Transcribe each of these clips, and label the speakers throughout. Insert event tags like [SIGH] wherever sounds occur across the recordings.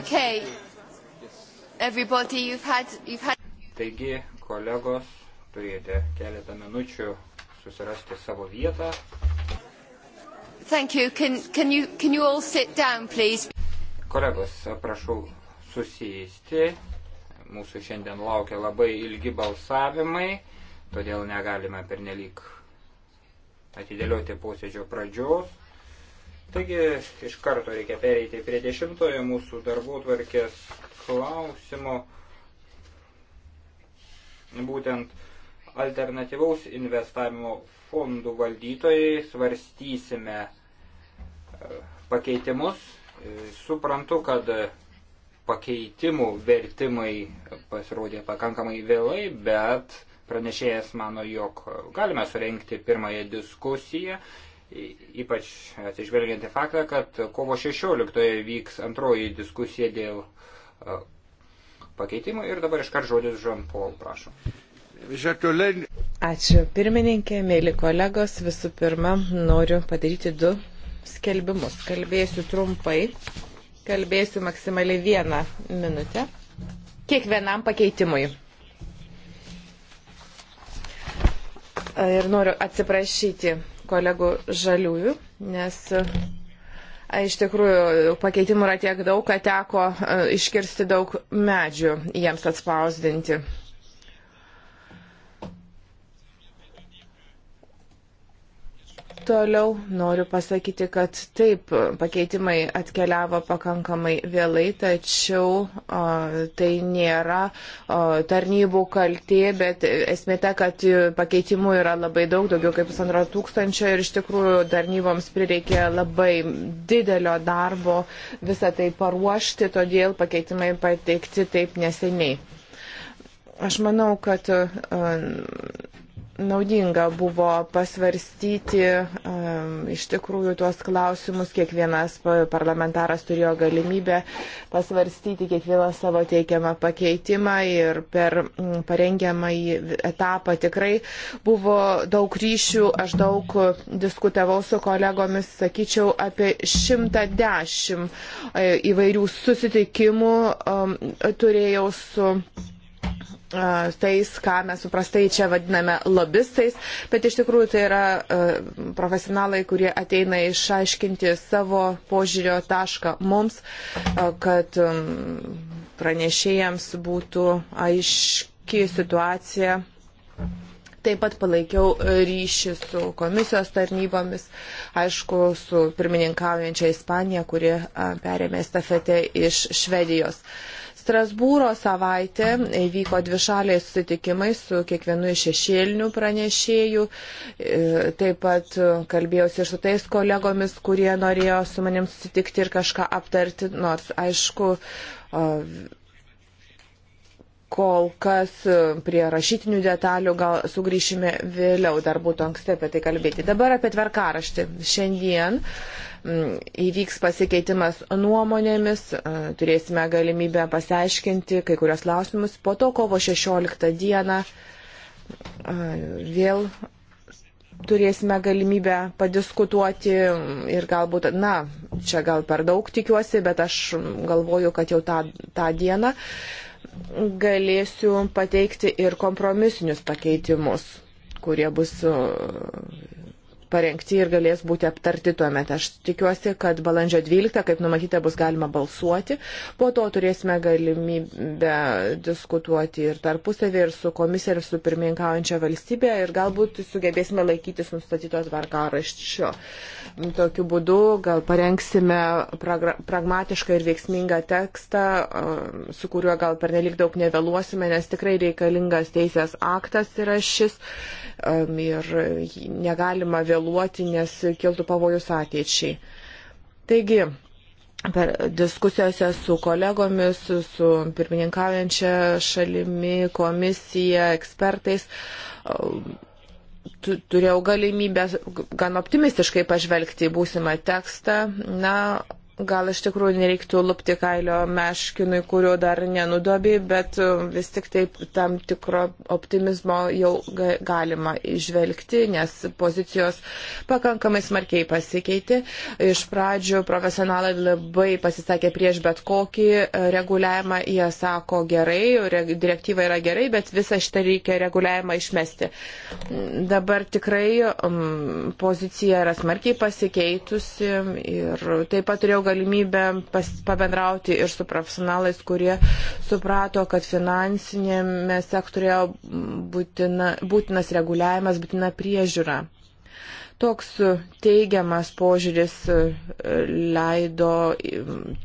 Speaker 1: Okay.
Speaker 2: Everybody, you've had, you've had...
Speaker 1: Taigi, kolegos, turėjote keletą minučių susirasti savo vietą.
Speaker 2: Thank you. Can, can you, can you all sit down, please?
Speaker 1: Kolegos, prašau susijęsti. Mūsų šiandien laukia labai ilgi balsavimai, todėl negalime pernelyg atidėlioti posėdžio pradžios. Taigi iš karto reikia pereiti prie dešimtojo mūsų darbų tvarkės klausimo. Būtent alternatyvaus investavimo fondų valdytojai svarstysime e, pakeitimus. E, suprantu, kad pakeitimų vertimai pasirodė pakankamai vėlai, bet pranešėjas mano, jog galime surenkti pirmąją diskusiją ypač atsižvelgiant į faktą, kad kovo 16 vyks antroji diskusija dėl e, pakeitimų ir dabar iškart žodis Jean-Paul, prašom.
Speaker 3: Ačiū pirmininkė, mėly kolegos, visų pirma noriu padaryti du skelbimus. Kalbėsiu trumpai, kalbėsiu maksimaliai vieną minutę kiekvienam pakeitimui. E, ir noriu atsiprašyti kolegų žaliųjų, nes iš tikrųjų pakeitimų yra tiek daug, kad teko iškirsti daug medžių jiems atspausdinti. Toliau noriu pasakyti, kad taip, pakeitimai atkeliavo pakankamai vėlai, tačiau o, tai nėra o, tarnybų kaltė, bet esmė ta, kad pakeitimų yra labai daug, daugiau kaip pusantro tūkstančio ir iš tikrųjų tarnyboms prireikė labai didelio darbo visą tai paruošti, todėl pakeitimai pateikti taip neseniai. Aš manau, kad. O, naudinga buvo pasvarstyti um, iš tikrųjų tuos klausimus. Kiekvienas parlamentaras turėjo galimybę pasvarstyti kiekvieną savo teikiamą pakeitimą ir per parengiamą etapą tikrai buvo daug ryšių. Aš daug diskutavau su kolegomis, sakyčiau, apie 110 e, įvairių susitikimų um, turėjau su tais, ką mes suprastai čia vadiname lobistais, bet iš tikrųjų tai yra profesionalai, kurie ateina išaiškinti savo požiūrio tašką mums, kad um, pranešėjams būtų aiški situacija. Taip pat palaikiau ryšį su komisijos tarnybomis, aišku, su pirmininkaujančia Ispanija, kuri perėmė stafetę iš Švedijos. Uh, Strasbūro savaitė vyko dvišaliai susitikimai su kiekvienu iš šešėlinių pranešėjų. E, taip pat kalbėjausi ir su tais kolegomis, kurie norėjo su manim susitikti ir kažką aptarti, nors aišku, e, kol kas prie rašytinių detalių gal sugrįšime vėliau, dar būtų anksti apie tai kalbėti. Dabar apie tvarkaraštį. Šiandien uh, Mm, įvyks pasikeitimas nuomonėmis, e, turėsime galimybę pasiaiškinti kai kurios klausimus. Po to kovo 16 dieną e, vėl turėsime galimybę padiskutuoti ir galbūt, na, čia gal per daug tikiuosi, bet aš galvoju, kad jau tą, tą dieną galėsiu pateikti ir kompromisinius pakeitimus, kurie bus e, parengti ir galės būti aptarti tuo metu. Aš tikiuosi, kad balandžio 12, kaip numatyta, bus galima balsuoti. Po to turėsime galimybę diskutuoti ir tarpusavį, ir su komisija, ir su pirmininkaujančia valstybė, ir galbūt sugebėsime laikytis nustatytos varkaraščio. Uh, Tokiu būdu gal parengsime pragmatišką ir veiksmingą tekstą, su kuriuo gal per nelik daug nevėluosime, nes tikrai reikalingas teisės aktas yra šis ir negalima vėluoti, nes kiltų pavojus ateičiai. Taigi, per diskusijose su kolegomis, su pirmininkaujančia šalimi, komisija, ekspertais turėjau galimybę gan optimistiškai pažvelgti į būsimą tekstą. Na, Gal iš tikrųjų nereiktų lupti kailio meškinui, kurio dar nenudobė, bet um, vis tik taip tam tikro optimizmo jau galima išvelgti, nes pozicijos pakankamai smarkiai pasikeitė. Iš pradžių profesionalai labai pasisakė prieš bet kokį e, reguliavimą, jie sako gerai, direktyva yra gerai, bet visą šitą reikia reguliavimą išmesti. Dabar tikrai um, pozicija yra smarkiai pasikeitusi ir taip pat turėjau galimybę galimybę pas, pabendrauti ir su profesionalais, kurie suprato, kad finansinėme sektorėje būtina, būtinas reguliavimas, būtina priežiūra. Toks teigiamas požiūris e, leido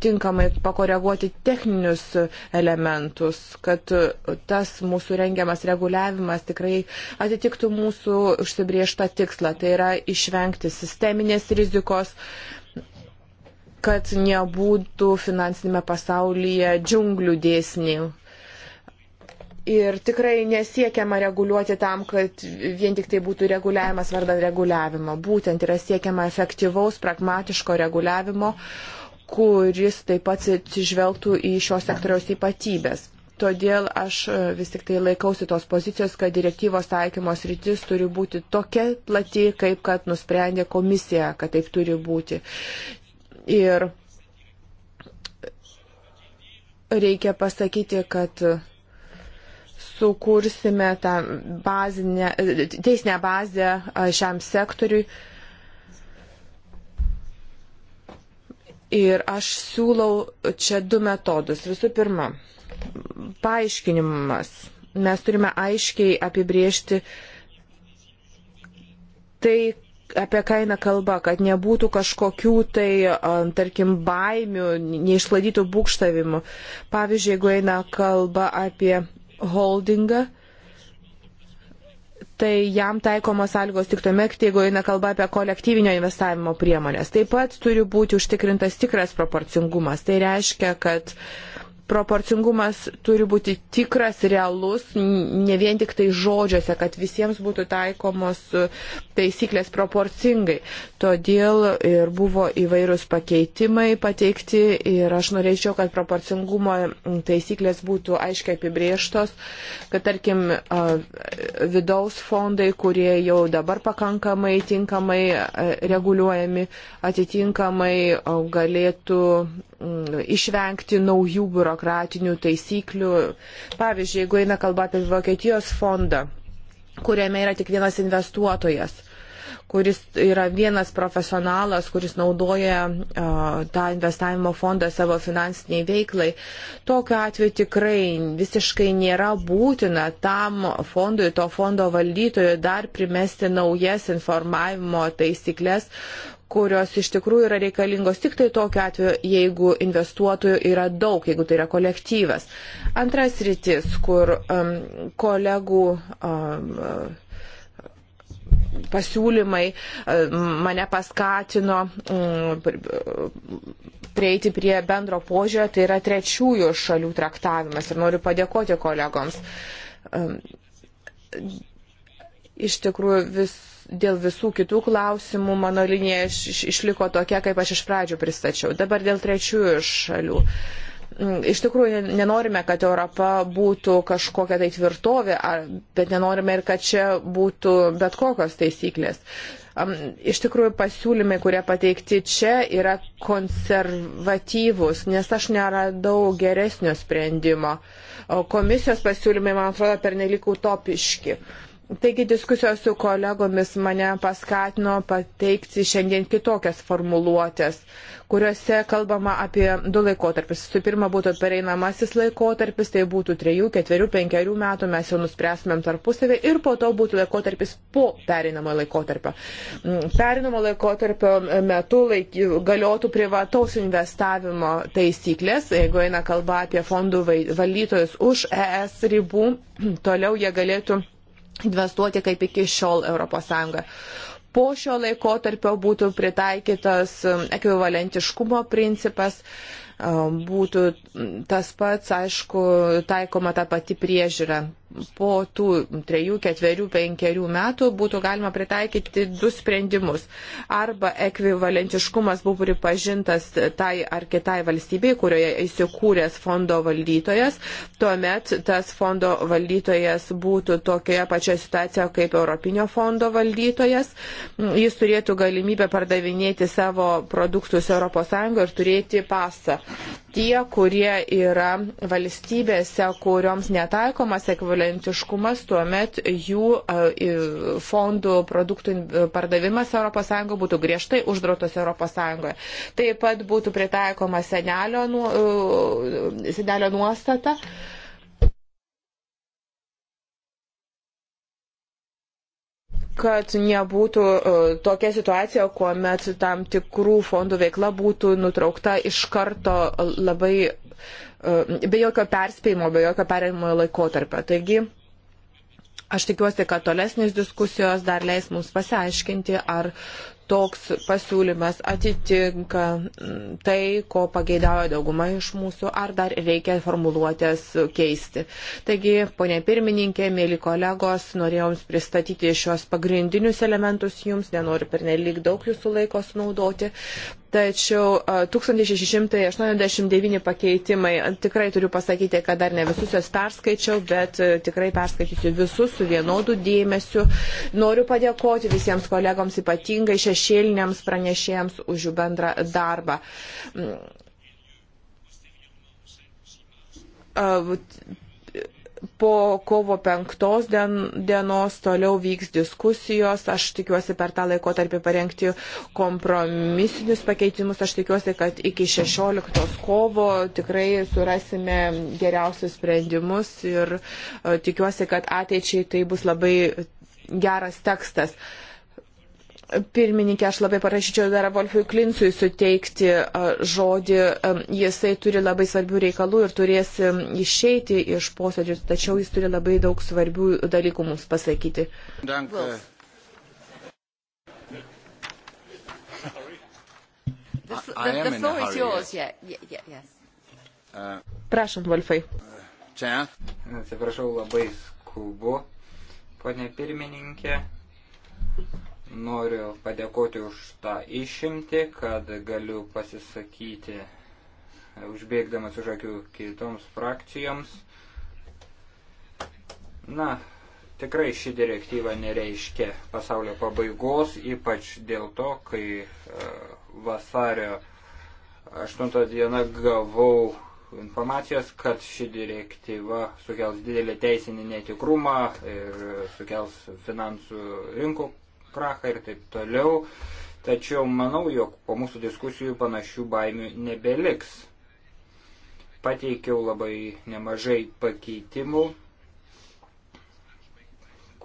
Speaker 3: tinkamai pakoreguoti techninius elementus, kad tas mūsų rengiamas reguliavimas tikrai atitiktų mūsų užsibriežtą tikslą, tai yra išvengti sisteminės rizikos, kad nebūtų finansinėme pasaulyje džiunglių dėsnių. Ir tikrai nesiekiama reguliuoti tam, kad vien tik tai būtų reguliavimas vardan reguliavimo. Būtent yra siekiama efektyvaus, pragmatiško reguliavimo, kuris taip pat atsižvelgtų į šio sektoriaus ypatybės. Todėl aš e, vis tik tai laikausi tos pozicijos, kad direktyvos taikymos rytis turi būti tokia plati, kaip kad nusprendė komisija, kad taip turi būti. Ir reikia pasakyti, kad sukursime tą bazinę, teisinę bazę šiam sektoriui. Ir aš siūlau čia du metodus. Visų pirma, paaiškinimas. Mes turime aiškiai apibriežti tai, apie ką eina kalba, kad nebūtų kažkokių tai, tarkim, baimių, neišlaidytų būkštavimų. Pavyzdžiui, jeigu eina kalba apie holdingą, tai jam taikomos sąlygos tik tuomet, jeigu eina kalba apie kolektyvinio investavimo priemonės. Taip pat turi būti užtikrintas tikras proporcingumas. Tai reiškia, kad uh, proporcingumas turi būti tikras, realus, ne vien tik tai žodžiuose, kad visiems būtų taikomos e, taisyklės proporcingai. Todėl ir buvo įvairūs pakeitimai pateikti ir aš norėčiau, kad proporcingumo taisyklės būtų aiškiai apibrieštos, kad tarkim vidaus fondai, kurie jau dabar pakankamai tinkamai e, reguliuojami, atitinkamai galėtų Mm, išvengti naujų biurokratinių taisyklių. Pavyzdžiui, jeigu eina kalba apie Vokietijos fondą, kuriame yra tik vienas investuotojas, kuris yra vienas profesionalas, kuris naudoja uh, tą investavimo fondą savo finansiniai veiklai. Tokiu atveju tikrai visiškai nėra būtina tam fondui, to fondo valdytojui dar primesti naujas informavimo taisyklės, kurios iš tikrųjų yra reikalingos tik tai tokiu atveju, jeigu investuotojų yra daug, jeigu tai yra kolektyvas. Antras rytis, kur um, kolegų um, uh, pasiūlymai uh, mane paskatino um, uh, prieiti prie bendro požiūrio, tai yra trečiųjų šalių traktavimas ir noriu padėkoti kolegoms. Um, iš tikrųjų, vis dėl visų kitų klausimų mano linija išliko tokia, kaip aš iš pradžių pristačiau. Dabar dėl trečiųjų šalių mm, iš tikrųjų nenorime, kad Europa būtų kažkokia tai tvirtovė, bet nenorime ir kad čia būtų bet kokios taisyklės. Iš tikrųjų pasiūlymai, kurie pateikti čia, yra konservatyvūs, nes aš neradau geresnio sprendimo. Komisijos pasiūlymai, man atrodo, pernelik utopiški. Uh, Taigi diskusijos su kolegomis mane paskatino pateikti šiandien kitokias formuluotės, kuriuose kalbama apie du laikotarpius. Su pirma būtų pereinamasis laikotarpis, tai būtų trejų, ketverių, penkerių metų, mes jau nuspręstumėm tarpusavį ir po to būtų laikotarpis po pereinamo laikotarpio. Mm, pereinamo laikotarpio metu laiky, galiotų privataus investavimo taisyklės, jeigu eina kalba apie fondų valytojus už ES ribų, [CLEARS THROAT] toliau jie galėtų investuoti kaip iki šiol ES. Po šio laiko tarpio būtų pritaikytas um, ekvivalentiškumo principas, um, būtų tas pats, aišku, taikoma ta pati priežiūra po tų trejų, ketverių, penkerių metų būtų galima pritaikyti du sprendimus. Arba ekvivalentiškumas buvo pripažintas tai ar kitai valstybei, kurioje įsikūręs fondo valdytojas, tuomet tas fondo valdytojas būtų tokioje pačioje situacijoje kaip Europinio fondo valdytojas. Jis turėtų galimybę pardavinėti savo produktus ES ir turėti pasą. Tie, kurie yra valstybėse, kurioms netaikomas ekvivalentiškumas, ekvivalentiškumas, tuomet jų fondų produktų e, pardavimas ES būtų griežtai uždrautas ES. Taip pat būtų pritaikoma senelio, nu, senelio nuostata. kad nebūtų e, tokia situacija, kuomet tam tikrų fondų veikla būtų nutraukta iš karto labai E, be jokio perspėjimo, be jokio perėjimojo laikotarpio. Taigi, aš tikiuosi, kad tolesnės diskusijos dar leis mums pasiaiškinti, ar toks pasiūlymas atitinka tai, ko pageidavo dauguma iš mūsų, ar dar reikia formuluotės keisti. Taigi, ponė pirmininkė, mėly kolegos, norėjau Jums pristatyti šios pagrindinius elementus Jums, nenoriu per nelik daug Jūsų laiko sunaudoti. Tačiau 1689 pakeitimai, tikrai turiu pasakyti, kad dar ne visus juos perskaičiau, bet tikrai perskaitysiu visus su vienodu dėmesiu. Noriu padėkoti visiems kolegoms, ypatingai šešėliniams pranešėjams už jų bendrą darbą mm po kovo penktos dien, dienos toliau vyks diskusijos. Aš tikiuosi per tą laikotarpį parengti kompromisinius pakeitimus. Aš tikiuosi, kad iki 16 kovo tikrai surasime geriausius sprendimus ir e, tikiuosi, kad ateičiai tai bus labai geras tekstas. Uh, Pirmininkė, aš labai parašyčiau dar Wolfui Klinsui suteikti žodį. Jisai turi labai svarbių reikalų ir turės išeiti iš posėdžių, tačiau jis turi labai daug svarbių dalykų mums pasakyti.
Speaker 1: Dank. Uh, Prašom, Wolfai. Čia. Uh, Atsiprašau, labai skubu, ponė pirmininkė. Noriu padėkoti už tą išimtį, kad galiu pasisakyti, užbėgdamas už akių kitoms frakcijoms. Na, tikrai ši direktyva nereiškia pasaulio pabaigos, ypač dėl to, kai e, vasario 8 dieną gavau informacijos, kad ši direktyva sukels didelį teisinį netikrumą ir sukels finansų rinkų krachą ir taip toliau. Tačiau manau, jog po mūsų diskusijų panašių baimių nebeliks. Pateikiau labai nemažai pakeitimų,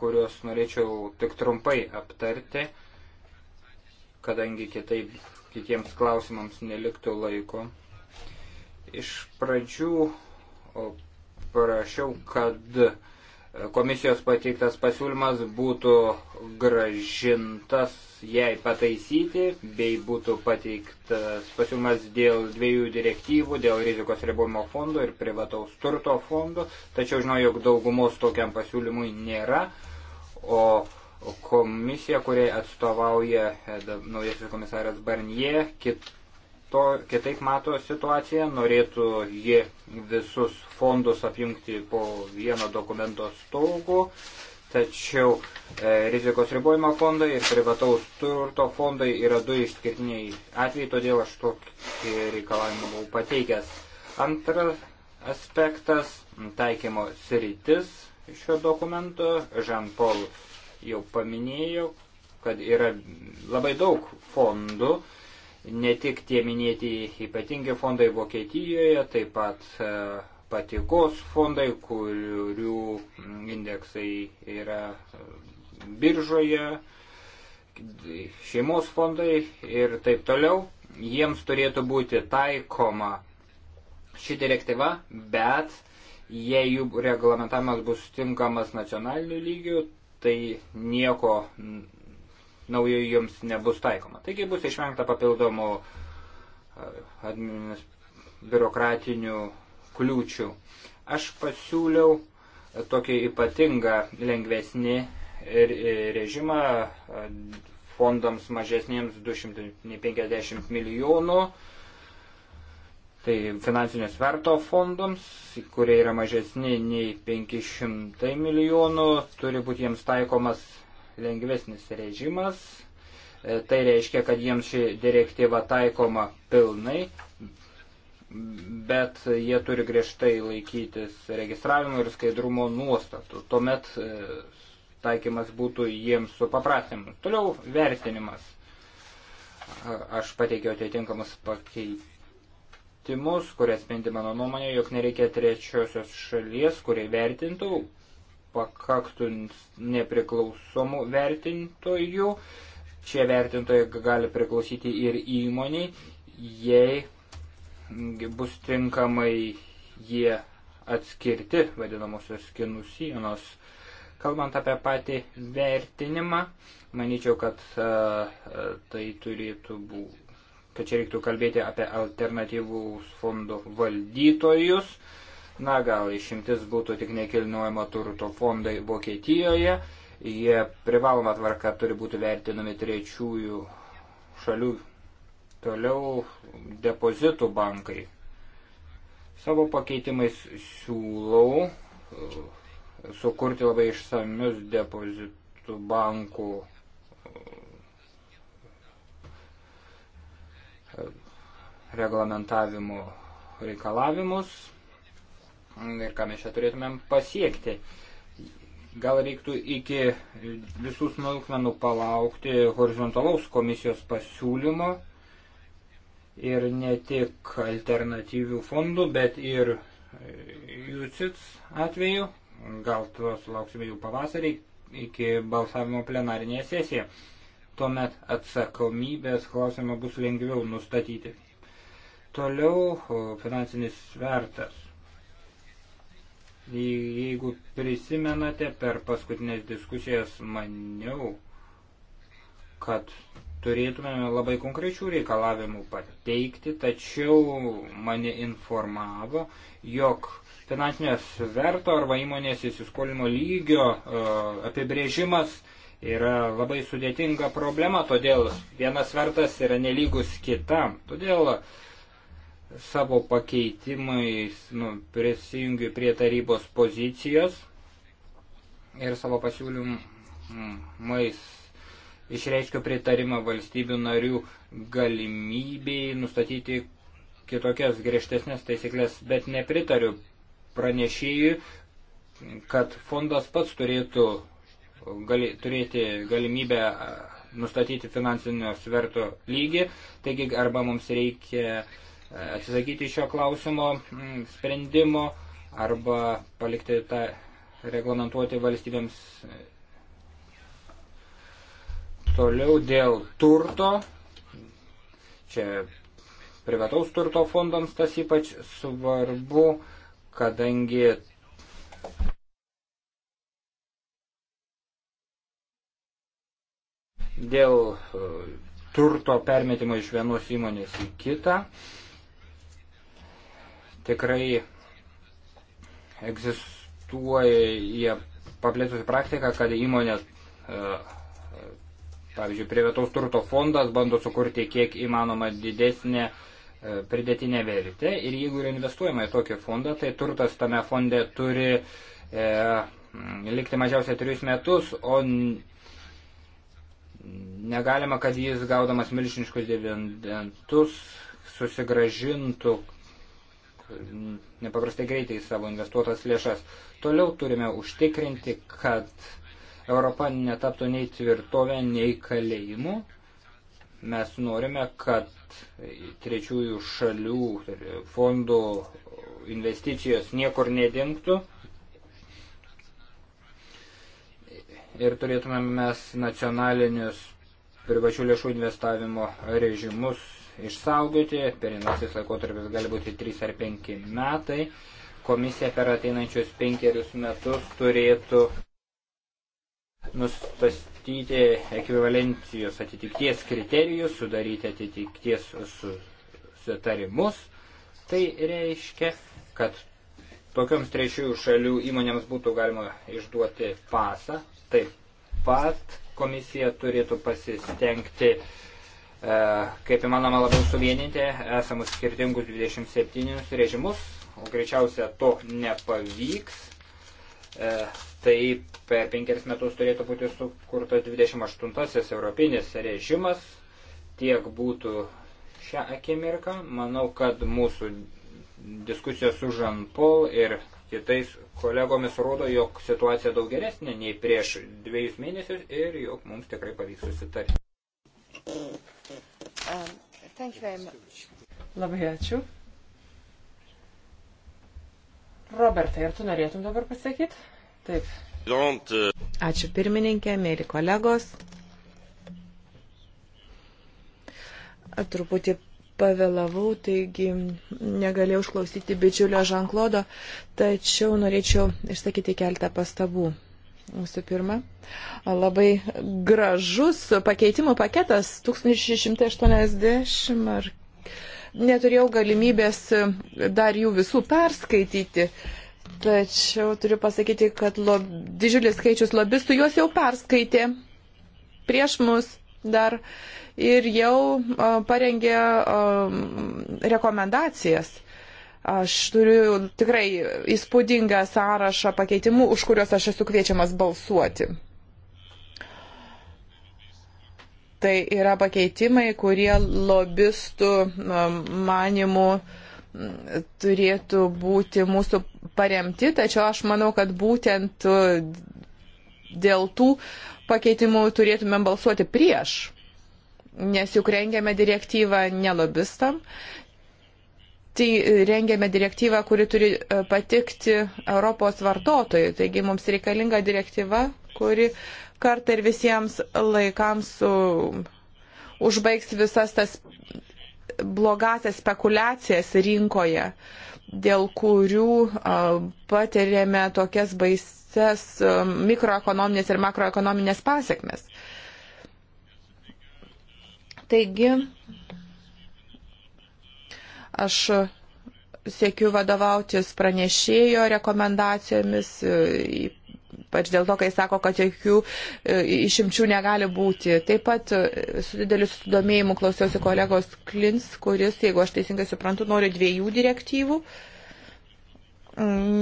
Speaker 1: kuriuos norėčiau tik trumpai aptarti, kadangi kitaip kitiems klausimams neliktų laiko. Iš pradžių parašiau, kad komisijos pateiktas pasiūlymas būtų gražintas jai pataisyti, bei būtų pateiktas pasiūlymas dėl dviejų direktyvų, dėl rizikos ribojimo fondo ir privataus turto fondo, tačiau žinau, jog daugumos tokiam pasiūlymui nėra, o komisija, kuriai atstovauja e, naujasis komisaras Barnie, kit, to kitaip mato situaciją, norėtų ji visus fondus apjungti po vieno dokumento stogu, tačiau e, rizikos ribojimo fondai ir privataus turto fondai yra du išskirtiniai atvejai, todėl aš tokį reikalavimą buvau pateikęs. Antras aspektas - taikymo sritis šio dokumento. Jean-Paul jau paminėjo, kad yra labai daug fondų, ne tik tie minėti ypatingi fondai Vokietijoje, taip pat e, patikos fondai, kurių mm, indeksai yra e, biržoje, šeimos fondai ir taip toliau. Jiems turėtų būti taikoma ši direktyva, bet jei jų reglamentavimas bus tinkamas nacionaliniu lygiu, tai nieko naujai jums nebus taikoma. Taigi bus išvengta papildomų e, biurokratinių kliūčių. Aš pasiūliau e, tokį ypatingą lengvesnį e, režimą fondams mažesniems 250 milijonų, tai finansinio sverto fondams, kurie yra mažesni nei 500 milijonų, turi būti jiems taikomas lengvesnis režimas. E, tai reiškia, kad jiems ši direktyva taikoma pilnai, bet jie turi griežtai laikytis registravimo ir skaidrumo nuostatų. Tuomet e, taikymas būtų jiems supaprastinimas. Toliau vertinimas. Aš pateikiau atitinkamus pakeitimus, kurie spindi mano nuomonė, jog nereikia trečiosios šalies, kurie vertintų pakaktų nepriklausomų vertintojų. Čia vertintojai gali priklausyti ir įmoniai, jei bus tinkamai jie atskirti vadinamosios kinų sienos. Kalbant apie patį vertinimą, manyčiau, kad a, a, tai turėtų būti, kad čia reiktų kalbėti apie alternatyvų fondų valdytojus. A, Na, gal išimtis būtų tik nekilnojamo turto fondai Vokietijoje. Jie privaloma tvarka turi būti vertinami trečiųjų šalių. Toliau depozitų bankai. Savo pakeitimais siūlau e, sukurti labai išsamius depozitų bankų e, reglamentavimo reikalavimus ir ką mes čia turėtumėm pasiekti. Gal reiktų iki visų smulkmenų palaukti horizontalaus komisijos pasiūlymo ir ne tik alternatyvių fondų, bet ir jūcits atveju. Gal tuos lauksime jų pavasarį iki balsavimo plenarinėje sesijoje. Tuomet atsakomybės klausimą bus lengviau nustatyti. Toliau finansinis svertas. Jeigu prisimenate, per paskutinės diskusijas maniau, kad turėtumėme labai konkrečių reikalavimų pateikti, tačiau mane informavo, jog finansinio sverto arba įmonės įsiskolimo lygio e, apibrėžimas yra labai sudėtinga problema, todėl vienas svertas yra nelygus kitam. Todėl uh, savo pakeitimais nu, prisijungiu prie tarybos pozicijos ir savo pasiūlymais išreiškiu pritarimą valstybių narių galimybei nustatyti kitokias griežtesnės taisyklės, bet nepritariu pranešėjui, kad fondas pats turėtų gali, turėti galimybę nustatyti finansinio sverto lygį, taigi arba mums reikia uh, atsisakyti šio klausimo mm, sprendimo arba palikti tą reglamentuoti valstybėms e, toliau dėl turto. Čia privataus turto fondams tas ypač svarbu, kadangi dėl e, turto permetimo iš vienos įmonės į kitą Tikrai egzistuoja paplėtusi praktika, kad įmonė, e, pavyzdžiui, privataus turto fondas bando sukurti kiek įmanoma didesnę e, pridėtinę vertę ir jeigu yra investuojama į tokį fondą, tai turtas tame fonde turi e, likti mažiausiai trijus metus, o negalima, kad jis gaudamas milžiniškus dividendus susigražintų nepaprastai greitai savo investuotas lėšas. Toliau turime užtikrinti, kad Europa netaptų nei tvirtovę, nei kalėjimu. Mes norime, kad trečiųjų šalių fondų investicijos niekur nedingtų. Ir turėtume mes nacionalinius privačių lėšų investavimo režimus išsaugoti, perinasis laikotarpis gali būti 3 ar 5 metai. Komisija per ateinančius penkerius metus turėtų nustatyti ekvivalencijos atitikties kriterijus, sudaryti atitikties susitarimus. Tai reiškia, kad tokioms trečiųjų šalių įmonėms būtų galima išduoti pasą. Taip pat komisija turėtų pasistengti uh, E, kaip įmanoma labiau suvieninti esamus skirtingus 27 režimus, o greičiausia to nepavyks. E, tai per penkerius metus turėtų būti sukurtas 28-asis europinis režimas. Tiek būtų šią akimirką. Manau, kad mūsų diskusijos su Žan Paul ir kitais kolegomis rodo, jog situacija daug geresnė nei prieš dviejus mėnesius ir jog mums tikrai pavyks susitarti.
Speaker 2: Um,
Speaker 4: Labai ačiū. Robertai, ar tu norėtum dabar pasakyti?
Speaker 1: Taip.
Speaker 3: Ačiū pirmininkė, mėly kolegos. Truputį pavėlavau, taigi negalėjau išklausyti bičiulio Žanklodo, tačiau norėčiau išsakyti keltą pastabų. Visų pirma, labai gražus pakeitimų paketas 1680 ar neturėjau galimybės dar jų visų perskaityti. Tačiau turiu pasakyti, kad lob, didžiulis skaičius lobistų juos jau perskaitė prieš mus dar ir jau o, parengė o, rekomendacijas. Aš turiu tikrai įspūdingą sąrašą pakeitimų, už kuriuos aš esu kviečiamas balsuoti. Tai yra pakeitimai, kurie lobistų manimų turėtų būti mūsų paremti, tačiau aš manau, kad būtent e, dėl tų pakeitimų turėtumėm balsuoti prieš nes juk rengiame direktyvą ne lobistam, Tai e, rengėme direktyvą, kuri turi e, patikti Europos vartotojui. Taigi mums reikalinga direktyva, kuri kartą ir visiems laikams užbaigs visas tas blogasias spekulacijas rinkoje, dėl kurių patiriame tokias baises mikroekonominės ir makroekonominės pasiekmes. Taigi, Aš siekiu vadovautis pranešėjo rekomendacijomis, ypač dėl to, kai sako, kad jokių e, išimčių negali būti. Taip pat e, su dideliu sudomėjimu klausiausi kolegos Klins, kuris, jeigu aš teisingai suprantu, nori dviejų direktyvų.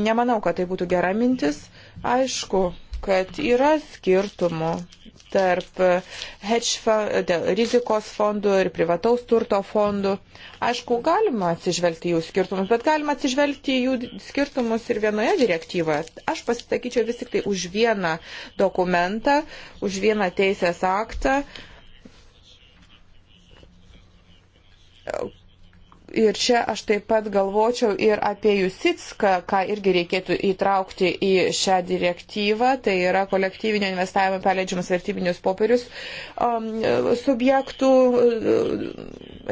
Speaker 3: Nemanau, kad tai būtų gera mintis. Aišku, kad yra skirtumų tarp hedge fund, rizikos fondų ir privataus turto fondų. Aišku, galima atsižvelgti jų skirtumus, bet galima atsižvelgti jų skirtumus ir vienoje direktyvoje. Aš pasisakyčiau vis tik tai už vieną dokumentą, už vieną teisės aktą Ir čia aš taip pat galvočiau ir apie Jusitską, ką irgi reikėtų įtraukti į šią direktyvą, tai yra kolektyvinio investavimo perleidžiamas vertybinius popierius um, subjektų uh,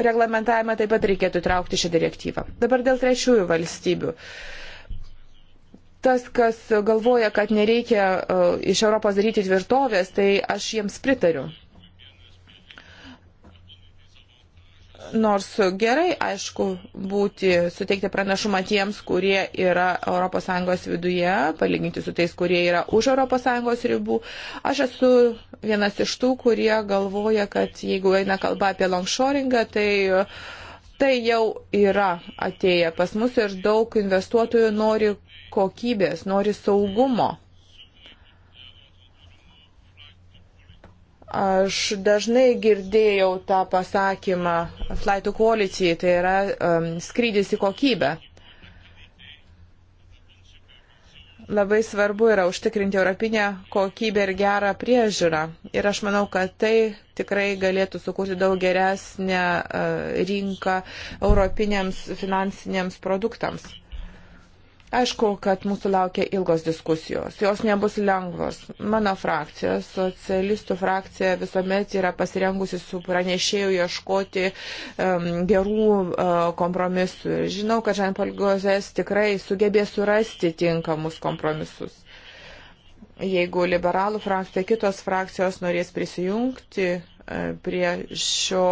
Speaker 3: reglamentavimą taip pat reikėtų įtraukti šią direktyvą. Dabar dėl trečiųjų valstybių. Tas, kas galvoja, kad nereikia uh, iš Europos daryti tvirtovės, tai aš jiems pritariu. Nors gerai, aišku, būti, suteikti pranašumą tiems, kurie yra ES viduje, palyginti su tais, kurie yra už ES ribų. Aš esu vienas iš tų, kurie galvoja, kad jeigu eina kalba apie longshoringą, tai tai jau yra atėję pas mus ir daug investuotojų nori kokybės, nori saugumo. Aš dažnai girdėjau tą pasakymą flight to quality, tai yra um, skrydis į kokybę. Labai svarbu yra užtikrinti europinę kokybę ir gerą priežiūrą. Ir aš manau, kad tai tikrai galėtų sukurti daug geresnę uh, rinką europiniams finansiniams produktams. Aišku, kad mūsų laukia ilgos diskusijos, jos nebus lengvos. Mano frakcija, socialistų frakcija visuomet yra pasirengusi su pranešėju ieškoti um, gerų uh, kompromisų. Žinau, kad Žanpol Gozės tikrai sugebės surasti tinkamus kompromisus. Jeigu liberalų frakcija, kitos frakcijos norės prisijungti prie šio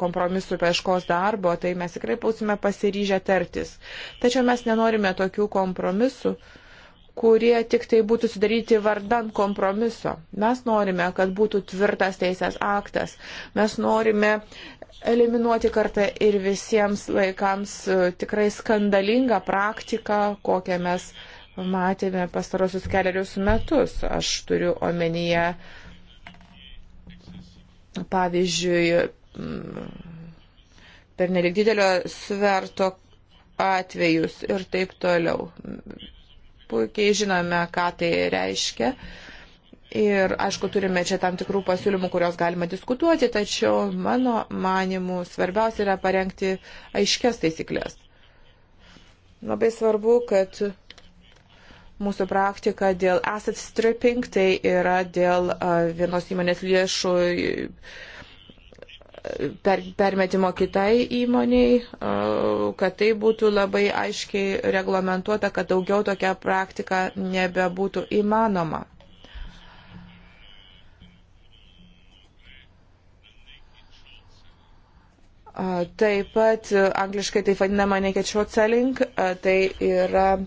Speaker 3: kompromisų paieškos darbo, tai mes tikrai būsime pasiryžę tartis. Tačiau mes nenorime tokių kompromisų, kurie tik tai būtų sudaryti vardan kompromiso. Mes norime, kad būtų tvirtas teisės aktas. Mes norime eliminuoti kartą ir visiems laikams e, tikrai skandalingą praktiką, kokią mes matėme pastarosius keliarius metus. Aš turiu omenyje uh, Pavyzdžiui, mm, per nelik didelio sverto atvejus ir taip toliau. Puikiai žinome, ką tai reiškia. Ir aišku, turime čia tam tikrų pasiūlymų, kurios galima diskutuoti, tačiau mano manimu svarbiausia yra parengti aiškias taisyklės. Labai svarbu, kad mūsų praktika dėl asset stripping, tai yra dėl vienos įmonės lėšų e, per, permetimo kitai įmoniai, kad tai būtų labai aiškiai reglamentuota, kad daugiau tokia praktika nebebūtų įmanoma. Taip pat angliškai tai vadinama naked short selling, tai yra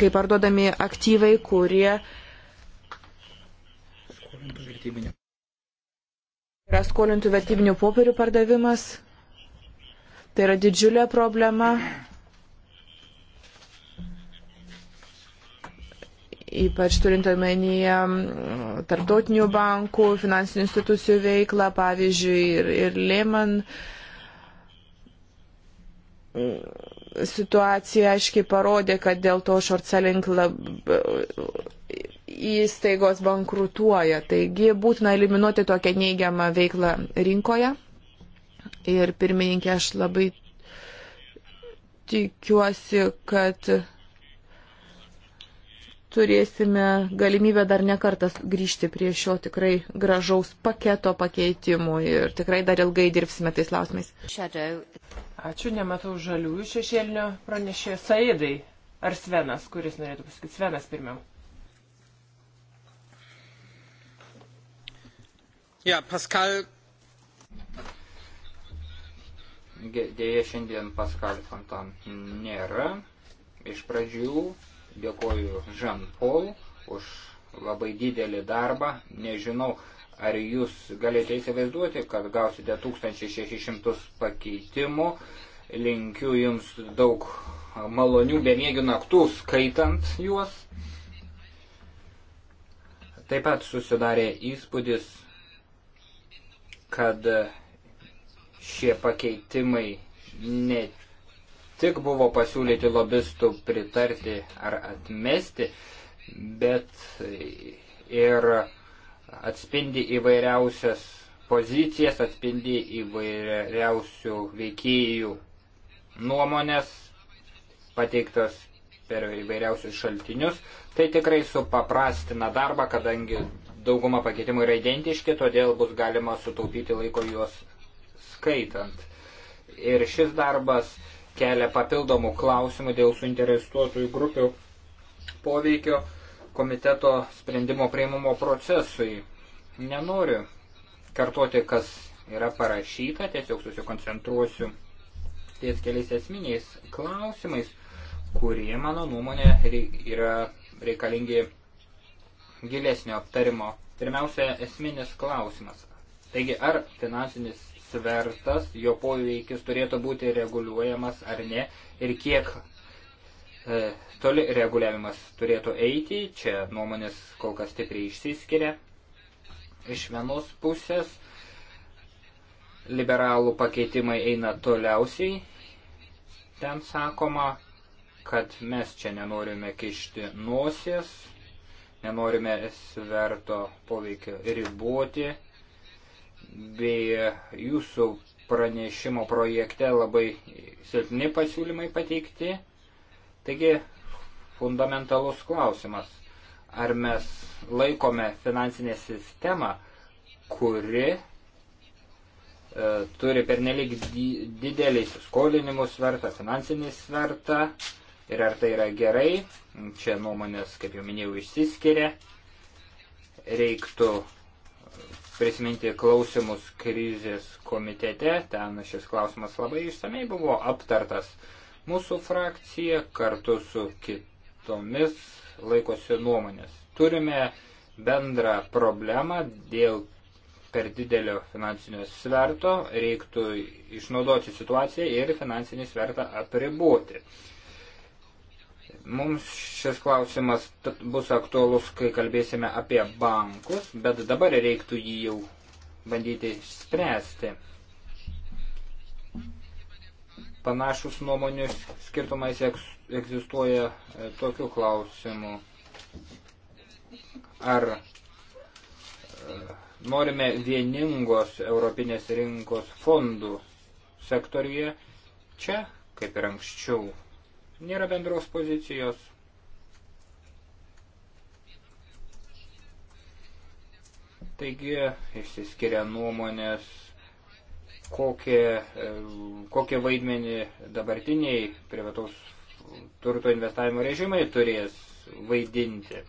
Speaker 3: kai parduodami aktyvai, kurie yra skolintų vertybinių popierių pardavimas. Tai yra didžiulė problema. Ypač turint omenyje tarptautinių bankų, finansinių institucijų veiklą, pavyzdžiui, ir, ir Lehman. Uh, situacija aiškiai parodė, kad dėl to šorcelink lab... įstaigos bankrutuoja. Taigi būtina eliminuoti tokią neigiamą veiklą rinkoje. Ir pirmininkė, aš labai tikiuosi, kad turėsime galimybę dar nekartą grįžti prie šio tikrai gražaus paketo pakeitimų ir tikrai dar ilgai dirbsime tais lausmais.
Speaker 4: Ačiū, nematau žaliųjų šešėlinio pranešėjo Saidai. Ar Svenas, kuris norėtų pasakyti? Svenas pirmiau.
Speaker 1: Ja, Pascal. Dėja, šiandien Pascal Fontan nėra. Iš pradžių Dėkoju Žan Paul už labai didelį darbą. Nežinau, ar jūs galite įsivaizduoti, kad gausite 1600 pakeitimų. Linkiu jums daug malonių bemėgių naktų skaitant juos. Taip pat susidarė įspūdis, kad šie pakeitimai ne tik buvo pasiūlyti lobistų pritarti ar atmesti, bet ir atspindi įvairiausias pozicijas, atspindi įvairiausių veikėjų nuomonės pateiktas per įvairiausius šaltinius. Tai tikrai supaprastina darbą, kadangi dauguma pakeitimų yra identiški, todėl bus galima sutaupyti laiko juos skaitant. Ir šis darbas kelia papildomų klausimų dėl suinteresuotųjų grupių poveikio komiteto sprendimo prieimimo procesui. Nenoriu kartuoti, kas yra parašyta, tiesiog susikoncentruosiu ties keliais esminiais klausimais, kurie, mano nuomonė, yra reikalingi gilesnio aptarimo. Pirmiausia, esminis klausimas. Taigi, ar finansinis svertas, jo poveikis turėtų būti reguliuojamas ar ne ir kiek e, toli reguliavimas turėtų eiti. Čia nuomonės kol kas stipriai išsiskiria. Iš vienos pusės liberalų pakeitimai eina toliausiai. Ten sakoma, kad mes čia nenorime kišti nosies, nenorime sverto poveikio riboti bei jūsų pranešimo projekte labai silpni pasiūlymai pateikti. Taigi, fundamentalus klausimas. Ar mes laikome finansinę sistemą, kuri e, turi pernelik di didelį skolinimų svertą, finansinį svertą ir ar tai yra gerai. Čia nuomonės, kaip jau minėjau, išsiskiria. Reiktų prisiminti klausimus krizės komitete, ten šis klausimas labai išsamei buvo aptartas. Mūsų frakcija kartu su kitomis laikosi nuomonės. Turime bendrą problemą dėl per didelio finansinio sverto, reiktų išnaudoti situaciją ir finansinį svertą apriboti. Mums šis klausimas bus aktuolus, kai kalbėsime apie bankus, bet dabar reiktų jį jau bandyti spręsti. Panašus nuomonių skirtumais egzistuoja e, tokiu klausimu. Ar e, norime vieningos Europinės rinkos fondų sektoriuje? Čia, kaip ir anksčiau, Nėra bendros pozicijos. Taigi išsiskiria nuomonės, kokie, e, kokie vaidmenį dabartiniai privataus turto investavimo režimai turės vaidinti.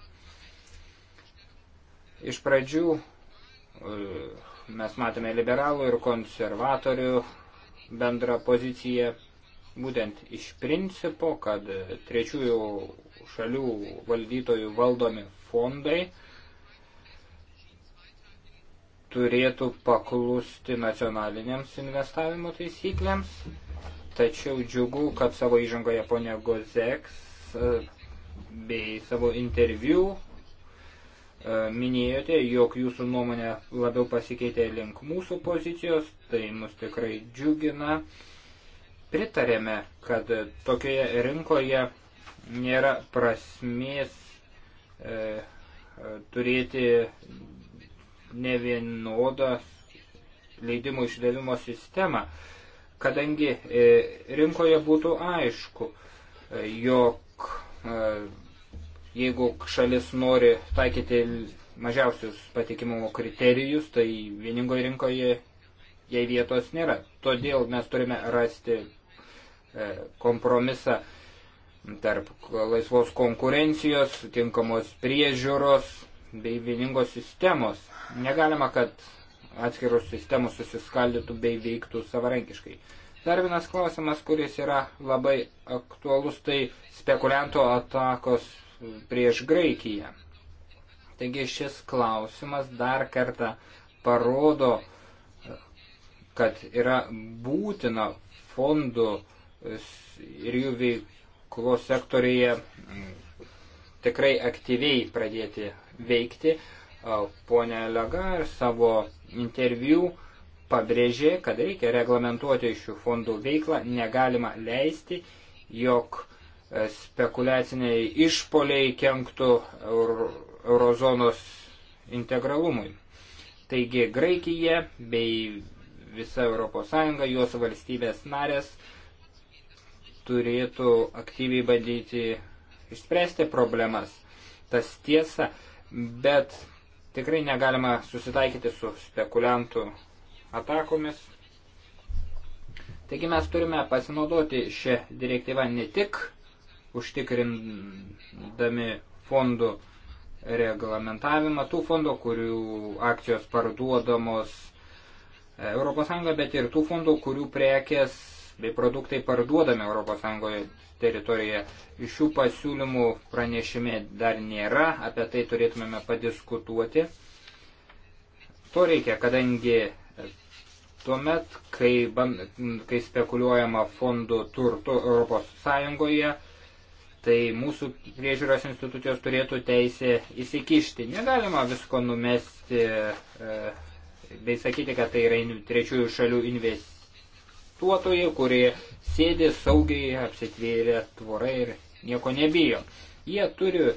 Speaker 1: Iš pradžių e, mes matome liberalų ir konservatorių bendrą poziciją būtent iš principo, kad trečiųjų šalių valdytojų valdomi fondai turėtų paklusti nacionalinėms investavimo taisyklėms. Tačiau džiugu, kad savo įžangoje ponia Gozeks e, bei savo interviu e, minėjote, jog jūsų nuomonė labiau pasikeitė link mūsų pozicijos, tai mus tikrai džiugina pritarėme, kad tokioje rinkoje nėra prasmės e, turėti ne vienodą leidimų išdavimo sistemą, kadangi e, rinkoje būtų aišku, e, jog e, jeigu šalis nori taikyti mažiausius patikimumo kriterijus, tai vieningoje rinkoje jai vietos nėra todėl mes turime rasti e, kompromisą tarp laisvos konkurencijos, tinkamos priežiūros bei vieningos sistemos. Negalima, kad atskiros sistemos susiskaldytų bei veiktų savarankiškai. Dar vienas klausimas, kuris yra labai aktualus, tai spekulianto atakos prieš Graikiją. Taigi šis klausimas dar kartą parodo, kad yra būtina fondų ir jų veiklos sektorėje mm, tikrai aktyviai pradėti veikti. Pone Lega savo interviu pabrėžė, kad reikia reglamentuoti šių fondų veiklą, negalima leisti, jog e, spekuliaciniai išpoliai kenktų eurozonos integralumui. Taigi Graikija bei visa ES, jos valstybės narės turėtų aktyviai bandyti išspręsti problemas. Tas tiesa, bet tikrai negalima susitaikyti su spekuliantų atakomis. Taigi mes turime pasinaudoti šią direktyvą ne tik užtikrindami fondų reglamentavimą tų fondų, kurių akcijos parduodamos ES, bet ir tų fondų, kurių prekės bei produktai parduodami ES teritorijoje. Iš šių pasiūlymų pranešime dar nėra, apie tai turėtumėme padiskutuoti. To reikia, kadangi tuomet, kai, kai spekuliuojama fondų turtu ES, tai mūsų priežiūros institucijos turėtų teisę įsikišti. Negalima visko numesti. E, bei sakyti, kad tai yra trečiųjų šalių investuotojai, kurie sėdi saugiai apsitvėrę tvorai ir nieko nebijo. Jie turi e,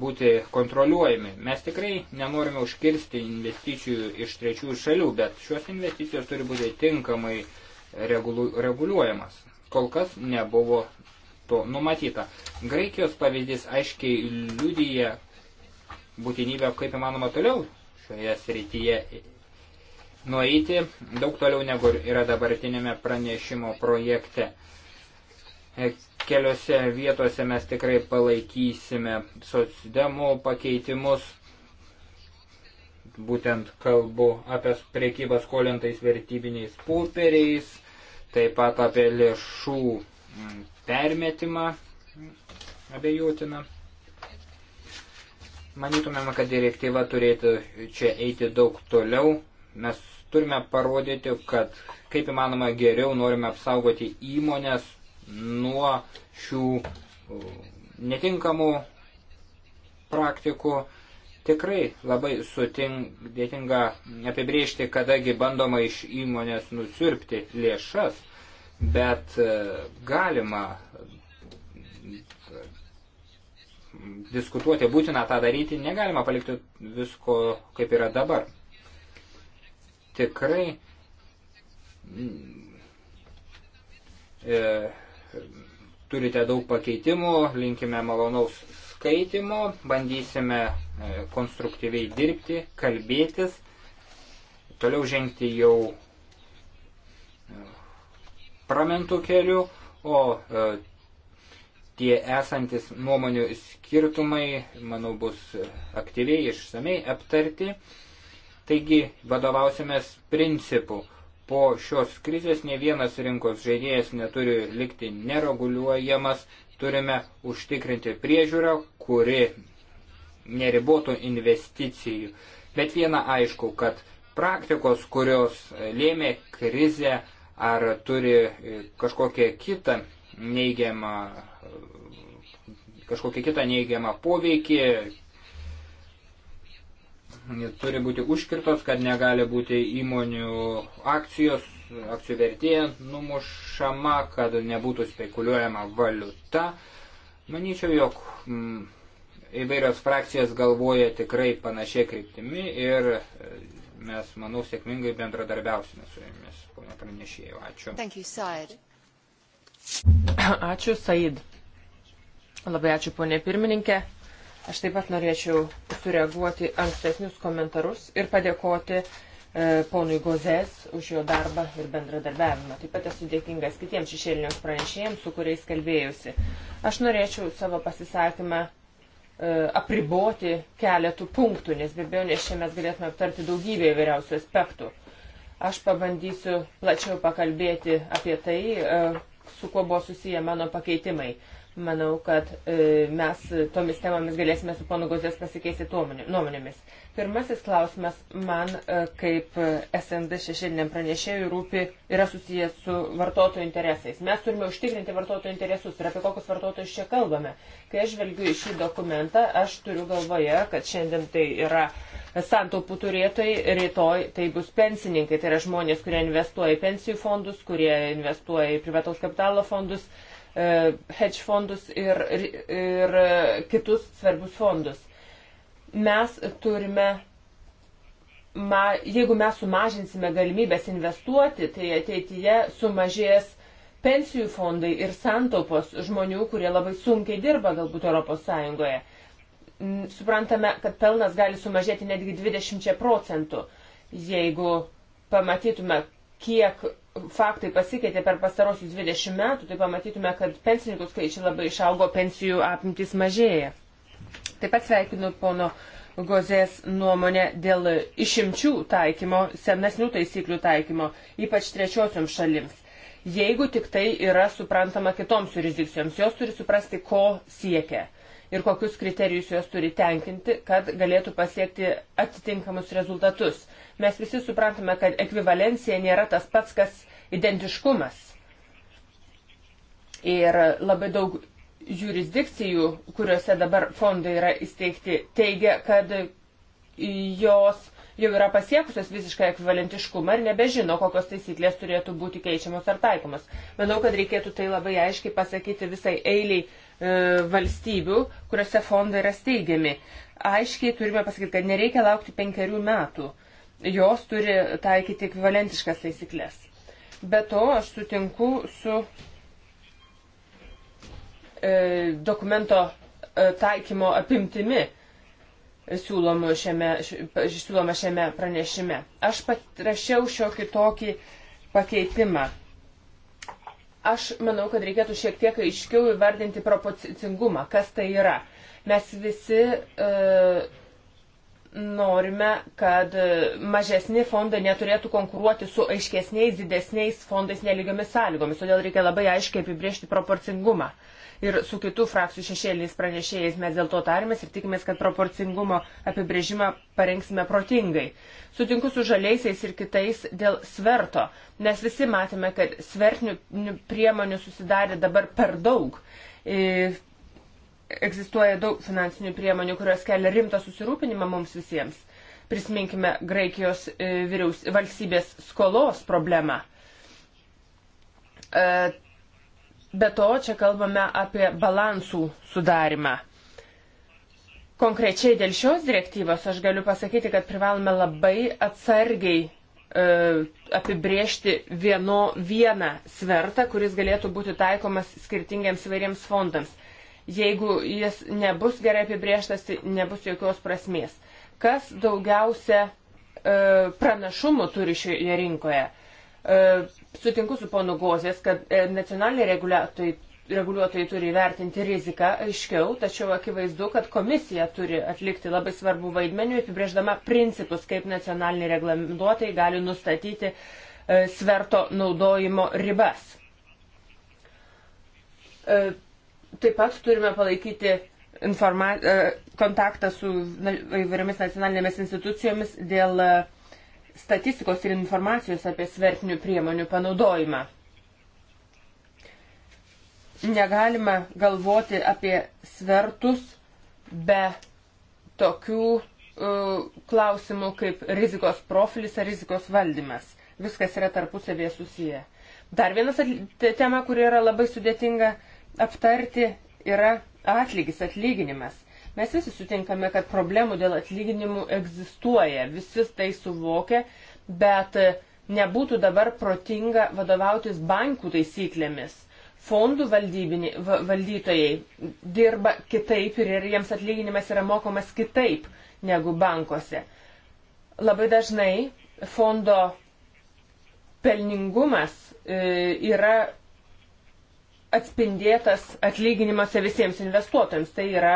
Speaker 1: būti kontroliuojami. Mes tikrai nenorime užkirsti investicijų iš trečiųjų šalių, bet šios investicijos turi būti tinkamai regulu, reguliuojamas. Kol kas nebuvo to numatyta. Graikijos pavyzdys aiškiai liudyje būtinybę kaip įmanoma toliau šioje srityje nueiti daug toliau negu yra dabartinėme pranešimo projekte. Keliose vietose mes tikrai palaikysime socdemų pakeitimus, būtent kalbu apie priekybą skolintais vertybiniais puperiais, taip pat apie lėšų permetimą abejotiną. Manytumėm, kad direktyva turėtų čia eiti daug toliau. Mes turime parodyti, kad kaip įmanoma geriau norime apsaugoti įmonės nuo šių uh, netinkamų praktikų. Tikrai labai sudėtinga apibriežti, kadagi bandoma iš įmonės nusirpti lėšas, bet uh, galima diskutuoti, būtina tą daryti, negalima palikti visko, kaip yra dabar. Tikrai mm, e, turite daug pakeitimų, linkime malonaus skaitimo, bandysime e, konstruktyviai dirbti, kalbėtis, toliau žengti jau e, pramentų keliu, o e, tie esantis nuomonių skirtumai, manau, bus aktyviai išsamei aptarti. Taigi, vadovausimės principų. Po šios krizės ne vienas rinkos žaidėjas neturi likti nereguliuojamas, turime užtikrinti priežiūrą, kuri neribotų investicijų. Bet viena aišku, kad praktikos, kurios lėmė krizę ar turi kažkokią kitą neigiamą kažkokį kitą neįgiamą poveikį, turi būti užkirtos, kad negali būti įmonių akcijos, akcijų vertė numušama, kad nebūtų spekuliuojama valiuta. Manyčiau, jog m, mm, įvairios frakcijas galvoja tikrai panašiai kryptimi ir e, mes, manau, sėkmingai bendradarbiausime su jumis, ponia pranešėjau. Ačiū.
Speaker 2: Thank you, Said. [COUGHS]
Speaker 4: Ačiū, Said. Labai ačiū, ponė pirmininkė. Aš taip pat norėčiau sureaguoti ankstesnius komentarus ir padėkoti e, ponui Gozės už jo darbą ir bendradarbiavimą. Taip pat esu dėkingas kitiems šešėliniams pranešėjams, su kuriais kalbėjusi. Aš norėčiau savo pasisakymą e, apriboti keletų punktų, nes be abejo, nes čia mes galėtume aptarti daugybę įvairiausių aspektų. Aš pabandysiu plačiau pakalbėti apie tai, e, su kuo buvo susiję mano pakeitimai. Manau, kad e, mes tomis temomis galėsime su ponu Gozės pasikeisti nuomonėmis. Pirmasis klausimas man e, kaip e, SND šešėliniam pranešėjui rūpi yra susijęs su vartotojų interesais. Mes turime užtikrinti vartotojų interesus ir apie kokius vartotojus čia kalbame. Kai aš žvelgiu į šį dokumentą, aš turiu galvoje, kad šiandien tai yra santaupų turėtojai, rytoj tai bus pensininkai, tai yra žmonės, kurie investuoja į pensijų fondus, kurie investuoja į privataus kapitalo fondus, e, hedge fondus ir, ir kitus svarbius fondus mes turime, ma, jeigu mes sumažinsime galimybės investuoti, tai ateityje sumažės pensijų fondai ir santaupos žmonių, kurie labai sunkiai dirba galbūt ES. Suprantame, kad pelnas gali sumažėti netgi 20 procentų, jeigu pamatytume, kiek faktai pasikeitė per pastarosius 20 metų, tai pamatytume, kad pensininkų skaičiai labai išaugo, pensijų apimtys mažėja. Taip pat sveikinu pono Gozės nuomonę dėl išimčių taikymo, senesnių taisyklių taikymo, ypač trečiosioms šalims. Jeigu tik tai yra suprantama kitoms jurisdikcijoms, jos turi suprasti, ko siekia ir kokius kriterijus jos turi tenkinti, kad galėtų pasiekti atitinkamus rezultatus. Mes visi suprantame, kad ekvivalencija nėra tas pats, kas identiškumas. Ir labai daug jurisdikcijų, kuriuose dabar fondai yra įsteigti, teigia, kad jos jau yra pasiekusios visišką ekvivalentiškumą ir nebežino, kokios taisyklės turėtų būti keičiamos ar taikomas. Manau, kad reikėtų tai labai aiškiai pasakyti visai eiliai e, valstybių, kuriuose fondai yra steigiami. Aiškiai turime pasakyti, kad nereikia laukti penkerių metų. Jos turi taikyti ekvivalentiškas taisyklės. Be to, aš sutinku su E, dokumento e, taikymo apimtimi siūloma šiame, siūloma šiame pranešime. Aš rašiau šiokį tokį pakeitimą. Aš manau, kad reikėtų šiek tiek aiškiau įvardinti proporcingumą, kas tai yra. Mes visi uh, norime, kad mažesni fondai neturėtų konkuruoti su aiškesniais, didesniais fondais neligiomis sąlygomis, todėl reikia labai aiškiai apibriežti proporcingumą. Uh, ir su kitų frakcijų šešėliais pranešėjais mes dėl to tarėmės ir tikimės, kad proporcingumo apibrėžimą parengsime protingai. Sutinku su žaliaisiais ir kitais dėl sverto, nes visi matėme, kad svertinių priemonių susidarė dabar per daug. Ir e, egzistuoja daug finansinių priemonių, kurios kelia rimtą susirūpinimą mums visiems. Prisiminkime Graikijos e, vyriaus, valstybės skolos problemą. E, Be to, čia kalbame apie balansų sudarimą. Konkrečiai dėl šios direktyvos aš galiu pasakyti, kad privalome labai atsargiai e, apibriežti vieno, vieną svertą, kuris galėtų būti taikomas skirtingiams įvairiems fondams. Jeigu jis nebus gerai apibriežtas, tai nebus jokios prasmės. Kas daugiausia e, pranašumų turi šioje rinkoje? E, sutinku su ponu Gozės, kad e, nacionaliniai reguliuotojai reguliuotojai turi įvertinti riziką aiškiau, tačiau akivaizdu, kad komisija turi atlikti labai svarbų vaidmenį, apibrėždama principus, kaip nacionaliniai reglamentuotojai gali nustatyti e, sverto naudojimo ribas. Taip pat turime palaikyti informa... kontaktą su įvairiomis nacionalinėmis institucijomis dėl statistikos ir informacijos apie svertinių priemonių panaudojimą. Negalima galvoti apie svertus be tokių uh, klausimų kaip rizikos profilis ar rizikos valdymas. Viskas yra tarpusavėje susiję. Dar vienas tema, kuri yra labai sudėtinga aptarti, yra atlygis, atlyginimas. Mes visi sutinkame, kad problemų dėl atlyginimų egzistuoja, visi tai suvokia, bet nebūtų dabar protinga vadovautis bankų taisyklėmis. Fondų valdytojai dirba kitaip ir jiems atlyginimas yra mokomas kitaip negu bankuose. Labai dažnai fondo pelningumas e, yra atspindėtas atlyginimuose visiems investuotojams. Tai yra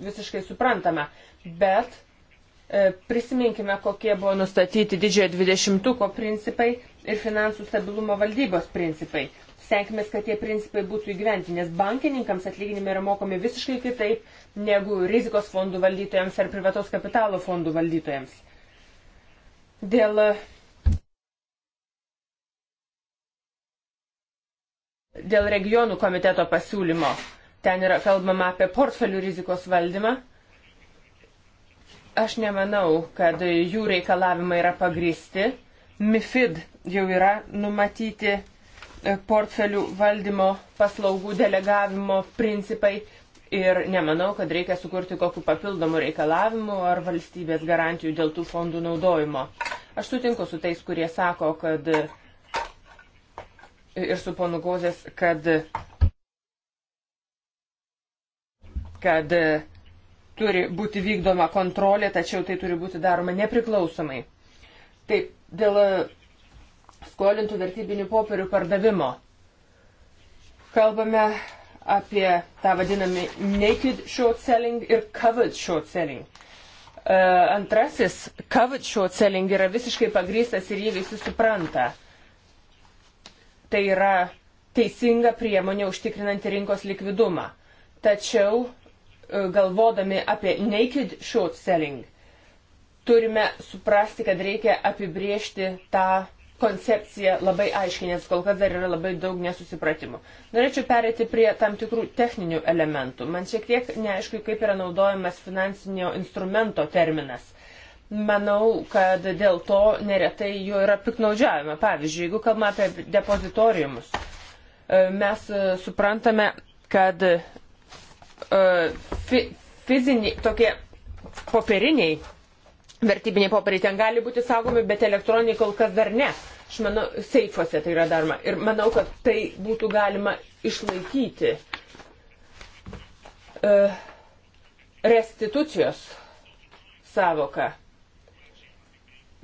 Speaker 4: visiškai suprantama, bet e, prisiminkime, kokie buvo nustatyti didžiojo dvidešimtuko principai ir finansų stabilumo valdybos principai. Senkime, kad tie principai būtų įgyventi, nes bankininkams atlyginimai yra mokomi visiškai kitaip negu rizikos fondų valdytojams ar privatos kapitalo fondų valdytojams. Dėl e, dėl regionų komiteto pasiūlymo. Ten yra kalbama apie portfelių rizikos valdymą. Aš nemanau, kad jų reikalavimai yra pagristi. MIFID jau yra numatyti e, portfelių valdymo paslaugų delegavimo principai ir nemanau, kad reikia sukurti kokiu papildomu reikalavimu ar valstybės garantijų dėl tų fondų naudojimo. Aš sutinku su tais, kurie sako, kad ir su ponu Gozės, kad kad e, turi būti vykdoma kontrolė, tačiau tai turi būti daroma nepriklausomai. Taip, dėl e, skolintų vertybinių popierių pardavimo. Kalbame apie tą vadinamį naked short selling ir covered short selling. E, antrasis, covered short selling yra visiškai pagrystas ir jį visi supranta. Tai yra teisinga priemonė užtikrinanti rinkos likvidumą. Tačiau E, galvodami apie naked short selling, turime suprasti, kad reikia apibriežti tą koncepciją labai aiškiai, nes kol kas dar yra labai daug nesusipratimų. Norėčiau perėti prie tam tikrų techninių elementų. Man šiek tiek neaišku, kaip yra naudojamas finansinio instrumento terminas. Manau, kad dėl to neretai jo yra piknaudžiavima. Pavyzdžiui, jeigu kalbame apie depozitoriumus, e, mes e, suprantame, kad E, fi, fiziniai, tokie popieriniai, vertybiniai popieriai ten gali būti saugomi, bet elektroniniai kol kas dar ne. Aš manau, seifuose tai yra daroma. Ir manau, kad tai būtų galima išlaikyti. Uh, restitucijos savoka.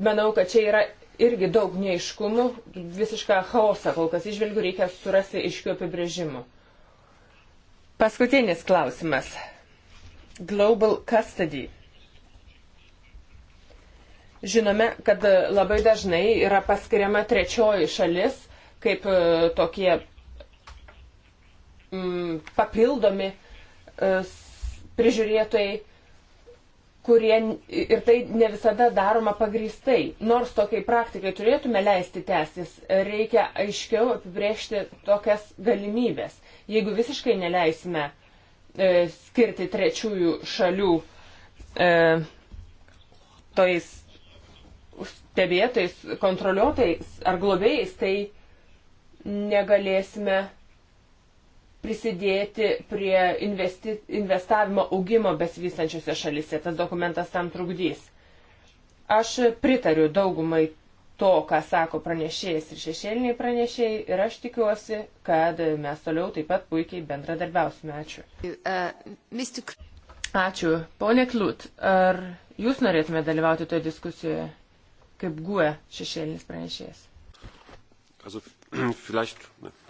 Speaker 4: Manau, kad čia yra irgi daug neiškumų, visišką chaosą kol kas išvelgiu, reikia surasti iškių apibrėžimų. Paskutinis klausimas. Global custody. Žinome, kad labai dažnai yra paskiriama trečioji šalis kaip e, tokie mm, papildomi e, prižiūrėtojai, kurie ir tai ne visada daroma pagristai. Nors tokiai praktikai turėtume leisti tęstis, reikia aiškiau apibriežti tokias galimybės. Jeigu visiškai neleisime e, skirti trečiųjų šalių e, tojais stebėtais, kontroliuotais ar globėjais, tai negalėsime prisidėti prie investi, investavimo augimo besivystančiose šalise. Tas dokumentas tam trukdys. Aš pritariu daugumai to, ką sako pranešėjas ir šešėliniai pranešėjai ir aš tikiuosi, kad mes toliau taip pat puikiai bendradarbiausime. Ačiū. Uh, Ačiū. Pone Klut, ar jūs norėtume dalyvauti toje diskusijoje kaip GUE šešėlinis pranešėjas? Also [CLEARS THROAT] vielleicht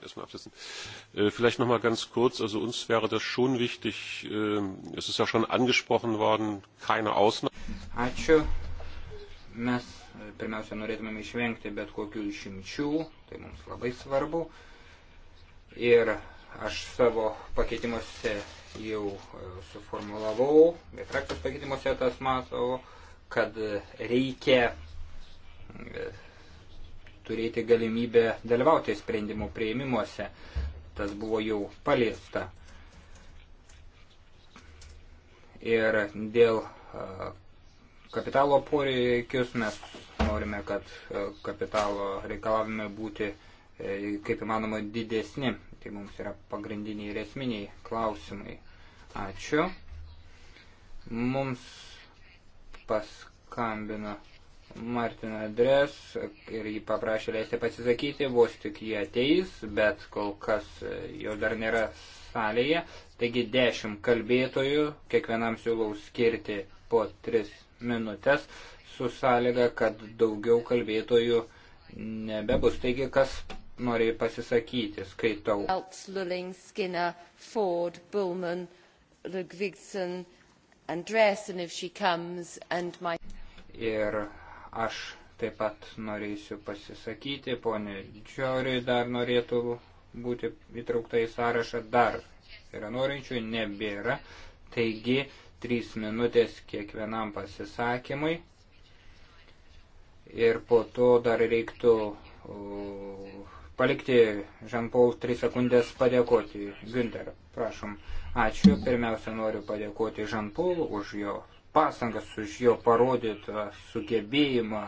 Speaker 4: erstmal absetzen. Äh, vielleicht noch mal ganz kurz. Also
Speaker 1: uns wäre das schon wichtig. Äh, es ist ja schon angesprochen worden, keine Ausnahme. Ačiū. Mes pirmiausia norėtumėm išvengti bet kokių išimčių, tai mums labai svarbu. Ir aš savo pakeitimuose jau e, suformulavau, bet raktas pakeitimuose tas matau, kad reikia e, turėti galimybę dalyvauti sprendimų prieimimuose. Tas buvo jau paliesta. Ir dėl e, kapitalo poreikius, mes norime, kad e, kapitalo reikalavimai būti e, kaip įmanoma didesni. Tai mums yra pagrindiniai ir esminiai klausimai. Ačiū. Mums paskambino Martina Dres ir jį paprašė leisti pasisakyti, vos tik jie ateis, bet kol kas e, jo dar nėra salėje. Taigi dešimt kalbėtojų, kiekvienam siūlau skirti po tris minutės su sąlyga, kad daugiau kalbėtojų nebebus. Taigi, kas norėjai pasisakyti, skaitau.
Speaker 2: Elts, Lulling, Skinner, Ford, Bullman, Ludvigsen, Andresen, if she comes, and my...
Speaker 1: Ir aš taip pat norėsiu pasisakyti, ponė Džiori dar norėtų būti įtraukta į sąrašą, dar yra norinčių, nebėra. Taigi, trys minutės kiekvienam pasisakymui. Ir po to dar reiktų uh, palikti Žanpaul 3 sekundės padėkoti. Günter, prašom. Ačiū. Pirmiausia, noriu padėkoti Žanpaul už jo pastangas, už jo parodytą sugebėjimą.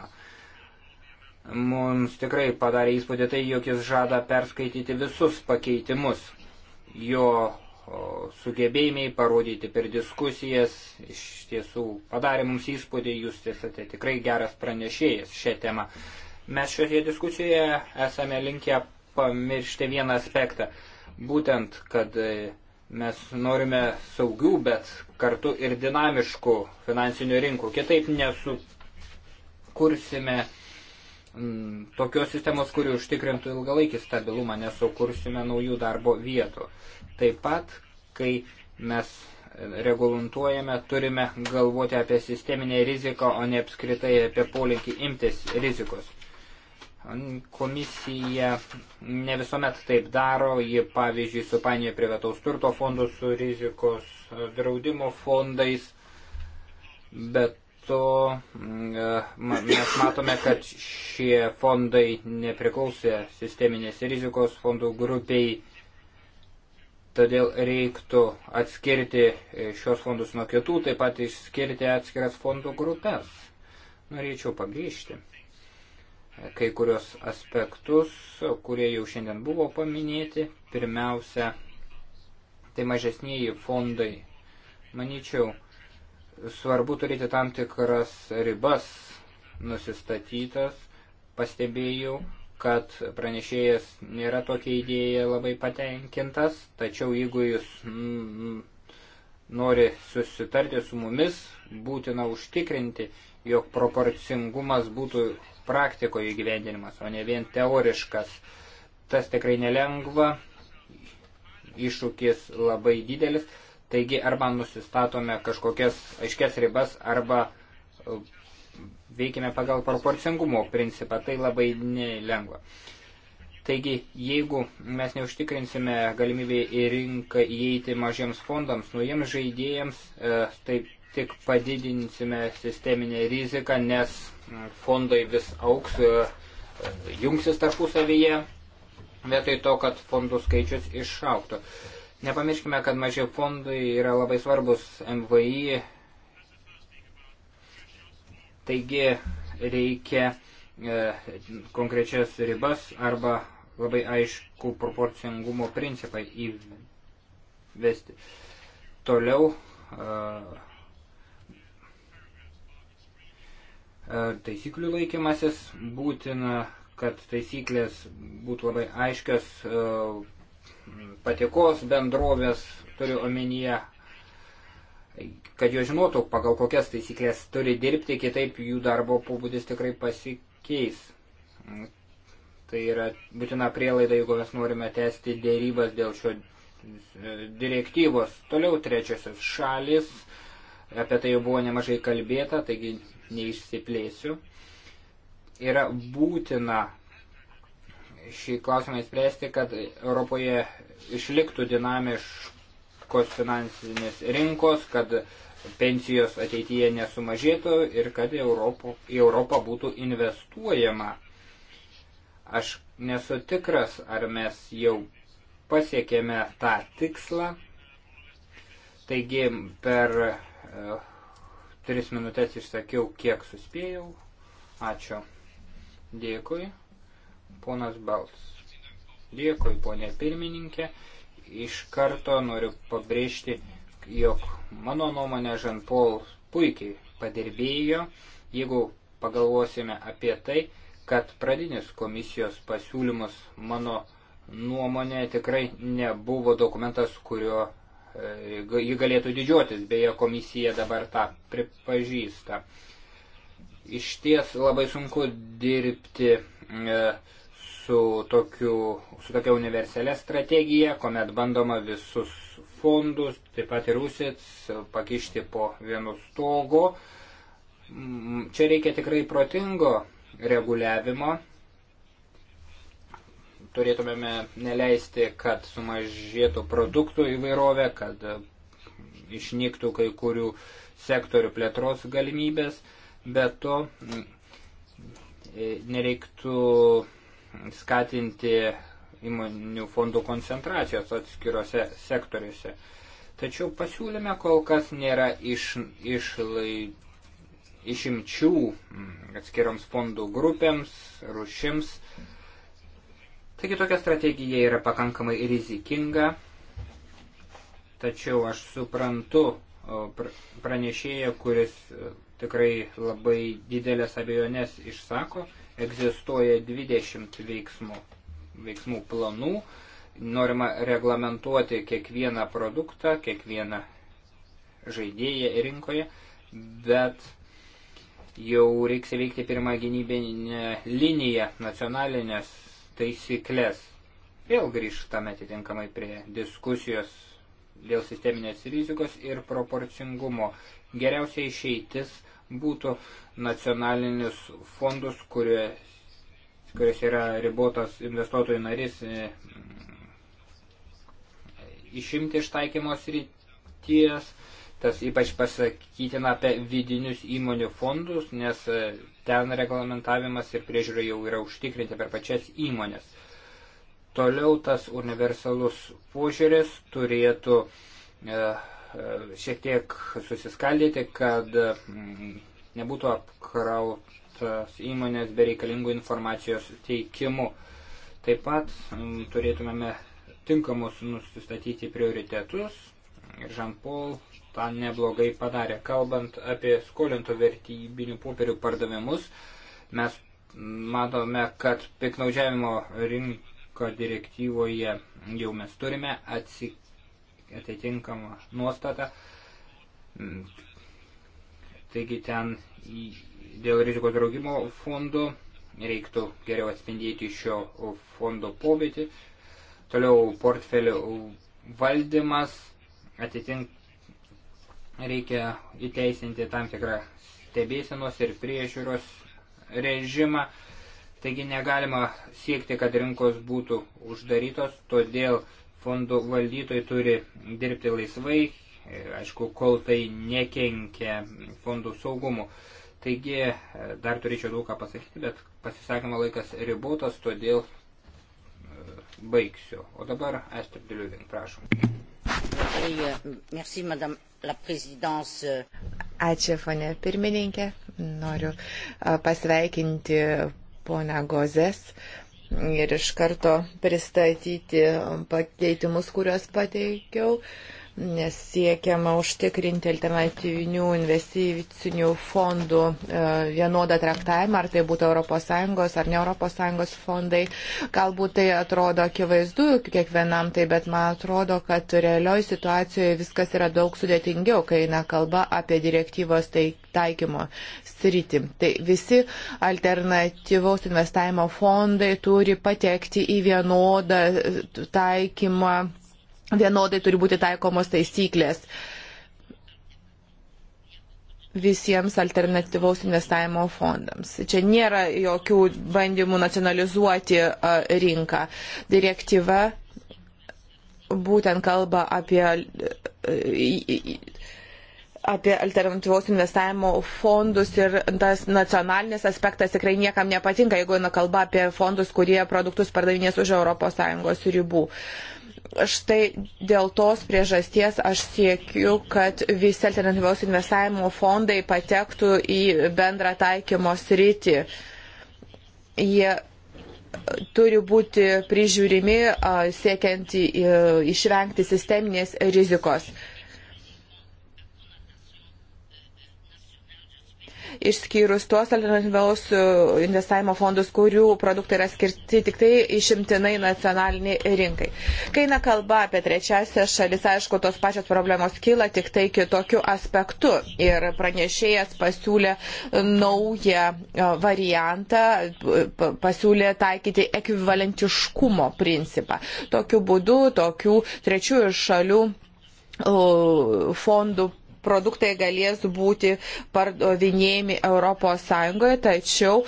Speaker 1: Mums tikrai padarė įspūdį tai, jog jis žada perskaityti visus pakeitimus. Jo sugebėjimai parodyti per diskusijas iš tiesų padarė mums įspūdį, jūs esate tikrai geras pranešėjas šią temą. Mes šioje diskusijoje esame linkę pamiršti vieną aspektą. Būtent, kad e, mes norime saugių, bet kartu ir dinamiškų finansinių rinkų. Kitaip nesukursime tokios sistemos, kuri užtikrintų ilgalaikį stabilumą, nesukursime naujų darbo vietų. Taip pat, kai mes reglamentuojame, turime galvoti apie sisteminę riziką, o ne apskritai apie polinkį imtis rizikos. Komisija ne visuomet taip daro, ji pavyzdžiui supainioja privataus turto fondus su rizikos draudimo fondais, bet to mes matome, kad šie fondai nepriklausė sisteminės rizikos fondų grupiai Todėl reiktų atskirti e, šios fondus nuo kitų, taip pat išskirti atskiras fondų grupės. Norėčiau pagrįžti e, kai kurios aspektus, kurie jau šiandien buvo paminėti. Pirmiausia, tai mažesnėji fondai. Manyčiau, svarbu turėti tam tikras ribas nusistatytas. Pastebėjau, kad pranešėjas nėra tokia idėja labai patenkintas, tačiau jeigu jis mm, mm, nori susitarti su mumis, būtina užtikrinti, jog proporcingumas būtų praktikoje įgyvendinimas, o ne vien teoriškas. Tas tikrai nelengva, iššūkis labai didelis, taigi arba nusistatome kažkokias aiškias ribas, arba veikiame pagal proporcingumo principą, tai labai nelengva. Taigi, jeigu mes neužtikrinsime galimybę į rinką įeiti mažiems fondams, naujiems žaidėjams, e, tai tik padidinsime sisteminę riziką, nes e, fondai vis auks, e, jungsis tarpusavyje, vietoj to, kad fondų skaičius išauktų. Nepamirškime, kad maži fondai yra labai svarbus MVI Taigi reikia e, konkrečias ribas arba labai aišku proporcingumo principą įvesti. Toliau e, e, taisyklių laikymasis būtina, kad taisyklės būtų labai aiškios, e, patiekos bendrovės turiu omenyje kad jo žinotų, pagal kokias taisyklės turi dirbti, kitaip jų darbo pobūdis tikrai pasikeis. Tai yra būtina prielaida, jeigu mes norime tęsti dėrybas dėl šio e, direktyvos. Toliau trečiosios šalis, apie tai jau buvo nemažai kalbėta, taigi neišsiplėsiu. Yra būtina šį klausimą įspręsti, kad Europoje išliktų dinamiškų kokios finansinės rinkos, kad pensijos ateityje nesumažėtų ir kad Europo, į Europą būtų investuojama. Aš nesu tikras, ar mes jau pasiekėme tą tikslą. Taigi per uh, tris minutės išsakiau, kiek suspėjau. Ačiū. Dėkui. Ponas Bals. Dėkui, ponė pirmininkė iš karto noriu pabrėžti, jog mano nuomonė Žan Paul puikiai padirbėjo, jeigu pagalvosime apie tai, kad pradinis komisijos pasiūlymus mano nuomonė tikrai nebuvo dokumentas, kurio e, jį galėtų didžiuotis, beje, komisija dabar tą pripažįsta. Iš ties labai sunku dirbti e, su, tokiu, su tokia universalia strategija, kuomet bandoma visus fondus, taip pat ir užsits, pakišti po vienu stogu. Mm, čia reikia tikrai protingo reguliavimo. Turėtumėme neleisti, kad sumažėtų produktų įvairovė, kad išnyktų kai kurių sektorių plėtros galimybės, bet to mm, e, nereiktų skatinti įmonių fondų koncentracijos atskiruose sektoriuose. Tačiau pasiūlyme kol kas nėra iš, išlai, išimčių mm, atskiroms fondų grupėms, rušims. Taigi tokia strategija yra pakankamai rizikinga, tačiau aš suprantu pranešėją, kuris e, tikrai labai didelės abejonės išsako egzistuoja 20 veiksmų, veiksmų planų, norima reglamentuoti kiekvieną produktą, kiekvieną žaidėją rinkoje, bet jau reiks įveikti pirmą gynybinę liniją nacionalinės taisyklės. Vėl grįžtame atitinkamai prie diskusijos dėl sisteminės rizikos ir proporcingumo. Geriausia išeitis būtų nacionalinius fondus, kurie, kuris yra ribotas investuotojų narys, e, išimti iš taikymos ryties. Tas ypač pasakytina apie vidinius įmonių fondus, nes e, ten reglamentavimas ir priežiūra jau yra užtikrinti per pačias įmonės. Toliau tas universalus požiūris turėtų e, šiek tiek susiskaldyti, kad mm, nebūtų apkrautas įmonės bereikalingų informacijos teikimu. Taip pat mm, turėtumėme tinkamus nusistatyti prioritetus. Žan Paul tą neblogai padarė. Kalbant apie skolintų vertybinių popierių pardavimus, mes matome, kad piknaudžiavimo rinko direktyvoje jau mes turime atsikirti atitinkamą nuostatą. Taigi ten dėl rizikos draugimo fondo reiktų geriau atspindėti šio fondo pobėtį. Toliau portfelio valdymas atitink reikia įteisinti tam tikrą stebėsenos ir priežiūros režimą. Taigi negalima siekti, kad rinkos būtų uždarytos, todėl fondų valdytojai turi dirbti laisvai, aišku, kol tai nekenkia fondų saugumu. Taigi, e, dar turėčiau daug ką pasakyti, bet pasisakymo laikas ribotas, todėl e, baigsiu. O dabar Esther Diliuvin, prašom.
Speaker 3: Euh,
Speaker 1: merci, madame la présidence.
Speaker 3: Ačiū, ponė pirmininkė. Noriu pasveikinti poną Gozės. Uh, ir iš karto pristatyti pakeitimus, kuriuos pateikiau. Uh, siekiama užtikrinti alternatyvinių investicinių fondų e, vienodą traktavimą, ar tai būtų ES ar ne ES fondai. Galbūt tai atrodo akivaizdu kiekvienam tai, bet man atrodo, kad realioj situacijoje viskas yra daug sudėtingiau, kai eina kalba apie direktyvos tai, taikymo sritį. Tai visi alternatyvaus investavimo fondai turi patekti į vienodą taikymą vienodai turi būti taikomos taisyklės visiems alternatyvaus investavimo fondams. Čia nėra jokių bandymų nacionalizuoti rinką. Direktyva būtent kalba apie, apie alternatyvaus investavimo fondus ir tas nacionalinis aspektas tikrai niekam nepatinka, jeigu eina kalba apie fondus, kurie produktus pardavinės už ES ribų štai dėl tos priežasties aš siekiu, kad visi alternatyvaus investavimo fondai patektų į bendrą taikymo sritį. Jie turi būti prižiūrimi siekiant išvengti sisteminės rizikos. išskyrus tuos alternatyvaus e, investavimo fondus, kurių produktai yra skirti tik tai išimtinai nacionaliniai rinkai. Kai eina kalba apie trečiasias šalis, aišku, tos pačios problemos kyla tik tai kitokiu aspektu. Ir pranešėjas pasiūlė naują e, variantą, pasiūlė taikyti ekvivalentiškumo principą. Tokiu būdu, tokių trečiųjų šalių fondų produktai galės būti pardavinėjami ES, tačiau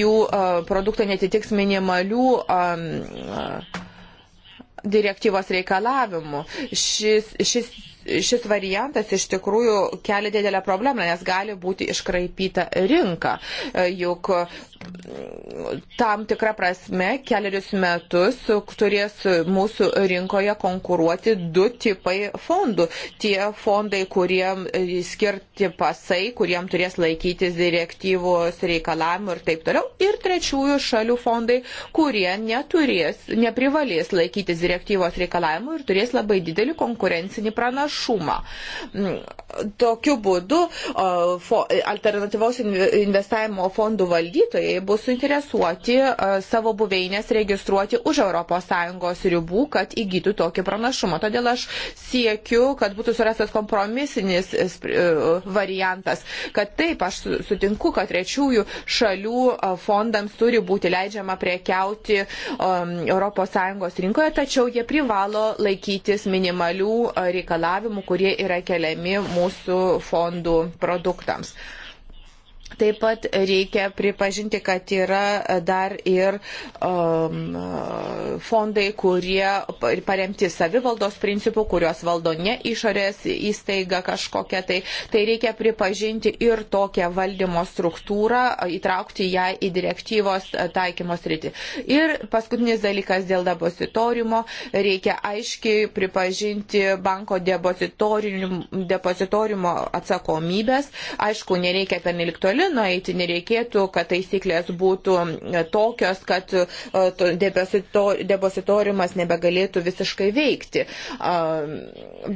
Speaker 3: jų e, produktai netitiks minimalių e, direktyvos reikalavimų. Šis, šis šis variantas iš tikrųjų kelia didelę problemą, nes gali būti iškraipyta rinka. E, juk mm, tam tikrą prasme keliarius metus turės mūsų rinkoje konkuruoti du tipai fondų. Tie fondai, kuriem e, skirti pasai, kuriem turės laikytis direktyvos reikalavimų ir taip toliau. Ir trečiųjų šalių fondai, kurie neturės, neprivalės laikytis direktyvos reikalavimų ir turės labai didelį konkurencinį pranašumą šumą. Tokiu būdu alternatyvaus investavimo fondų valdytojai bus suinteresuoti savo buveinės registruoti už ES ribų, kad įgytų tokį pranašumą. Todėl aš siekiu, kad būtų surastas kompromisinis e, variantas, kad taip aš sutinku, kad trečiųjų šalių fondams turi būti leidžiama priekiauti ES rinkoje, tačiau jie privalo laikytis minimalių reikalavimų, kurie yra keliami mūsų mūsų fondų produktams. Taip pat reikia pripažinti, kad yra dar ir um, fondai, kurie paremti savivaldos principų, kurios valdo ne išorės įstaiga kažkokia. Tai, tai reikia pripažinti ir tokią valdymo struktūrą, įtraukti ją į direktyvos taikymos rytį. Ir paskutinis dalykas dėl depozitorimo. Reikia aiškiai pripažinti banko depozitorimo atsakomybės. Aišku, nereikia pernelik toli toli nueiti, nereikėtų, kad taisyklės būtų e, tokios, kad e, depozitoriumas nebegalėtų visiškai veikti.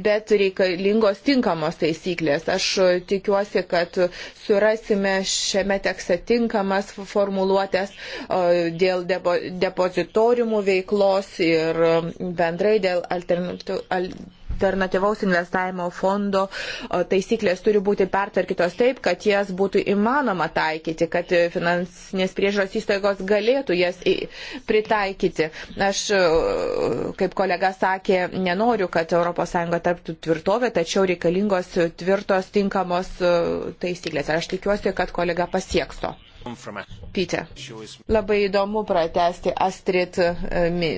Speaker 3: Bet reikalingos tinkamos taisyklės. Aš e, tikiuosi, kad surasime šiame tekste tinkamas formuluotės dėl depozitoriumų veiklos ir bendrai dėl alternatyvų alternatyvaus investavimo fondo taisyklės turi būti pertvarkytos taip, kad jas būtų įmanoma taikyti, kad finansinės priežos įstaigos galėtų jas pritaikyti. Aš, kaip kolega sakė, nenoriu, kad ES taptų tvirtovė, tačiau reikalingos tvirtos tinkamos taisyklės. Ir aš tikiuosi, kad kolega pasieks to. Pyte. Labai įdomu pratesti Astrid e,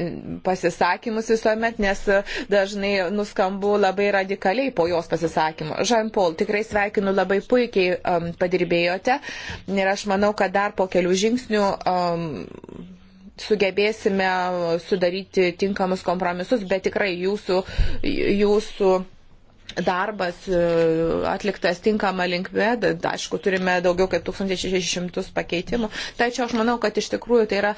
Speaker 3: pasisakymus visuomet, nes dažnai nuskambu labai radikaliai po jos pasisakymų. Žan Paul, tikrai sveikinu, labai puikiai um, padirbėjote ir aš manau, kad dar po kelių žingsnių. Um, sugebėsime sudaryti tinkamus kompromisus, bet tikrai jūsų, jūsų darbas e, atliktas tinkama linkme, aišku, turime daugiau kaip 1600 pakeitimų, tačiau aš manau, kad iš tikrųjų tai yra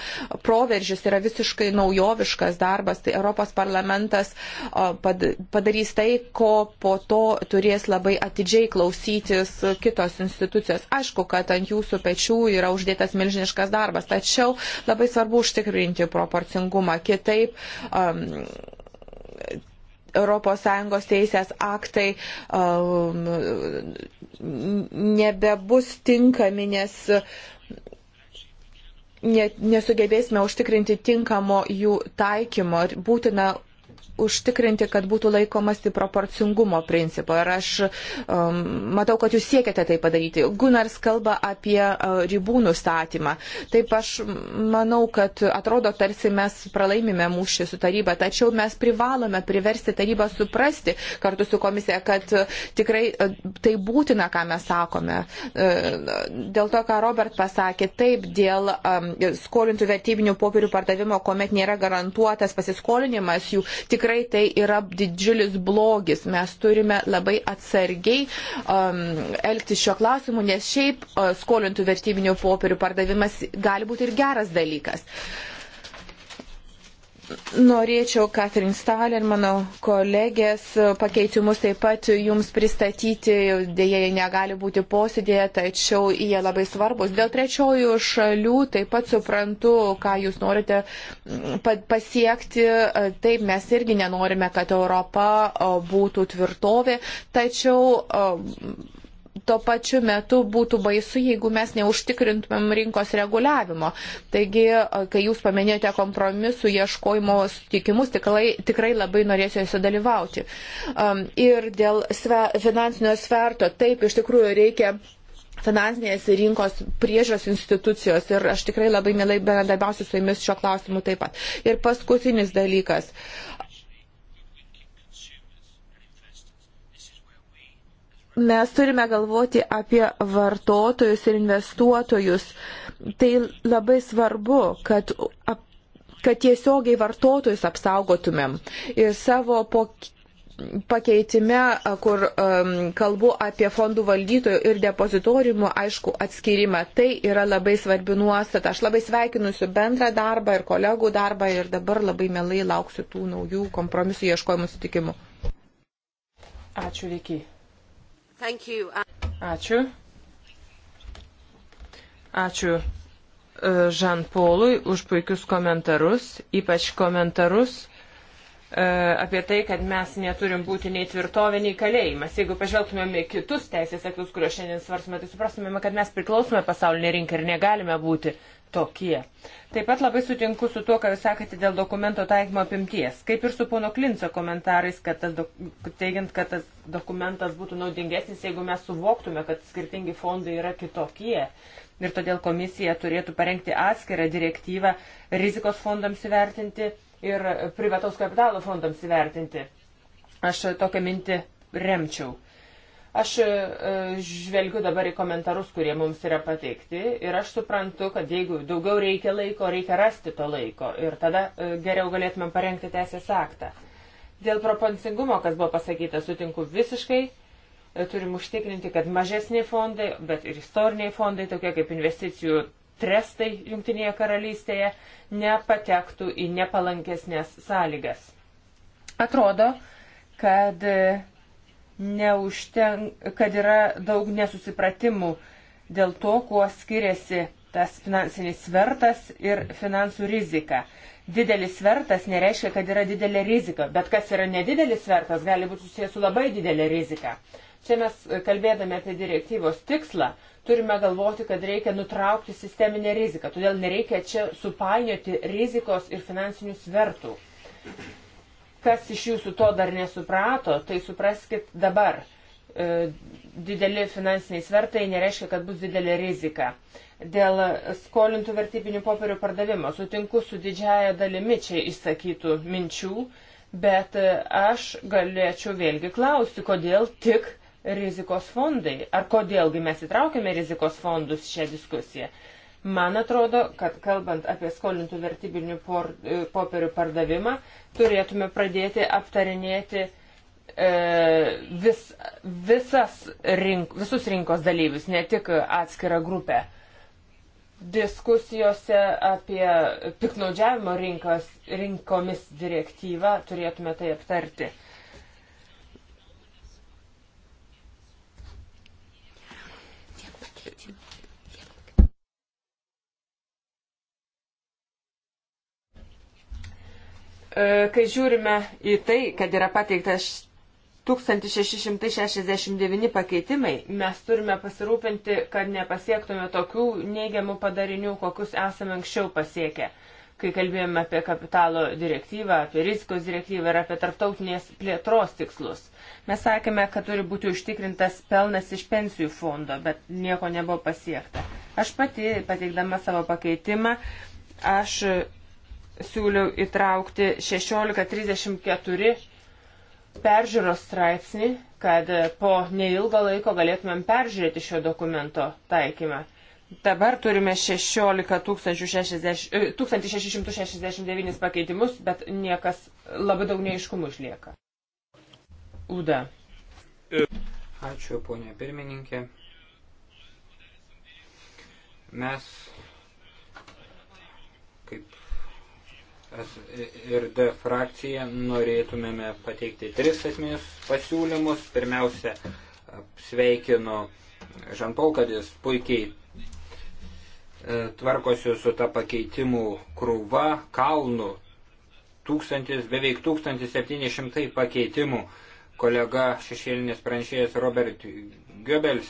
Speaker 3: proveržis, tai yra visiškai naujoviškas darbas, tai Europos parlamentas padarys tai, ko po to turės labai atidžiai klausytis kitos institucijos. Aišku, kad ant jūsų pečių yra uždėtas milžiniškas darbas, tačiau labai svarbu užtikrinti proporcingumą. Kitaip um, ES teisės aktai um, nebebus tinkami, nes nesugebėsime užtikrinti tinkamo jų taikymo ir būtina užtikrinti, kad būtų laikomasi proporcingumo principo. Ir aš um, matau, kad jūs siekiate tai padaryti. Gunars kalba apie uh, ribų nustatymą. Taip aš manau, kad atrodo, tarsi mes pralaimime mūšį su taryba, tačiau mes privalome priversti tarybą suprasti kartu su komisija, kad uh, tikrai uh, tai būtina, ką mes sakome. Uh, dėl to, ką Robert pasakė, taip, dėl um, skolintų vertybinių popierių pardavimo, kuomet nėra garantuotas pasiskolinimas jų, tikrai tikrai tai yra didžiulis blogis. Mes turime labai atsargiai um, elgtis šio klausimu, nes šiaip uh, skolintų vertybinių popierių pardavimas gali būti ir geras dalykas. Uh, norėčiau Katrin Staler, mano kolegės pakeitimus taip pat jums pristatyti, dėja jie negali būti posėdėje, tačiau jie labai svarbus. Dėl trečiojų šalių taip pat suprantu, ką jūs norite mm, pasiekti. Taip, mes irgi nenorime, kad Europa būtų tvirtovė, tačiau tuo pačiu metu būtų baisu, jeigu mes neužtikrintumėm rinkos reguliavimo. Taigi, kai jūs paminėjote kompromisų ieškojimo sutikimus, tikrai, tikrai labai norėsiu juose dalyvauti. Um, ir dėl sve, finansinio sverto, taip, iš tikrųjų reikia finansinės rinkos priežos institucijos ir aš tikrai labai mielai bendradarbiausiu su jumis šio klausimu taip pat. Ir paskutinis dalykas. mes turime galvoti apie vartotojus ir investuotojus. Tai labai svarbu, kad kad tiesiogiai vartotojus apsaugotumėm ir savo po pakeitime, kur um, kalbu apie fondų valdytojų ir depozitoriumų, aišku, atskirimą. Tai yra labai svarbi nuostata. Aš labai sveikinusiu bendrą darbą ir kolegų darbą ir dabar labai mielai lauksiu tų naujų kompromisų ieškojimų sutikimų. Ačiū, Reikiai.
Speaker 2: Uh,
Speaker 3: Ačiū.
Speaker 4: Ačiū e, Žan Polui už puikius komentarus, ypač komentarus e, apie tai, kad mes neturim būti nei tvirtovė, nei kalėjimas. Jeigu pažvelgtumėm į kitus teisės aktus, kuriuos šiandien svarsime, tai suprastumėme, kad mes priklausome pasaulinė rinka ir negalime būti tokie. Taip pat labai sutinku su tuo, ką jūs sakėte dėl dokumento taikymo apimties. Kaip ir su pono Klinco komentarais, kad tas dok, teigiant, kad tas dokumentas būtų naudingesnis, jeigu mes suvoktume, kad skirtingi fondai yra kitokie. Ir todėl komisija turėtų parengti atskirą direktyvą rizikos fondams įvertinti ir privataus kapitalo fondams įvertinti. Aš tokią mintį remčiau. Aš e, žvelgiu dabar į komentarus, kurie mums yra pateikti ir aš suprantu, kad jeigu daugiau reikia laiko, reikia rasti to laiko ir tada e, geriau galėtumėm parengti teisės aktą. Dėl proporcingumo, kas buvo pasakyta, sutinku visiškai. E, turim užtikrinti, kad mažesniai fondai, bet ir istoriniai fondai, tokie kaip investicijų trestai Junktinėje karalystėje, nepatektų į nepalankesnės sąlygas. Atrodo, kad neužten, kad yra daug nesusipratimų dėl to, kuo skiriasi tas finansinis svertas ir finansų rizika. Didelis svertas nereiškia, kad yra didelė rizika, bet kas yra nedidelis svertas, gali būti susijęs su labai didelė rizika. Čia mes kalbėdami apie direktyvos tikslą, turime galvoti, kad reikia nutraukti sisteminę riziką. Todėl nereikia čia supainioti rizikos ir finansinių svertų. Kas iš jūsų to dar nesuprato, tai supraskit dabar. E, dideli finansiniai svertai nereiškia, kad bus didelė rizika. Dėl skolintų vertybinių popierių pardavimo sutinku su didžiaja dalimi čia išsakytų minčių, bet aš galėčiau vėlgi klausti, kodėl tik rizikos fondai, ar kodėlgi mes įtraukėme rizikos fondus šią diskusiją. Man atrodo, kad kalbant apie skolintų vertybinių e, popierių pardavimą, turėtume pradėti aptarinėti e, vis, visas rink, visus rinkos dalyvius, ne tik atskirą grupę. Diskusijose apie piknaudžiavimo rinkos, rinkomis direktyvą turėtume tai aptarti. E, kai žiūrime į tai, kad yra pateiktas 1669 pakeitimai, mes turime pasirūpinti, kad nepasiektume tokių neigiamų padarinių, kokius esame anksčiau pasiekę, kai kalbėjome apie kapitalo direktyvą, apie rizikos direktyvą ir apie tarptautinės plėtros tikslus. Mes sakėme, kad turi būti užtikrintas pelnas iš pensijų fondo, bet nieko nebuvo pasiekta. Aš pati, pateikdama savo pakeitimą, aš siūliau įtraukti 1634 peržiūros straipsnį, kad po neilgo laiko galėtumėm peržiūrėti šio dokumento taikymą. Dabar turime 16 060, 1669 pakeitimus, bet niekas labai daug neiškumų išlieka. Uda.
Speaker 1: Ačiū, ponė pirmininkė. Mes, kaip ir D frakcija norėtumėme pateikti tris esmės pasiūlymus. Pirmiausia, sveikinu Žanpol, kad jis puikiai e, tvarkosi su ta pakeitimų krūva kalnų. Tūkstantis, beveik 1700 pakeitimų. Kolega šešėlinis pranešėjas Robert Goebbels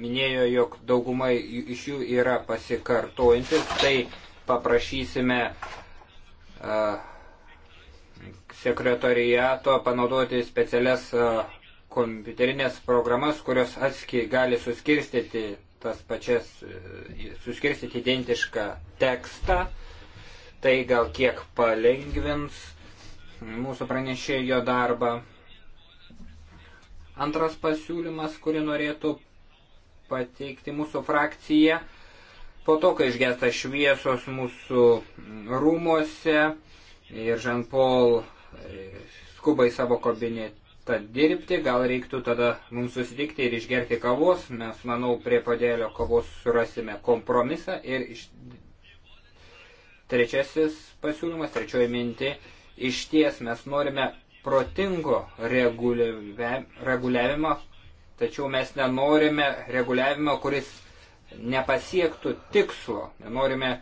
Speaker 1: minėjo, jog dauguma iš jų yra pasikartojantis. Tai paprašysime sekretoriato panaudoti specialias kompiuterinės programas, kurios atski gali suskirstyti tas pačias, e, suskirstyti identišką tekstą. Tai gal kiek palengvins mūsų pranešėjo darbą. Antras pasiūlymas, kurį norėtų pateikti mūsų frakcija, Po to, kai išgesta šviesos mūsų rūmose ir Žanpol e, skuba į savo kabinetą dirbti, gal reiktų tada mums susitikti ir išgerti kavos, mes, manau, prie padėlio kavos surasime kompromisą ir iš... trečiasis pasiūlymas, trečioji minti, iš ties mes norime protingo reguliavimo, tačiau mes nenorime reguliavimo, kuris nepasiektų tikslo, norime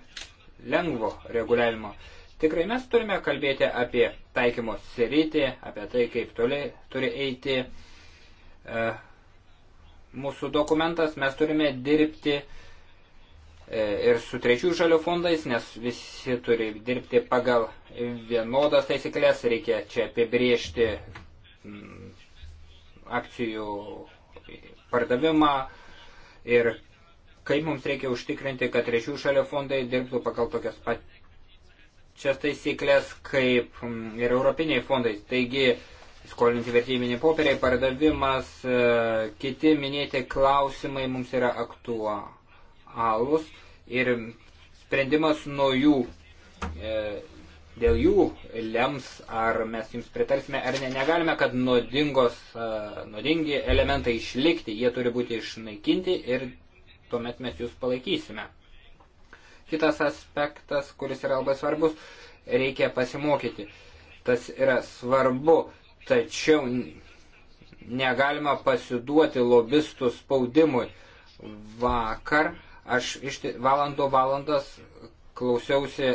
Speaker 1: lengvo reguliavimo. Tikrai mes turime kalbėti apie taikymo sritį, apie tai, kaip toliai turi eiti e, mūsų dokumentas. Mes turime dirbti e, ir su trečių žalių fondais, nes visi turi dirbti pagal vienodas taisyklės. Reikia čia apibriežti m, akcijų pardavimą ir kaip mums reikia užtikrinti, kad trečių šalių fondai dirbtų pagal tokias pačias taisyklės kaip mm, ir europiniai fondai. Taigi, skolinti vertybinį popieriai, pardavimas, e, kiti minėti klausimai mums yra aktualūs ir sprendimas nuo jų, e, dėl jų lems, ar mes jums pritarsime, ar ne. Negalime, kad nuodingos, e, nuodingi elementai išlikti, jie turi būti išnaikinti ir tuomet mes jūs palaikysime. Kitas aspektas, kuris yra labai svarbus, reikia pasimokyti. Tas yra svarbu, tačiau negalima pasiduoti lobistų spaudimui. Vakar aš iš valandų valandas klausiausi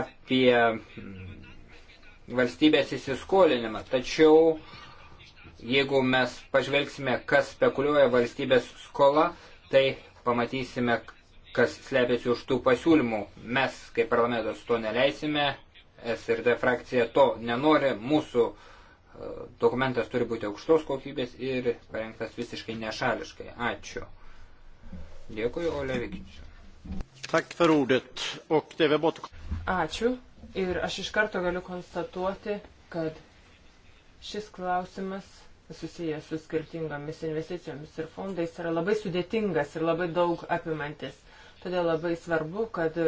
Speaker 1: apie valstybės įsiskolinimą, tačiau uh, Jeigu mes pažvelgsime, kas spekuliuoja valstybės skola, tai pamatysime, kas slepiasi už tų pasiūlymų. Mes, kaip parlamentas, to neleisime, SRD frakcija to nenori, mūsų e, dokumentas turi būti aukštos kokybės ir parengtas visiškai nešališkai. Ačiū. Dėkui, Ole Vikičiu.
Speaker 4: Ačiū. Ir aš iš karto galiu konstatuoti, kad šis klausimas susijęs su skirtingomis investicijomis ir fondais yra labai sudėtingas ir labai daug apimantis. Todėl labai svarbu, kad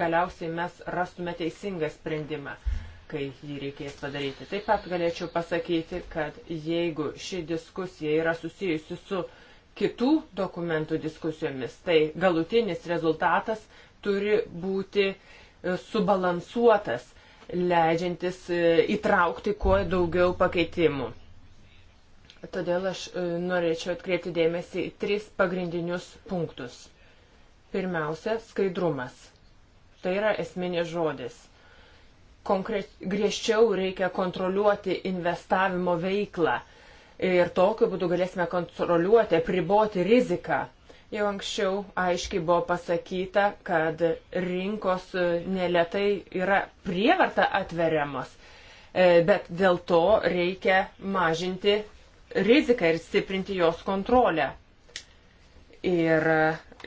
Speaker 4: galiausiai mes rastume teisingą sprendimą, kai jį reikės padaryti. Taip pat galėčiau pasakyti, kad jeigu ši diskusija yra susijusi su kitų dokumentų diskusijomis, tai galutinis rezultatas turi būti e, subalansuotas leidžiantis e, įtraukti kuo daugiau pakeitimų. Todėl aš e, norėčiau atkreipti dėmesį į tris pagrindinius punktus. Pirmiausia, skaidrumas. Tai yra esminė žodis. Konkre... Griežčiau reikia kontroliuoti investavimo veiklą ir tokiu būdu galėsime kontroliuoti, priboti riziką. Jau anksčiau aiškiai buvo pasakyta, kad rinkos e, neletai yra prievarta atveriamos, e, bet dėl to reikia mažinti riziką ir stiprinti jos kontrolę. Ir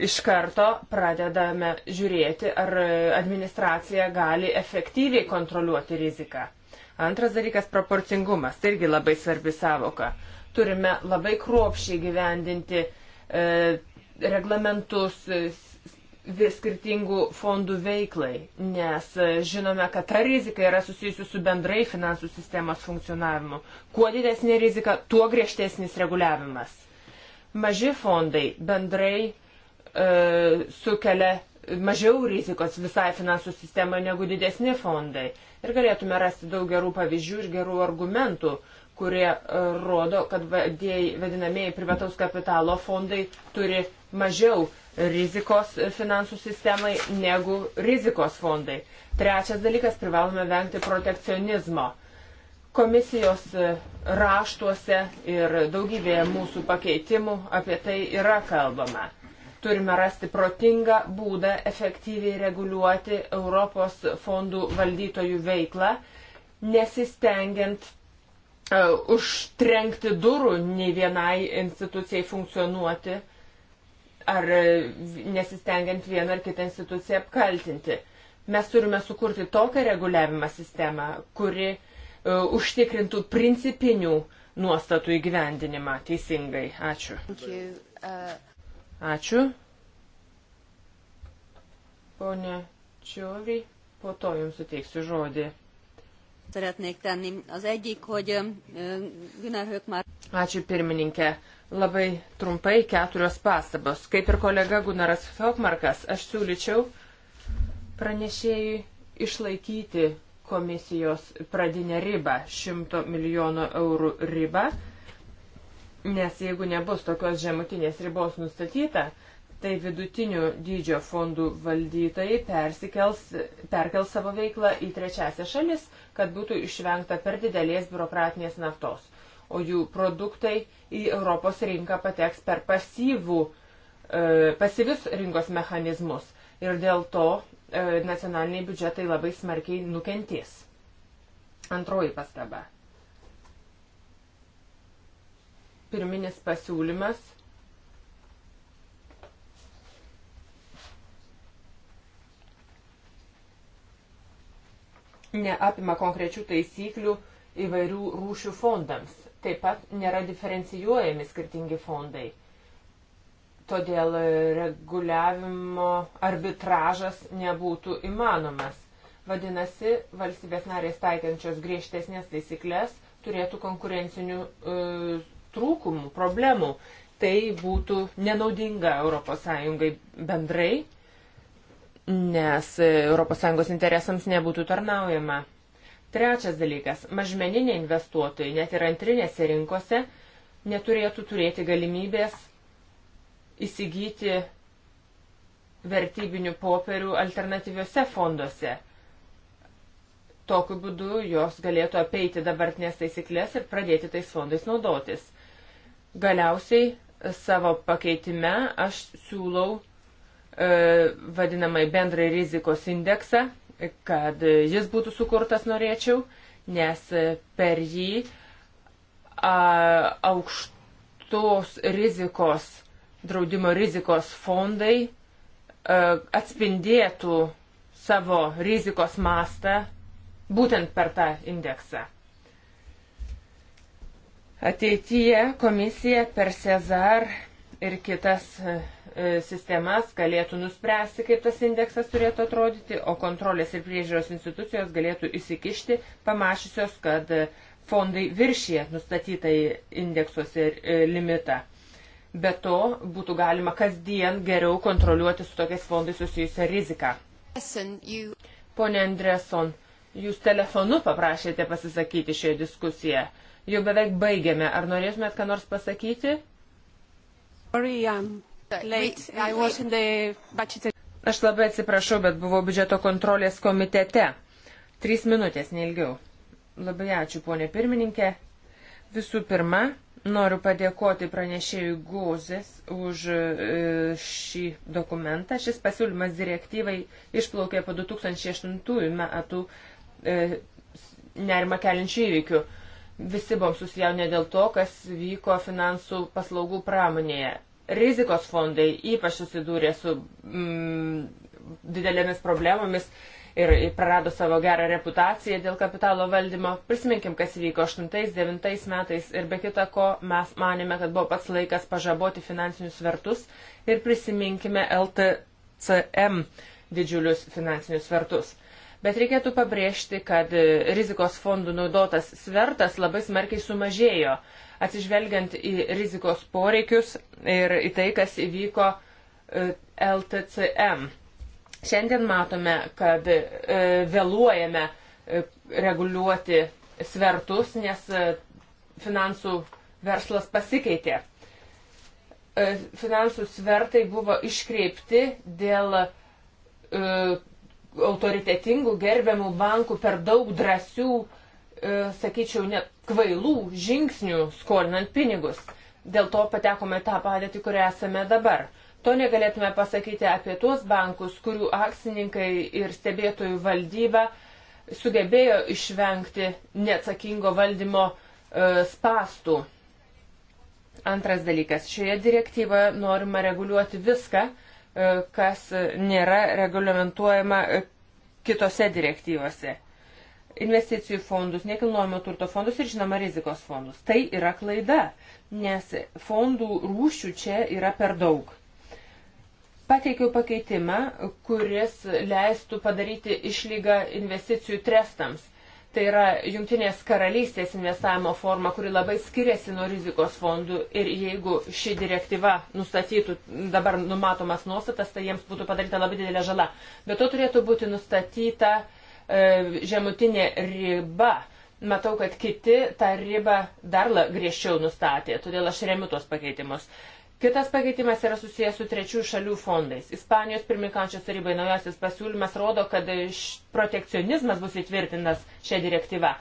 Speaker 4: iš karto pradedame žiūrėti, ar administracija gali efektyviai kontroliuoti riziką. Antras dalykas - proporcingumas. Tai irgi labai svarbi savoka. Turime labai kruopšiai gyvendinti e, reglamentus, vis skirtingų fondų veiklai, nes e, žinome, kad ta rizika yra susijusi su bendrai finansų sistemos funkcionavimu. Kuo didesnė rizika, tuo griežtesnis reguliavimas. Maži fondai bendrai e, sukelia mažiau rizikos visai finansų sistemai negu didesni fondai. Ir galėtume rasti daug gerų pavyzdžių ir gerų argumentų, kurie e, rodo, kad vadėjai, vadinamieji privataus kapitalo fondai turi mažiau rizikos finansų sistemai negu rizikos fondai. Trečias dalykas - privalome vengti protekcionizmo. Komisijos e, raštuose ir daugybėje mūsų pakeitimų apie tai yra kalbama. Turime rasti protingą būdą efektyviai reguliuoti Europos fondų valdytojų veiklą, nesistengiant uh, užtrenkti durų nei vienai institucijai funkcionuoti uh, ar e, nesistengiant vieną ar kitą instituciją apkaltinti. Mes turime sukurti tokią reguliavimą sistemą, kuri uh, užtikrintų principinių nuostatų įgyvendinimą teisingai. Ačiū.
Speaker 2: Uh,
Speaker 4: Ačiū. Pone Čiori, po to jums suteiksiu žodį. Ačiū pirmininkė. Labai trumpai keturios pastabos. Kaip ir kolega Gunaras Felkmarkas, aš siūlyčiau pranešėjui išlaikyti komisijos pradinę ribą, 100 milijonų eurų ribą, nes jeigu nebus tokios žemutinės ribos nustatyta, tai vidutinių dydžio fondų valdytojai perkels savo veiklą į trečiasią šalis, kad būtų išvengta per didelės biurokratinės naftos o jų produktai į Europos rinką pateks per pasyvų, e, pasyvius rinkos mechanizmus. Ir dėl to e, nacionaliniai biudžetai labai smarkiai nukentės. Antroji pastaba. Pirminis pasiūlymas neapima konkrečių taisyklių įvairių rūšių fondams. Taip pat nėra diferencijuojami skirtingi fondai. Todėl e, reguliavimo arbitražas nebūtų įmanomas. Vadinasi, valstybės narės taikiančios griežtesnės taisyklės turėtų konkurencinių e, trūkumų, problemų. Tai būtų nenaudinga ES bendrai, nes ES interesams nebūtų tarnaujama. Trečias dalykas - mažmeniniai investuotojai net ir antrinėse rinkose neturėtų turėti galimybės įsigyti vertybinių popierių alternatyviuose fonduose. Tokiu būdu jos galėtų apeiti dabartinės taisyklės ir pradėti tais fondais naudotis. Galiausiai savo pakeitime aš siūlau e, vadinamai bendrai rizikos indeksą, kad jis būtų sukurtas norėčiau, nes per jį a, aukštos rizikos, draudimo rizikos fondai a, atspindėtų savo rizikos mastą būtent per tą indeksą. Ateityje komisija per Cezar ir kitas E, sistemas galėtų nuspręsti, kaip tas indeksas turėtų atrodyti, o kontrolės ir priežiūros institucijos galėtų įsikišti, pamašysios, kad e, fondai viršyje nustatytai indeksuose e, limitą. Be to, būtų galima kasdien geriau kontroliuoti su tokiais fondais susijusią riziką. Pone Andreson, jūs telefonu paprašėte pasisakyti šioje diskusijoje. Jau beveik baigėme. Ar norėtumėt ką nors pasakyti? Sorry, um, Aš labai atsiprašau, bet buvau biudžeto kontrolės komitete. Trys minutės, neilgiau. Labai ačiū, ponė pirmininkė. Visų pirma, noriu padėkoti pranešėjui Gozės už e, šį dokumentą. Šis pasiūlymas direktyvai išplaukė po 2008 metų e, nerima keliančių įvykių. Visi buvom susijaunę dėl to, kas vyko finansų paslaugų pramonėje. Rizikos fondai ypač susidūrė su mm, didelėmis problemomis ir prarado savo gerą reputaciją dėl kapitalo valdymo. Prisiminkim, kas įvyko 8-9 metais ir be kita ko mes manėme, kad buvo pats laikas pažaboti finansinius vertus ir prisiminkime LTCM didžiulius finansinius vertus. Bet reikėtų pabrėžti, kad rizikos fondų naudotas svertas labai smarkiai sumažėjo atsižvelgiant į rizikos poreikius ir į tai, kas įvyko e, LTCM. Šiandien matome, kad e, vėluojame e, reguliuoti svertus, nes finansų verslas pasikeitė. Finansų svertai buvo iškreipti dėl autoritetingų, gerbiamų bankų per daug drąsių, sakyčiau, net kvailų žingsnių skolinant pinigus. Dėl to patekome tą padėtį, kurioje esame dabar. To negalėtume pasakyti apie tuos bankus, kurių akcininkai ir stebėtojų valdyba sugebėjo išvengti neatsakingo valdymo e, spastų. Antras dalykas. Šioje direktyvoje norima reguliuoti viską, e, kas nėra reglamentuojama e, kitose direktyvose investicijų fondus, nekilnojamo turto fondus ir žinoma rizikos fondus. Tai yra klaida, nes fondų rūšių čia yra per daug. Pateikiau pakeitimą, kuris leistų padaryti išlygą investicijų trestams. Tai yra jungtinės karalystės investavimo forma, kuri labai skiriasi nuo rizikos fondų ir jeigu ši direktyva nustatytų dabar numatomas nuostatas, tai jiems būtų padaryta labai didelė žala. Bet to turėtų būti nustatyta uh, E, žemutinė riba. Matau, kad kiti tą ribą dar griežčiau nustatė, todėl aš remiu tuos pakeitimus. Kitas pakeitimas yra susijęs su trečių šalių fondais. Ispanijos pirmininkančios tarybai naujasis pasiūlymas rodo, kad protekcionizmas bus įtvirtinas šią direktyvą.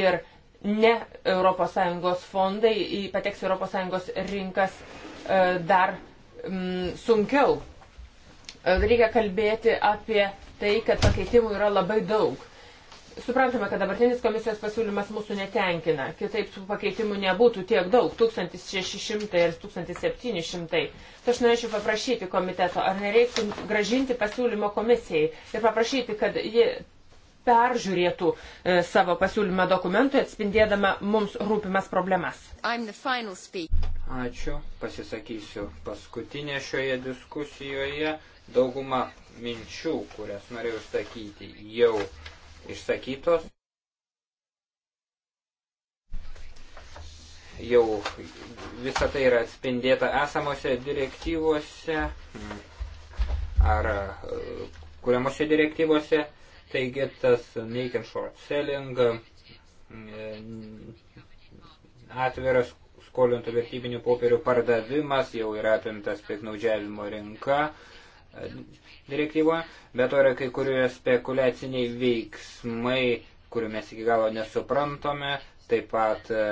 Speaker 4: Ir ne ES fondai pateks ES rinkas e, dar mm, sunkiau. E, reikia kalbėti apie tai, kad pakeitimų yra labai daug. Suprantame, kad dabartinis komisijos pasiūlymas mūsų netenkina. Kitaip tų pakeitimų nebūtų tiek daug - 1600 ir 1700. Tai aš norėčiau paprašyti komiteto, ar nereiktų gražinti pasiūlymo komisijai ir paprašyti, kad ji peržiūrėtų e, savo pasiūlymą dokumentui, atspindėdama mums rūpimas problemas.
Speaker 2: Ačiū,
Speaker 1: pasisakysiu paskutinė šioje diskusijoje. Dauguma minčių, kurias norėjau išsakyti, jau išsakytos. Jau visa tai yra atspindėta esamose direktyvose ar kuriamose direktyvose. Taigi tas naked short selling, atviras skolintų vertybinių popierių pardavimas jau yra apimtas piknaudžiavimo rinka direktyvoje, bet to yra kai kurie spekuliaciniai veiksmai, kurių mes iki galo nesuprantame, taip pat e,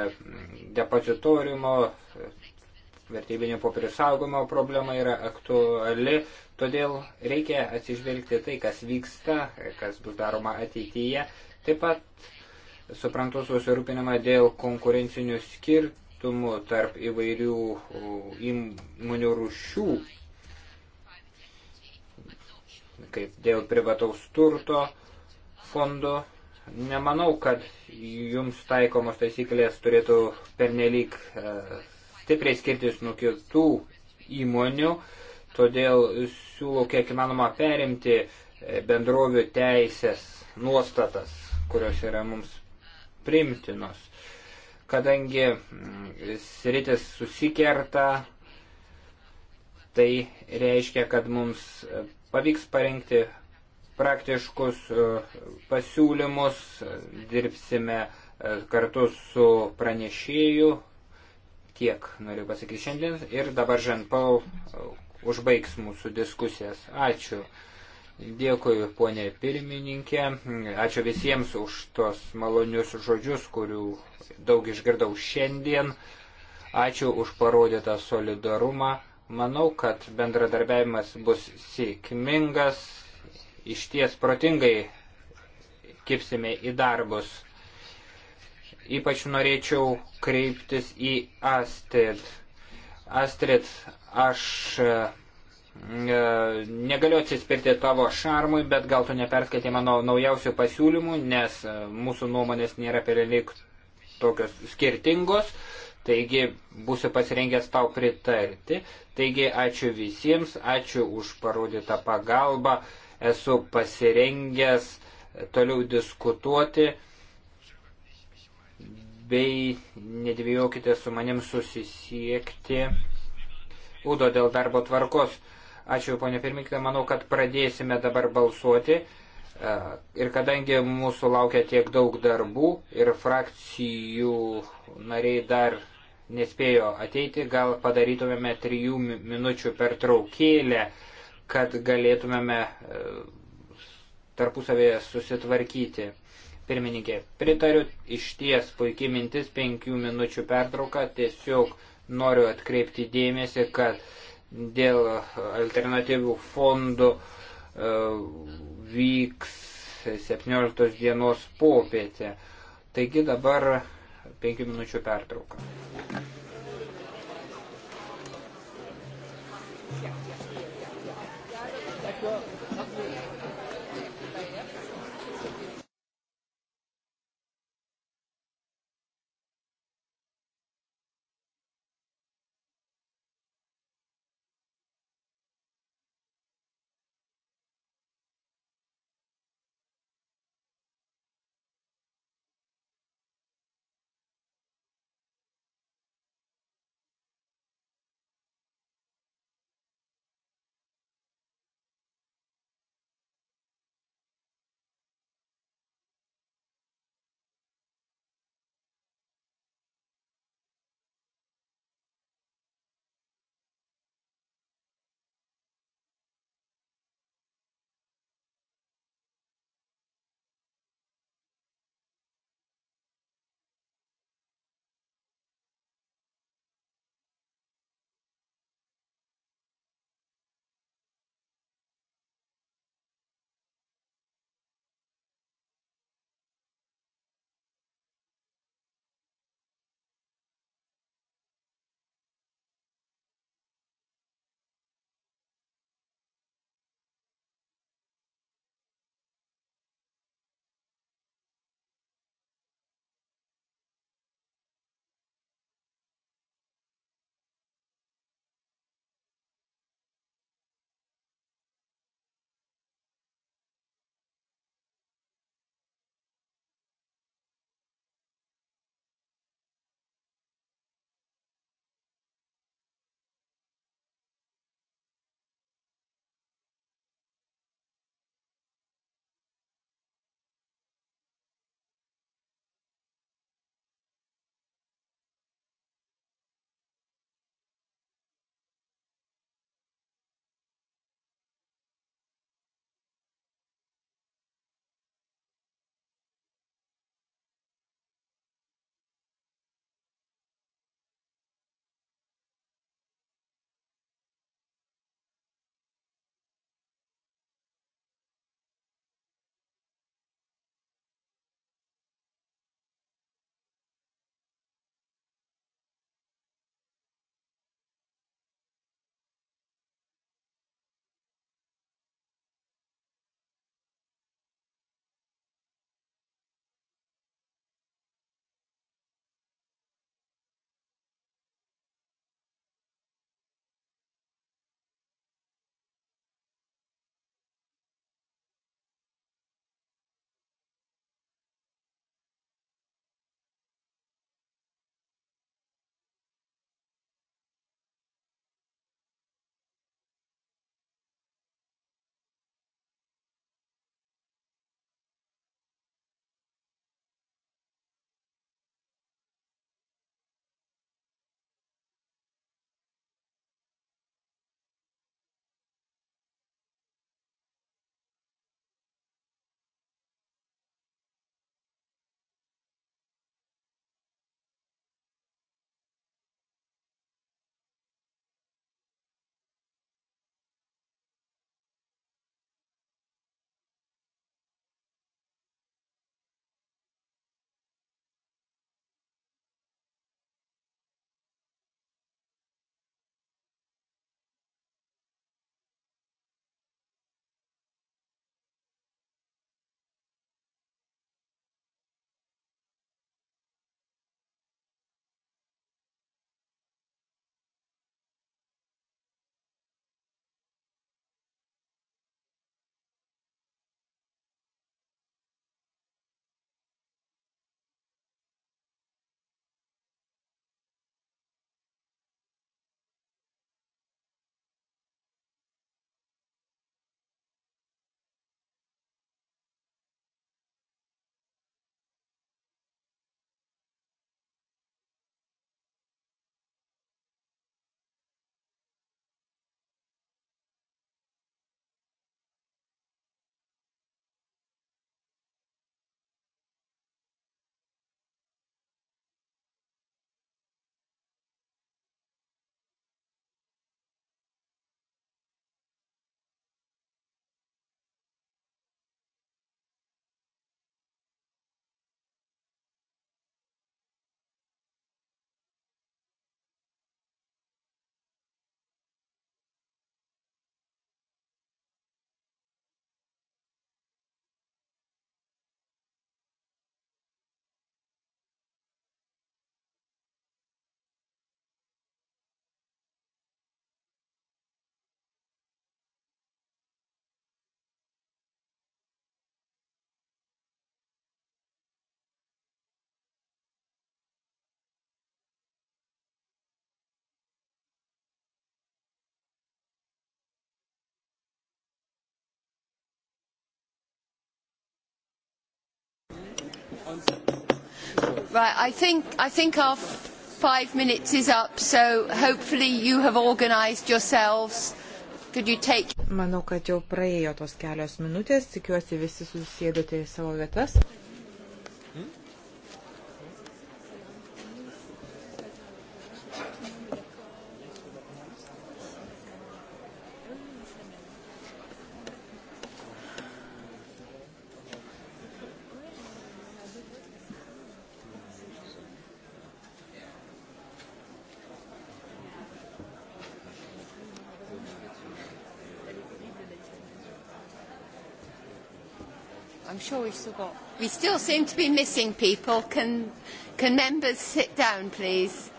Speaker 1: depozitoriumo, vertybinio popierių saugojimo problema yra aktuali, todėl reikia atsižvelgti tai, kas vyksta, kas bus daroma ateityje. Taip pat suprantu susirūpinimą dėl konkurencinių skirtumų tarp įvairių įmonių rūšių kaip dėl privataus turto fondo. Nemanau, kad jums taikomos taisyklės turėtų pernelyg e, stipriai skirtis nuo kitų įmonių, todėl siūlau kiek įmanoma perimti e, bendrovių teisės nuostatas, kurios yra mums primtinos. Kadangi mm, sritis susikerta, tai reiškia, kad mums pavyks parengti praktiškus e, pasiūlymus, dirbsime e, kartu su pranešėju, tiek noriu pasakyti šiandien ir dabar Žanpau e, užbaigs mūsų diskusijas. Ačiū. Dėkui, ponė pirmininkė. Ačiū visiems už tos malonius žodžius, kurių daug išgirdau šiandien. Ačiū už parodytą solidarumą. Manau, kad bendradarbiavimas bus sėkmingas, iš ties protingai kipsime į darbus. Ypač norėčiau kreiptis į Astrid. Astrid, aš e, e, negaliu atsispirti tavo šarmui, bet gal tu neperskaitai mano naujausių pasiūlymų, nes e, mūsų nuomonės nėra pernelyg tokios skirtingos. Taigi būsiu pasirengęs tau pritarti. Taigi ačiū visiems, ačiū už parodytą pagalbą. Esu pasirengęs toliau diskutuoti bei nedvėjokite su manim susisiekti. Udo dėl darbo tvarkos. Ačiū, ponė pirmininkė, manau, kad pradėsime dabar balsuoti. E, ir kadangi mūsų laukia tiek daug darbų ir frakcijų nariai dar nespėjo ateiti, gal padarytumėme trijų minučių per traukėlę, kad galėtumėme e, tarpusavėje susitvarkyti. Pirmininkė, pritariu, iš ties puikiai mintis penkių minučių pertrauka, tiesiog noriu atkreipti dėmesį, kad dėl alternatyvių fondų e, vyks 17 dienos popietė. Taigi dabar penkių minučių pertrauką.
Speaker 2: Yeah, yeah, yeah, yeah, yeah. Right, I think, I think our five minutes is up, so hopefully you have organized yourselves. Could you take...
Speaker 3: Manau, kad jau praėjo tos kelios minutės, tikiuosi visi susėdote į savo vietas.
Speaker 2: we've still got. We still seem to be missing people. Can, can members sit down, please?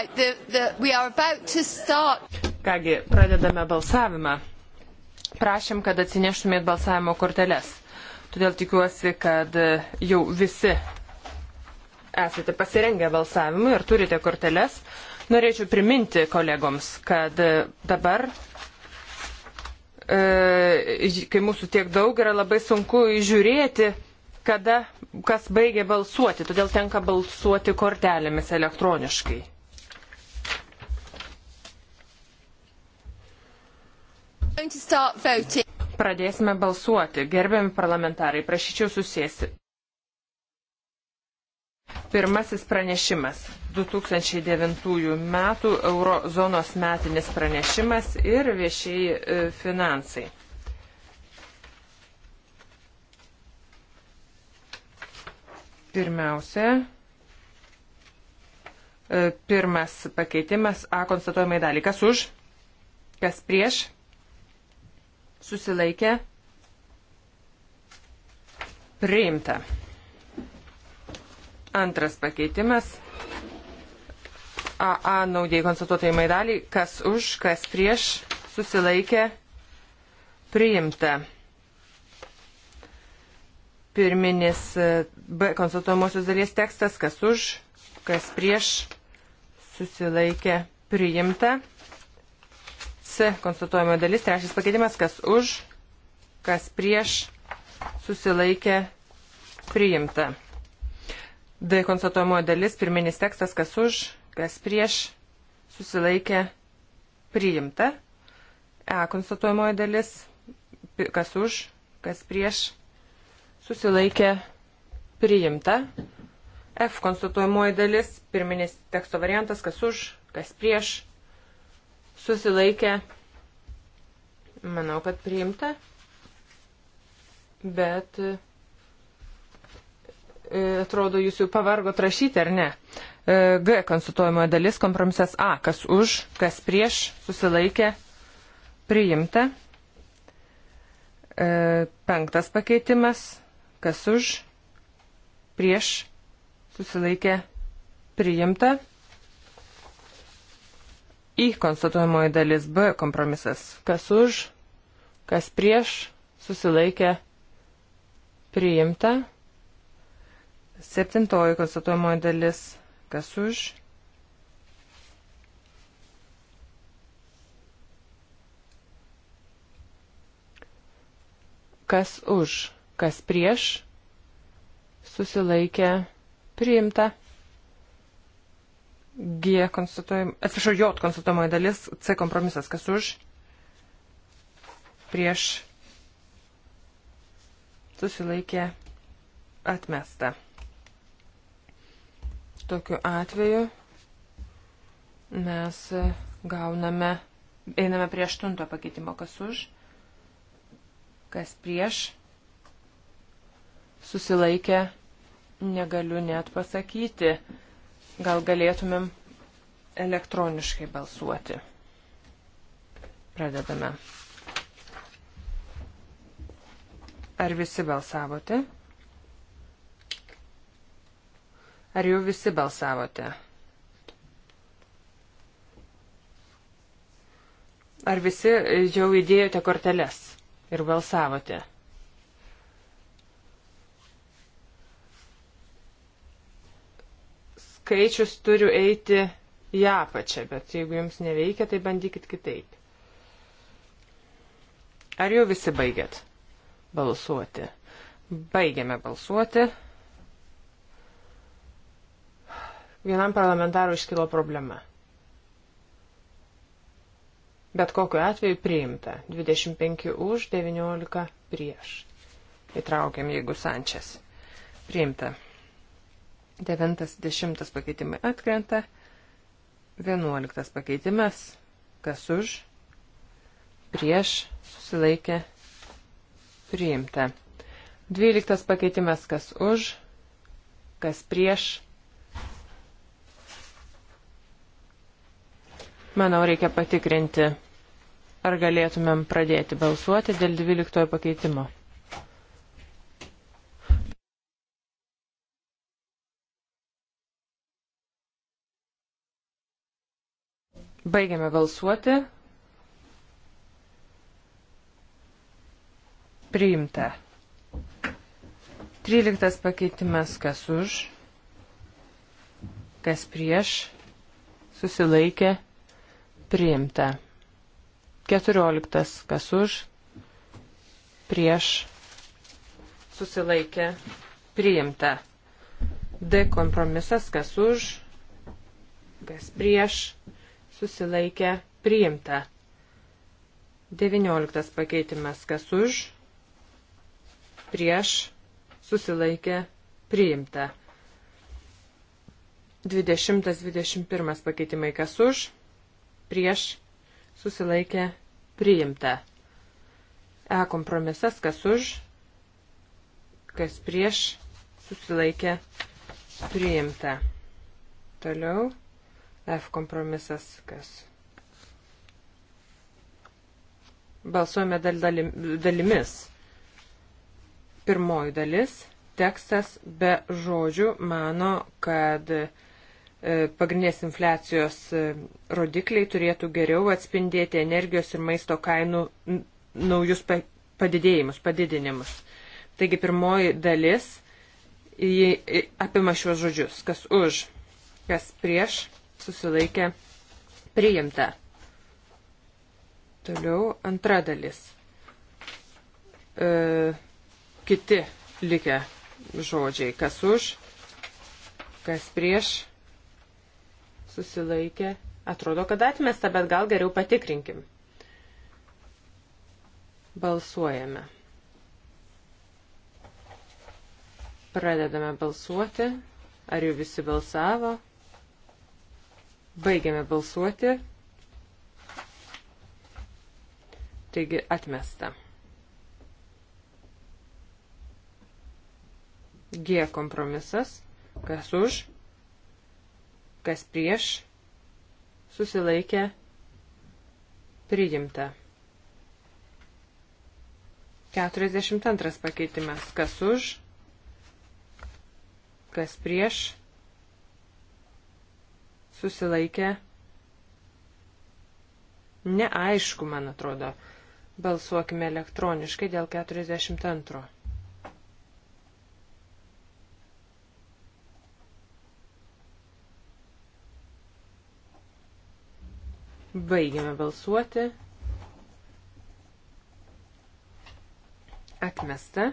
Speaker 2: Right, the, the, we are about to start. Kągi, pradedame
Speaker 4: balsavimą. Prašym, kad atsineštumėt balsavimo korteles. Todėl tikiuosi, kad e, jau visi esate pasirengę balsavimui ir turite korteles. Norėčiau priminti kolegoms, kad e, dabar, e, kai mūsų tiek daug, yra labai sunku įžiūrėti, kada kas baigė balsuoti, todėl tenka balsuoti kortelėmis elektroniškai. Pradėsime balsuoti. Gerbiami parlamentarai, prašyčiau susėsti. Pirmasis pranešimas. 2009 metų eurozonos metinis pranešimas ir viešiai e, finansai. Pirmiausia, e, pirmas pakeitimas A konstatuojamai dalį. Kas už? Kas prieš? susilaikė, priimta. Antras pakeitimas. AA naudėjai konstatuotojai maidaliai, kas už, kas prieš, susilaikė, priimta. Pirminis e, B konstatuojamosios dalies tekstas, kas už, kas prieš, susilaikė, priimta konstatuojama dalis, trečias pakeitimas, kas už, kas prieš, susilaikė, priimta. D konstatuojama dalis, pirminis tekstas, kas už, kas prieš, susilaikė, priimta. E konstatuojamoji dalis, kas už, kas prieš, susilaikė, priimta. F konstatuojamoji dalis, pirminis teksto variantas, kas už, kas prieš, susilaikė, manau, kad priimta, bet e, atrodo, jūs jau pavargo rašyti, ar ne? E, G konsultuojamoje dalis kompromisas A, kas už, kas prieš, susilaikė, priimta. E, Penktas pakeitimas, kas už, prieš, susilaikė, priimta. I konstatuojamoji dalis B kompromisas. Kas už, kas prieš, susilaikė, priimta. Septintoji konstatuojamoji dalis. Kas už? Kas už, kas prieš, susilaikė, priimta. G konstatuojama, atsiprašau, J konstatuojamoji dalis, C kompromisas, kas už, prieš, susilaikė, atmesta. Tokiu atveju mes gauname, einame prie aštunto pakeitimo, kas už, kas prieš, susilaikė, negaliu net pasakyti Gal galėtumėm elektroniškai balsuoti. Pradedame. Ar visi balsavote? Ar jau visi balsavote? Ar visi jau įdėjote korteles ir balsavote? skaičius turiu eiti į apačią, bet jeigu jums neveikia, tai bandykit kitaip. Ar jau visi baigėt balsuoti? Baigėme balsuoti. Vienam parlamentarui iškilo problema. Bet kokiu atveju priimta 25 už, 19 prieš. Įtraukiam, jeigu Sančias. Priimta. Devintas, dešimtas pakeitimai atkrenta. Vienuoliktas pakeitimas. Kas už? Prieš susilaikė priimta. Dvyliktas pakeitimas. Kas už? Kas prieš? Manau, reikia patikrinti, ar galėtumėm pradėti balsuoti dėl dvyliktojo pakeitimo. Baigiame balsuoti. Priimta. Tryliktas pakeitimas kas už, kas prieš, susilaikė, priimta. Keturioliktas kas už, prieš, susilaikė, priimta. D kompromisas kas už, kas prieš, susilaikė susilaikė priimta. 19 pakeitimas kas už, prieš, susilaikė priimta. 20-21 pakeitimai kas už, prieš, susilaikė priimta. E kompromisas kas už, kas prieš, susilaikė priimta. Toliau. F kompromisas, kas. Balsuojame dal, dalim, dalimis. Pirmoji dalis. Tekstas be žodžių mano, kad e, pagrindinės infliacijos e, rodikliai turėtų geriau atspindėti energijos ir maisto kainų naujus padidėjimus, padidinimus. Taigi pirmoji dalis apima šiuos žodžius. Kas už, kas prieš, susilaikė priimta. Toliau antra dalis. E, kiti likę žodžiai. Kas už, kas prieš, susilaikė. Atrodo, kad atmesta, bet gal geriau patikrinkim. Balsuojame. Pradedame balsuoti. Ar jau visi balsavo? Baigiame balsuoti. Taigi atmesta. G kompromisas. Kas už, kas prieš, susilaikė, priimta. 42 pakeitimas. Kas už, kas prieš, susilaikė neaišku, man atrodo. Balsuokime elektroniškai dėl 42. Baigiame balsuoti. Atmesta.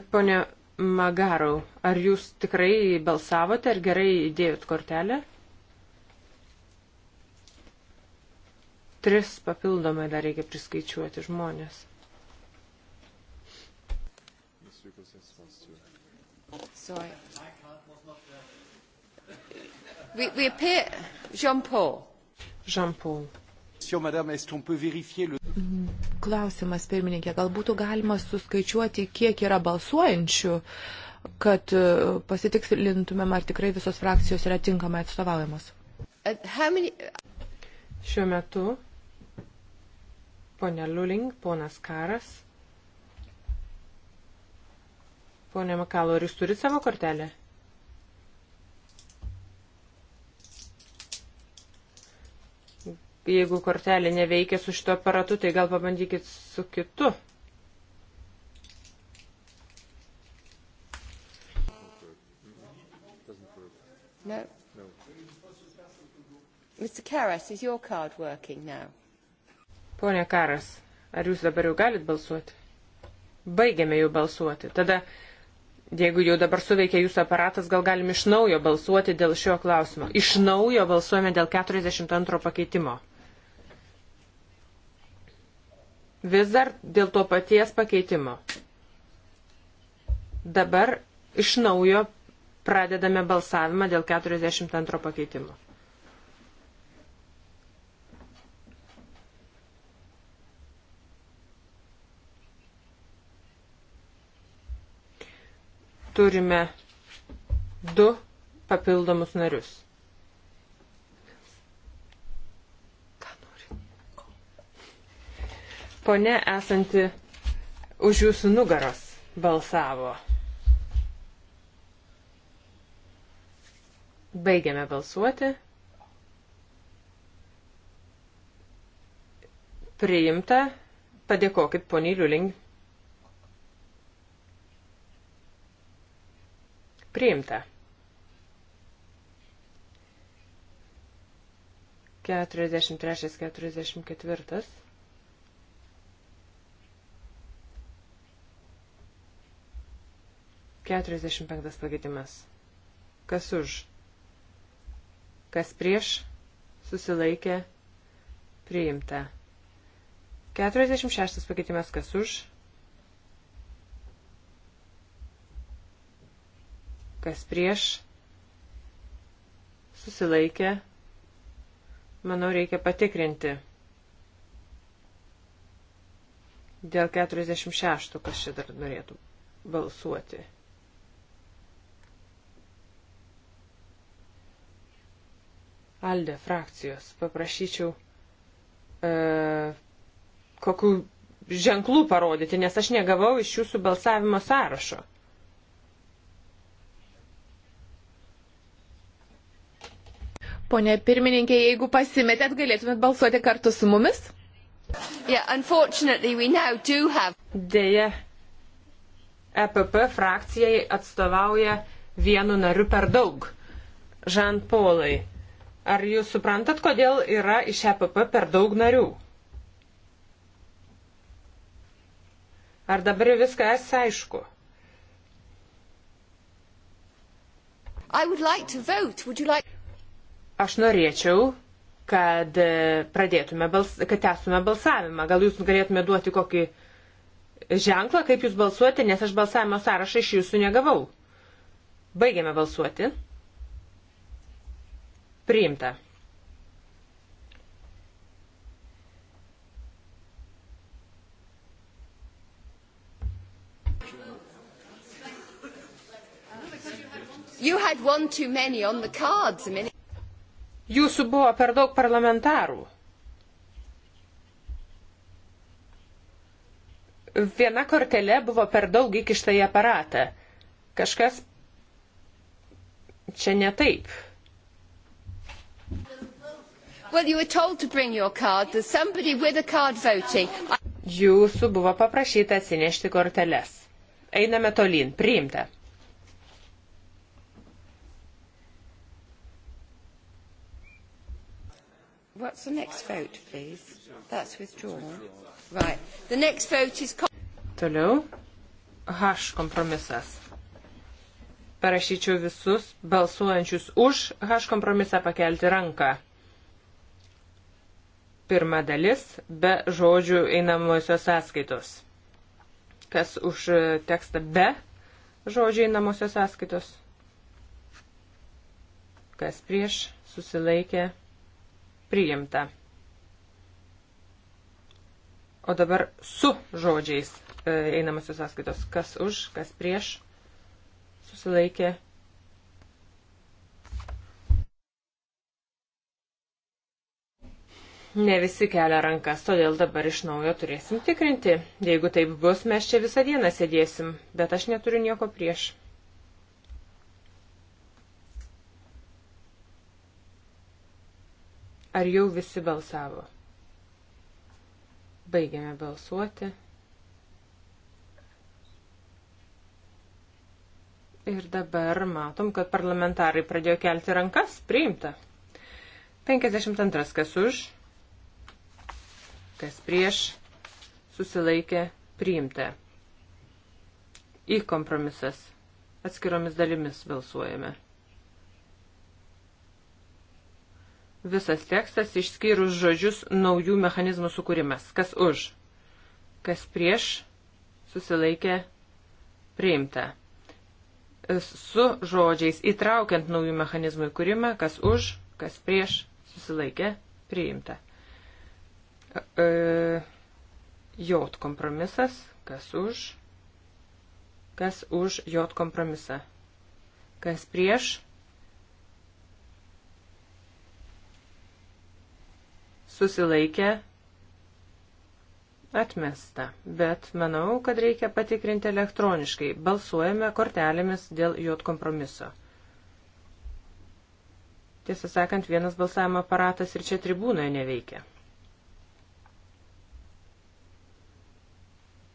Speaker 4: Pone Magarau, ar jūs tikrai balsavote, ar gerai įdėjot kortelę? Tris papildomai dar reikia priskaičiuoti žmonės.
Speaker 2: Sorry. We, we appear...
Speaker 3: Jean-Paul.
Speaker 4: Jean-Paul.
Speaker 1: Madame, est-ce qu'on peut vérifier le
Speaker 3: klausimas, pirmininkė, gal būtų galima suskaičiuoti, kiek yra balsuojančių, kad e, pasitikslintumėm, ar tikrai visos frakcijos yra tinkamai atstovaujamos.
Speaker 2: Uh, many...
Speaker 4: Šiuo metu ponia Luling, ponas Karas. Pone Makalo, ar jūs turite savo kortelę? jeigu kortelė neveikia su šito aparatu, tai gal pabandykit su kitu. No. no.
Speaker 2: Mr. Karas, is your card working now?
Speaker 4: Pone Karas, ar jūs dabar jau galit balsuoti? Baigiame jau balsuoti. Tada, jeigu jau dabar suveikia jūsų aparatas, gal galim iš naujo balsuoti dėl šio klausimo. Iš naujo balsuojame dėl 42 pakeitimo. Vis dar dėl to paties pakeitimo. Dabar iš naujo pradedame balsavimą dėl 42 pakeitimo. Turime du papildomus narius. Pone esanti už jūsų nugaros balsavo. Baigiame balsuoti. Priimta. Padėkokit poniai Liuling. Priimta. 43-44. 45 pakeitimas. Kas už? Kas prieš? Susilaikė. Priimta. 46 pakeitimas. Kas už? Kas prieš? Susilaikė. Manau, reikia patikrinti. Dėl 46, kas čia dar norėtų balsuoti. Alde frakcijos. Paprašyčiau e, kokių ženklų parodyti, nes aš negavau iš jūsų balsavimo sąrašo.
Speaker 3: Pone pirmininkė, jeigu pasimetėt, galėtumėt balsuoti kartu su mumis?
Speaker 2: Yeah, have... Deja,
Speaker 4: EPP frakcijai atstovauja vienu nariu per daug. Žan Polai, Ar jūs suprantat, kodėl yra iš EPP per daug narių? Ar dabar viskas aišku?
Speaker 2: Like like...
Speaker 4: Aš norėčiau, kad e, pradėtume, bals... kad tęstume balsavimą. Gal jūs galėtume duoti kokį ženklą, kaip jūs balsuojate, nes aš balsavimo sąrašą iš jūsų negavau. Baigiame balsuoti. Priimta.
Speaker 2: You had one too many on the cards a minute. Jūsų buvo per daug parlamentarų.
Speaker 4: Viena kortelė buvo per daug įkišta į aparatą. Kažkas čia ne taip.
Speaker 2: Well, you were told to bring your card. There's somebody with a card voting. Jūsų buvo paprašyta atsinešti korteles.
Speaker 4: Einame tolyn. Priimta.
Speaker 2: What's the next vote, please? That's withdrawal. Right. The next vote is...
Speaker 4: Toliau. H kompromisas parašyčiau visus balsuojančius už H kompromisą pakelti ranką. Pirma dalis be žodžių einamosios sąskaitos. Kas už tekstą be žodžių einamosios sąskaitos? Kas prieš susilaikė priimta. O dabar su žodžiais e, einamosios sąskaitos. Kas už, kas prieš susilaikė priimta Ne visi kelia rankas, todėl dabar iš naujo turėsim tikrinti. Jeigu taip bus, mes čia visą dieną sėdėsim, bet aš neturiu nieko prieš. Ar jau visi balsavo? Baigiame balsuoti. Ir dabar matom, kad parlamentarai pradėjo kelti rankas. Priimta. 52. Kas už? kas prieš, susilaikė, priimta. Į kompromisas. Atskiromis dalimis balsuojame. Visas tekstas išskyrus žodžius naujų mechanizmų sukūrimas. Kas už? Kas prieš? Susilaikė priimta. Su žodžiais įtraukiant naujų mechanizmų įkūrimą, kas už, kas prieš, susilaikė priimta. E, jot kompromisas, kas už, kas už jot kompromisą, kas prieš, susilaikė, atmesta. Bet manau, kad reikia patikrinti elektroniškai. Balsuojame kortelėmis dėl jot kompromiso. Tiesą sakant, vienas balsavimo aparatas ir čia tribūnoje neveikia.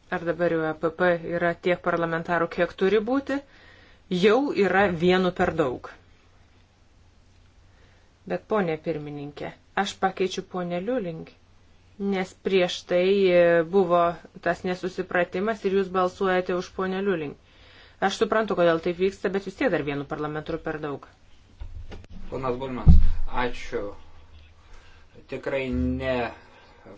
Speaker 4: ar dabar jau EPP yra tiek parlamentarų, kiek turi būti, jau yra vienu per daug. Bet ponė pirmininkė, aš pakeičiu ponę Liulink, nes prieš tai buvo tas nesusipratimas ir jūs balsuojate už ponę Liulink. Aš suprantu, kodėl taip vyksta, bet vis tiek dar vienu parlamentaru per daug.
Speaker 1: Ponas Bulmans, ačiū. Tikrai ne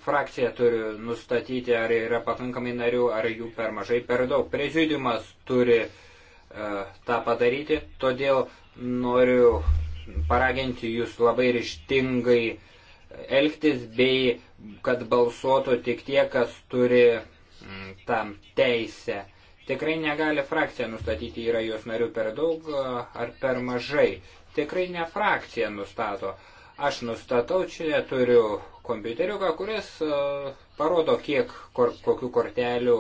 Speaker 1: frakcija turi nustatyti, ar yra pakankamai narių, ar jų per mažai, per daug. Prezidiumas turi e, tą padaryti, todėl noriu paraginti jūs labai ryštingai elgtis, bei kad balsuotų tik tie, kas turi tam teisę. Tikrai negali frakcija nustatyti, yra jos narių per daug e, ar per mažai. Tikrai ne frakcija nustato. Uh, Aš nustatau, čia turiu kompiuteriuką, kuris e, parodo, kiek kor, kokių kortelių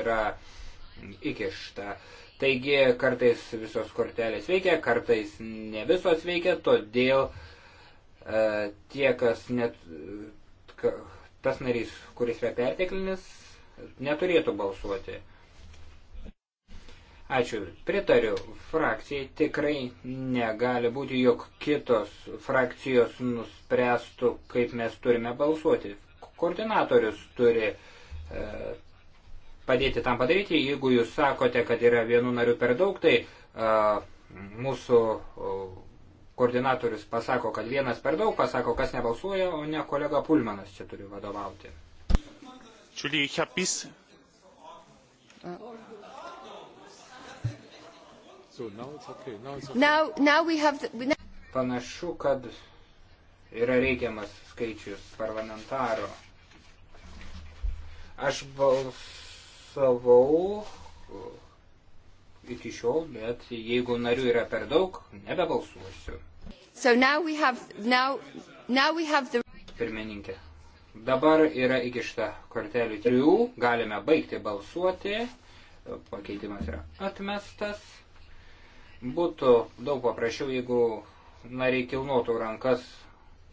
Speaker 1: yra įkišta. Taigi kartais visos kortelės veikia, kartais ne visos veikia, todėl e, tie, kas net, ka, tas narys, kuris yra perteklinis, neturėtų balsuoti. Ačiū. Pritariu. Frakcijai tikrai negali būti, jog kitos frakcijos nuspręstų, kaip mes turime balsuoti. Koordinatorius turi e, padėti tam padaryti. Jeigu jūs sakote, kad yra vienų narių per daug, tai e, mūsų e, koordinatorius pasako, kad vienas per daug, pasako, kas nebalsuoja, o ne kolega Pulmanas čia turi vadovauti. Entschuldige, ich habe bis. Uh. So now it's okay. Now it's okay. Now, now we have the... Panašu, kad yra reikiamas skaičius parlamentaro. Aš balsavau iki šiol, bet jeigu narių yra per daug, nebebalsuosiu.
Speaker 2: So now we have, now, now we have the...
Speaker 1: Pirmininkė. Dabar yra įkišta kortelių trijų, galime baigti balsuoti, pakeitimas yra atmestas. Būtų daug paprasčiau, jeigu nariai kilnotų rankas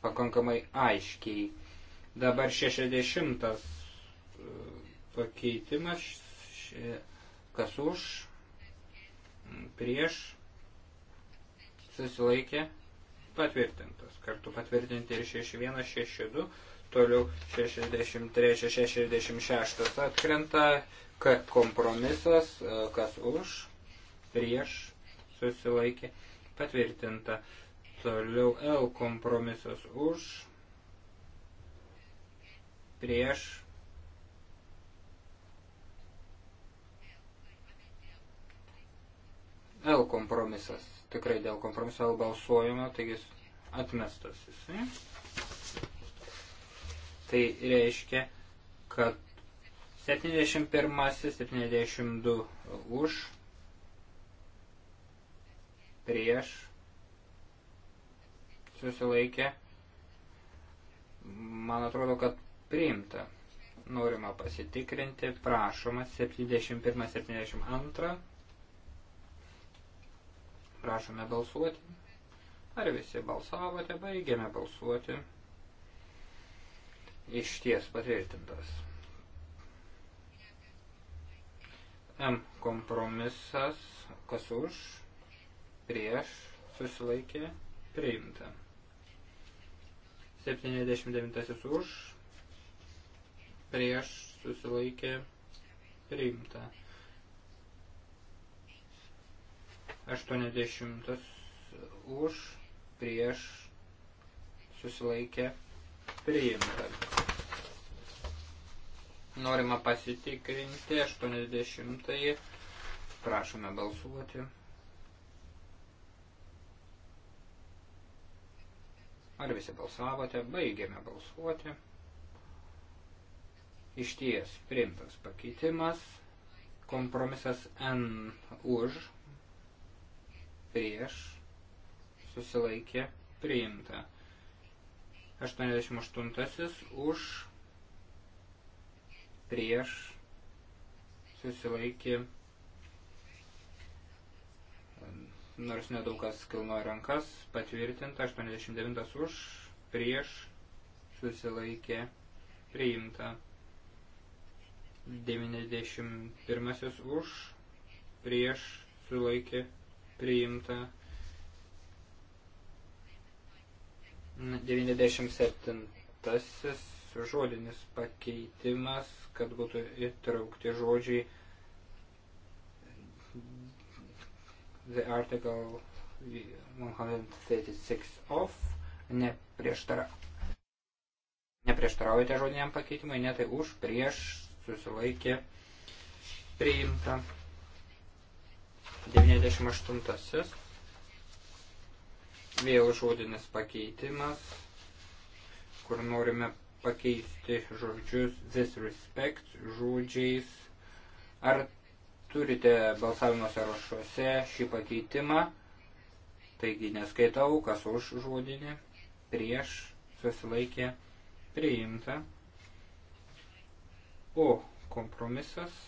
Speaker 1: pakankamai aiškiai. Dabar 60 e, pakeitimas, kas už, prieš, susilaikė, patvirtintas. Kartu patvirtinti ir 6162, toliau 63, 66 atkrenta, kompromisas, e, kas už, prieš, susilaikė patvirtinta. Toliau L kompromisas už, prieš, L kompromisas. Tikrai dėl kompromiso L balsuojame, taigi jis atmestas jisai. Tai reiškia, kad 71, 72 už, prieš susilaikė. Man atrodo, kad priimta. Norima pasitikrinti. Prašoma 71-72. Prašome balsuoti. Ar visi balsavote? Baigėme balsuoti. Iš ties patvirtintas. M kompromisas. Kas už? prieš, susilaikė, priimta. 79 už, prieš, susilaikė, priimta. 80 už, prieš, susilaikė, priimta. Norima pasitikrinti 80. -ai. Prašome balsuoti. Ar visi balsavote? Baigėme balsuoti. Iš ties priimtas pakeitimas. Kompromisas N už, prieš, susilaikė, priimta. 88 už, prieš, susilaikė, priimta nors nedaug kas kilnoja rankas, patvirtinta 89 už, prieš, susilaikė, priimta 91 už, prieš, sulaikė, priimta 97 žodinis pakeitimas, kad būtų įtraukti žodžiai the article 136 of neprieštara. Neprieštaraujate žodiniam pakeitimui, ne tai už, prieš, susilaikė, priimta. 98. Vėl žodinis pakeitimas, kur norime pakeisti žodžius this respect žodžiais. Ar turite balsavimo sąrašuose šį pakeitimą, taigi neskaitau, kas už žodinį, prieš, susilaikė, priimta. O kompromisas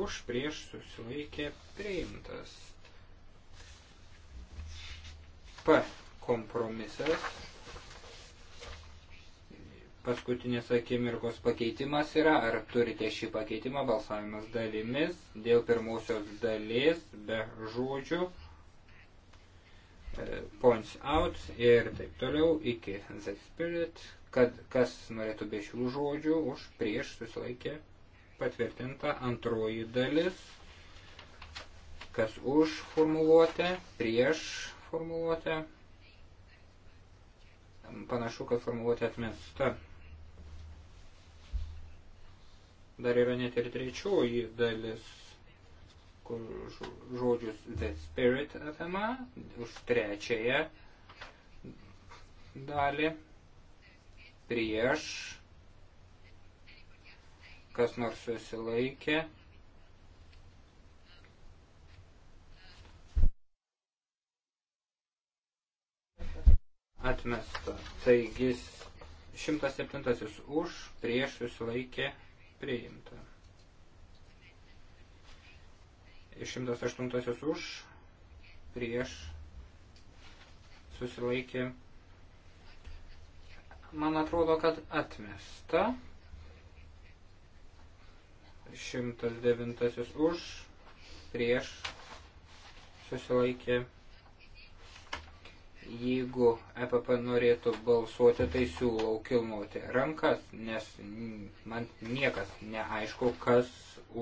Speaker 1: už prieš susilaikė priimtas. P kompromisas paskutinis akimirkos pakeitimas yra, ar turite šį pakeitimą balsavimas dalimis dėl pirmosios dalies be žodžių e, points out ir taip toliau iki the spirit, kad kas norėtų be šių žodžių už prieš susilaikė patvirtinta antroji dalis, kas už formuluotę, prieš formuluotę, panašu, kad formuluotė atmesta. Dar yra net ir trečioji dalis, kur žodžius The Spirit apima, už trečiąją dalį, prieš, kas nors susilaikė. Atmesta. Taigi 107 už, prieš susilaikė priimta. Iš 108 už, prieš, susilaikė. Man atrodo, kad atmesta. 109 už, prieš, susilaikė. Jeigu EPP norėtų balsuoti, tai siūlau kilnuoti rankas, nes man niekas neaišku, kas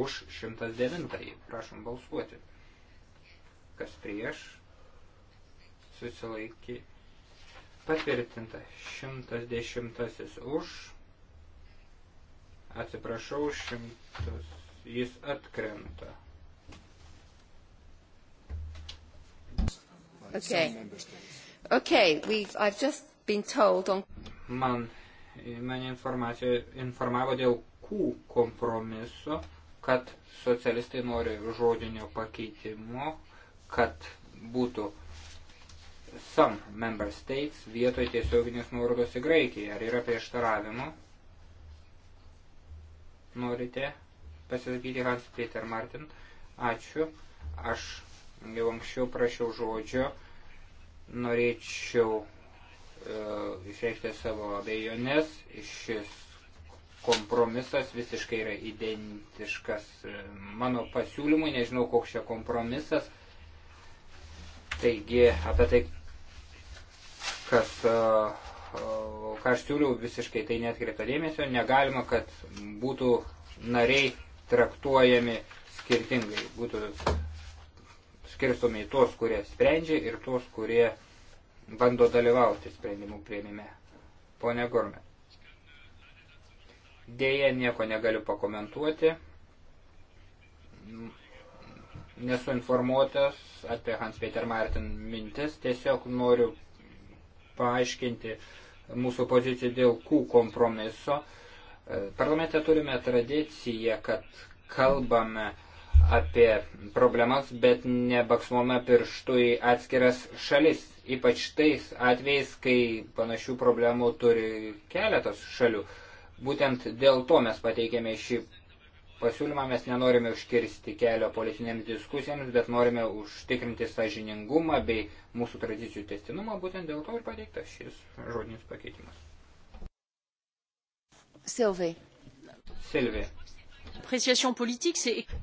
Speaker 1: už 109. Prašom balsuoti. Kas prieš? Susilaikė. Patvirtinta. 110 už. Atsiprašau, 100. Jis atkrenta. Okay.
Speaker 2: Okay, we've, I've just been told on...
Speaker 1: Man, mane informavo dėl Q kompromiso, kad socialistai nori žodinio pakeitimo, kad būtų some member states vietoj tiesioginės nuorodos į Graikiją. Ar yra prieštaravimo? Norite pasisakyti Hans Peter Martin? Ačiū. Aš jau anksčiau prašiau žodžio norėčiau e, išreikšti savo abejonės. Šis kompromisas visiškai yra identiškas e, mano pasiūlymui, nežinau, koks čia kompromisas. Taigi apie tai, kas, e, ką aš siūliau, visiškai tai netkreipta dėmesio. Negalima, kad būtų nariai traktuojami skirtingai, būtų skirstomi į tuos, kurie sprendžia ir tuos, kurie bando dalyvauti sprendimų prieimime. Pone Gorme. Dėja, nieko negaliu pakomentuoti. Nesu informuotas apie Hans-Peter Martin mintis, tiesiog noriu paaiškinti mūsų poziciją dėl Q kompromiso. Parlamente turime tradiciją, kad kalbame apie problemas, bet nebaksmome pirštų į atskiras šalis, ypač tais atvejais, kai panašių problemų turi keletas šalių. Būtent dėl to mes pateikėme šį pasiūlymą, mes nenorime užkirsti kelio politinėms diskusijams, bet norime užtikrinti sažiningumą bei mūsų tradicijų testinumą, būtent dėl to ir pateiktas šis žodinis pakeitimas. Silvi. Silvi.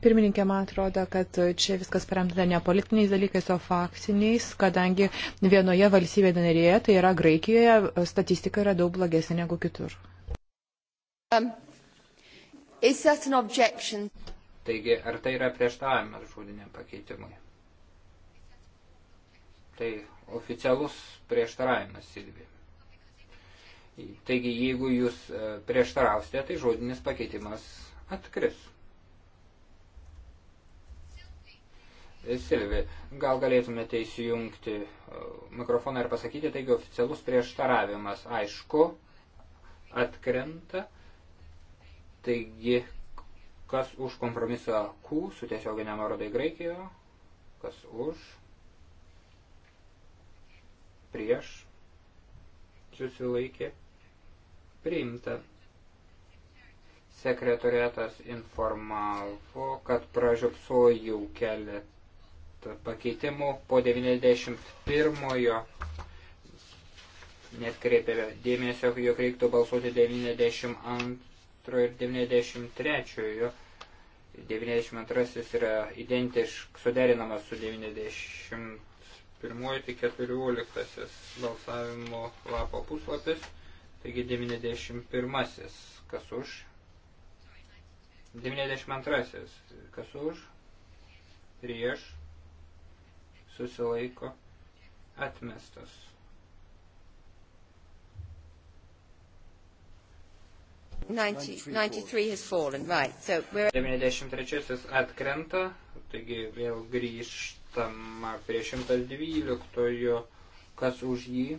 Speaker 3: Pirmininkė, man atrodo, kad čia viskas paremta ne politiniais dalykais, o faktiniais, kadangi vienoje valstybėje narėje, tai yra Graikijoje, statistika yra daug blogesnė negu kitur.
Speaker 2: Um,
Speaker 1: Taigi, ar tai yra prieštaravimas žodiniam pakeitimui? Tai oficialus prieštaravimas, Silvija. Taigi, jeigu jūs e, prieštarausite, tai žodinis pakeitimas atkris. Silvi, gal galėtumėte įsijungti uh, mikrofoną ir pasakyti, taigi oficialus prieštaravimas aišku, atkrenta, taigi kas už kompromisą Q su tiesioginė nuoroda į Graikiją, kas už, prieš, susilaikė, priimta sekretoriatas informavo, kad pražiopsojau keletą pakeitimų po 91-ojo. Netkreipė dėmesio, jog reiktų balsuoti 92 ir 93-ojo. 92 yra identišk, suderinamas su 91 tik 14 balsavimo lapo puslapis, taigi 91 kas už 92. Kas už, prieš, susilaiko, atmestas. Right,
Speaker 2: so
Speaker 1: 93 atkrenta, taigi vėl grįžtama prie 112, kas už jį,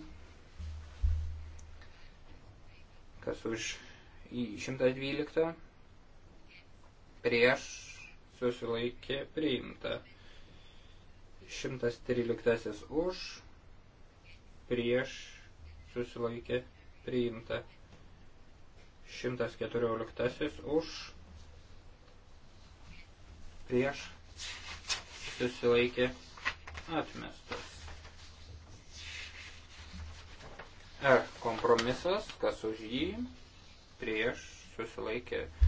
Speaker 1: kas už jį 112 prieš susilaikė priimta. 113 už, prieš susilaikė priimta. 114 už, prieš susilaikė atmestas. R kompromisas, kas už jį, prieš susilaikė priimta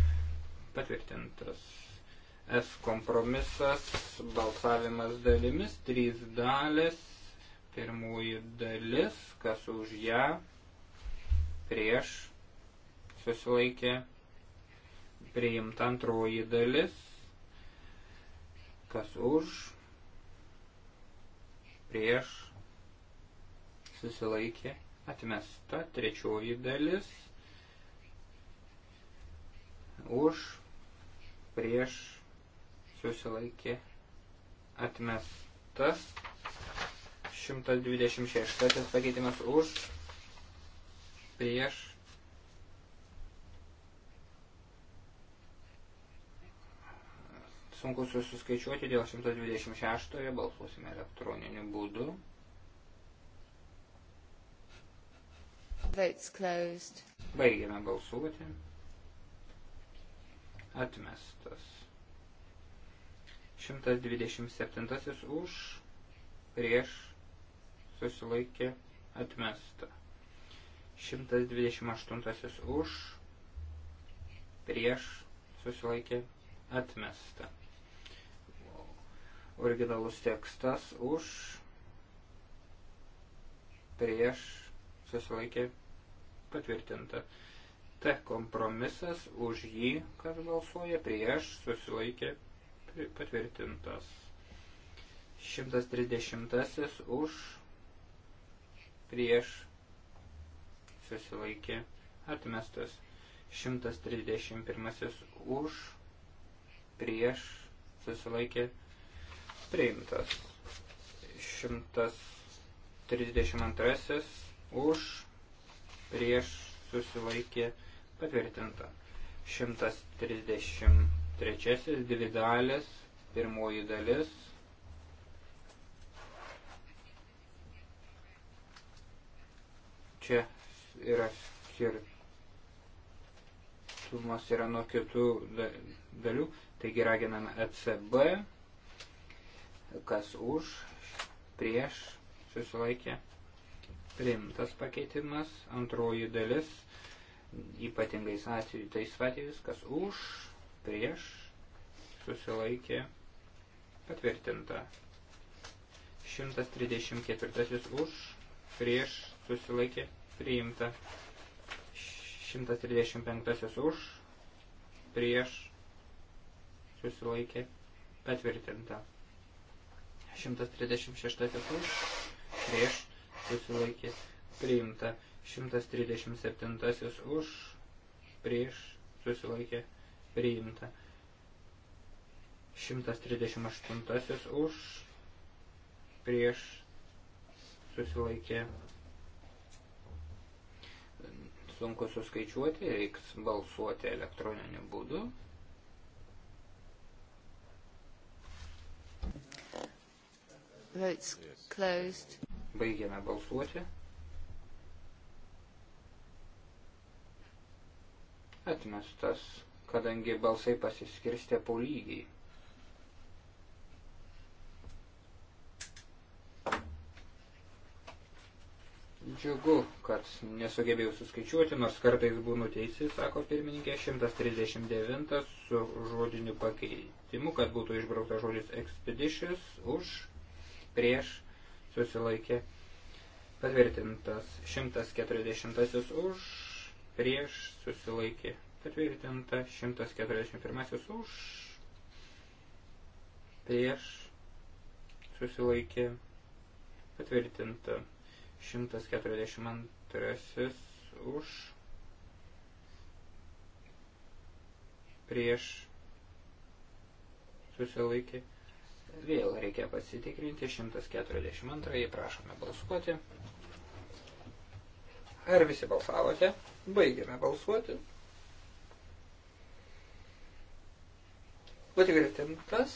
Speaker 1: patvirtintas. S kompromisas, balsavimas dalimis, trys dalis, pirmųjų dalis, kas už ją, prieš, susilaikė, priimta antroji dalis, kas už, prieš, susilaikė, atmesta trečioji dalis, už, prieš susilaikė atmestas. 126 pakeitimas už prieš sunku suskaičiuoti dėl 126 balsuosime elektroniniu būdu.
Speaker 2: Votes closed.
Speaker 1: Baigėme balsuoti atmestas. 127 už, prieš, susilaikė, atmesta. 128 už, prieš, susilaikė, atmesta. Originalus tekstas už, prieš, susilaikė, patvirtinta. T kompromisas už jį, kas balsuoja prieš, susilaikė patvirtintas. 130 už prieš susilaikė atmestas. 131 už prieš susilaikė priimtas. 132 už prieš susilaikė atmestas Patvirtinta. 133 dvi dalis, pirmoji dalis. Čia yra skirtumas yra nuo kitų dalių, taigi raginame ECB, kas už, prieš, susilaikė, priimtas pakeitimas, antroji dalis, ypatingais atveju, tai atvejais, kas už, prieš, susilaikė, patvirtinta. 134 už, prieš, susilaikė, priimta. 135 už, prieš, susilaikė, patvirtinta. 136 už, prieš, susilaikė, priimta. 137 už, prieš, susilaikė, priimta. 138 už, prieš, susilaikė. Sunku suskaičiuoti, reiks balsuoti elektroniniu būdu.
Speaker 2: Votes closed.
Speaker 1: Baigiame balsuoti. atmestas, kadangi balsai pasiskirstė po lygiai. Džiugu, kad nesugebėjau suskaičiuoti, nors kartais būnu teisi, sako pirmininkė 139 su žodiniu pakeitimu, kad būtų išbrauktas žodis expeditious už, prieš, susilaikė, patvirtintas 140 už, prieš susilaikė patvirtinta 141 už prieš susilaikė patvirtinta 142 už prieš susilaikė vėl reikia pasitikrinti 142 prašome balsuoti ar visi balsavote Baigėme balsuoti. Patvirtintas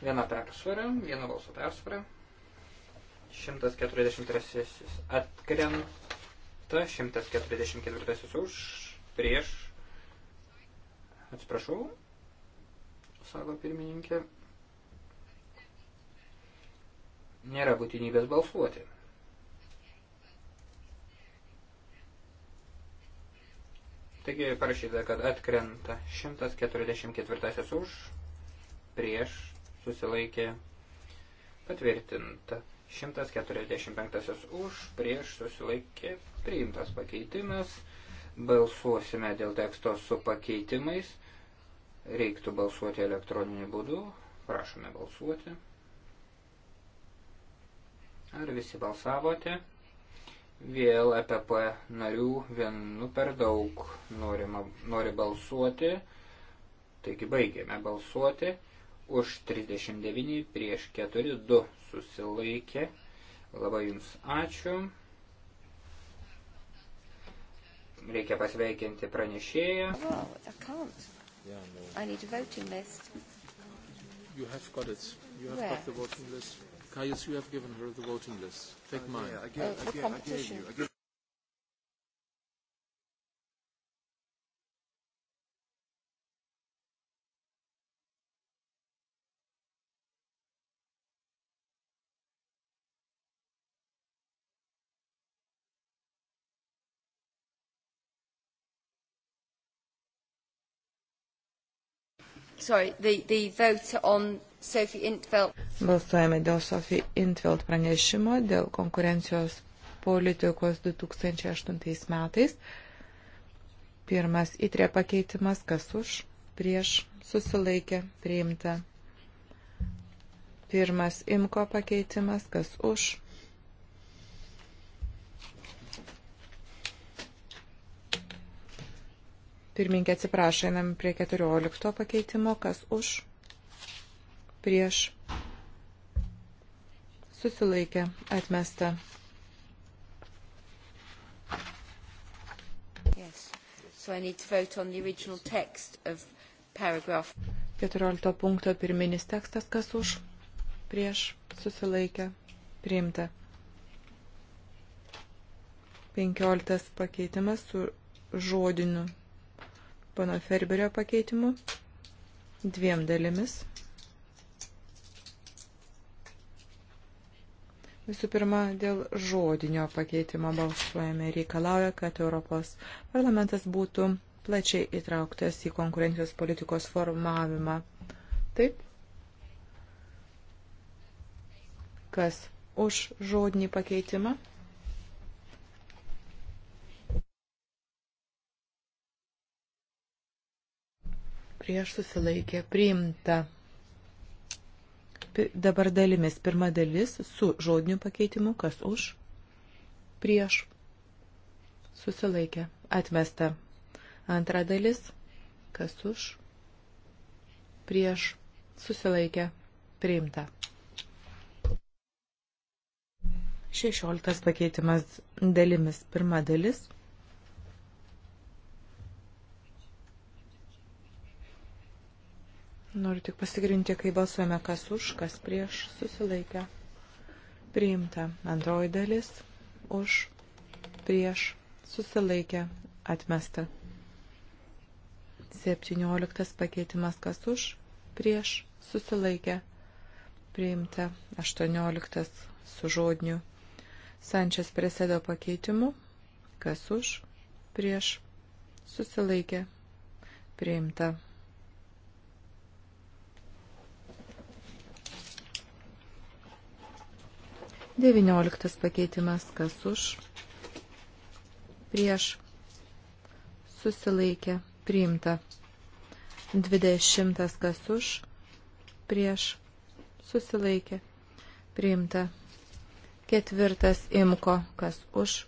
Speaker 1: viena persvara, viena balso persvara. 143 atkrenta, 144 už, prieš, atsiprašau, sako pirmininkė, nėra būtinybės balsuoti. Taigi parašyta, kad atkrenta 144 už, prieš susilaikė patvirtinta. 145 už, prieš susilaikė priimtas pakeitimas. Balsuosime dėl teksto su pakeitimais. Reiktų balsuoti elektroniniu būdu. Prašome balsuoti. Ar visi balsavote? Vėl EPP narių vienu per daug norima, nori balsuoti. Taigi baigėme balsuoti. Už 39 prieš 4 2 susilaikė. Labai Jums ačiū. Reikia pasveikinti pranešėją. Wow, yeah, no.
Speaker 2: You have got it. You have Where? got the voting list. Caius, you have given her the voting list. Take uh, mine. Yeah, I gave, uh, I gave, I gave you. I gave Sorry, the, the vote on
Speaker 3: Balsuojame dėl Sofie Intveld pranešimo dėl konkurencijos politikos 2008 metais. Pirmas įtrė pakeitimas, kas už, prieš, susilaikė, priimta. Pirmas imko pakeitimas, kas už, Pirminkė atsiprašo, einam prie 14 pakeitimo, kas už, prieš susilaikė atmesta.
Speaker 2: Yes. So I need to vote on the original text of paragraph.
Speaker 3: 14 punkto pirminis tekstas, kas už, prieš, susilaikė, priimta. 15 pakeitimas su žodiniu pano Ferberio pakeitimu dviem dalimis. Visų pirma, dėl žodinio pakeitimo balsuojame reikalauja, kad Europos parlamentas būtų plačiai įtrauktas į konkurencijos politikos formavimą. Taip? Kas už žodinį pakeitimą? Prieš susilaikė priimta. Dabar dalimis. Pirma dalis su žodiniu pakeitimu. Kas už? Prieš. Susilaikė. Atmesta. Antra dalis. Kas už? Prieš. Susilaikė. Priimta. Šešioliktas pakeitimas dalimis. Pirma dalis. Noriu tik pasigrinti, kai balsuojame, kas už, kas prieš susilaikę. Priimta antroji dalis už, prieš susilaikę, atmesta. 17 pakeitimas, kas už, prieš susilaikę. Priimta 18 su žodiniu. Sančias presėdo pakeitimu, kas už, prieš susilaikę. Priimta 19 pakeitimas kas už, prieš, susilaikė, priimta. 20 kas už, prieš, susilaikė, priimta. Ketvirtas imko kas už,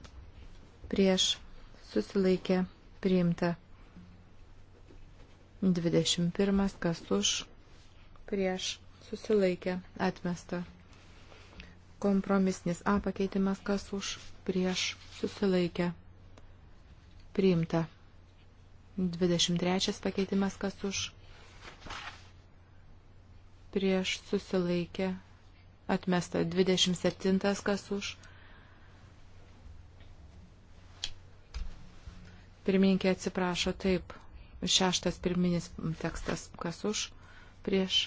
Speaker 3: prieš, susilaikė, priimta.
Speaker 2: 21
Speaker 3: kas už, prieš, susilaikė, atmesta. Kompromisnis A pakeitimas kas už prieš susilaikę. Priimta. 23 pakeitimas kas už prieš susilaikę. Atmesta. 27 kas už. Pirminkė atsiprašo taip. Šeštas pirminis tekstas kas už prieš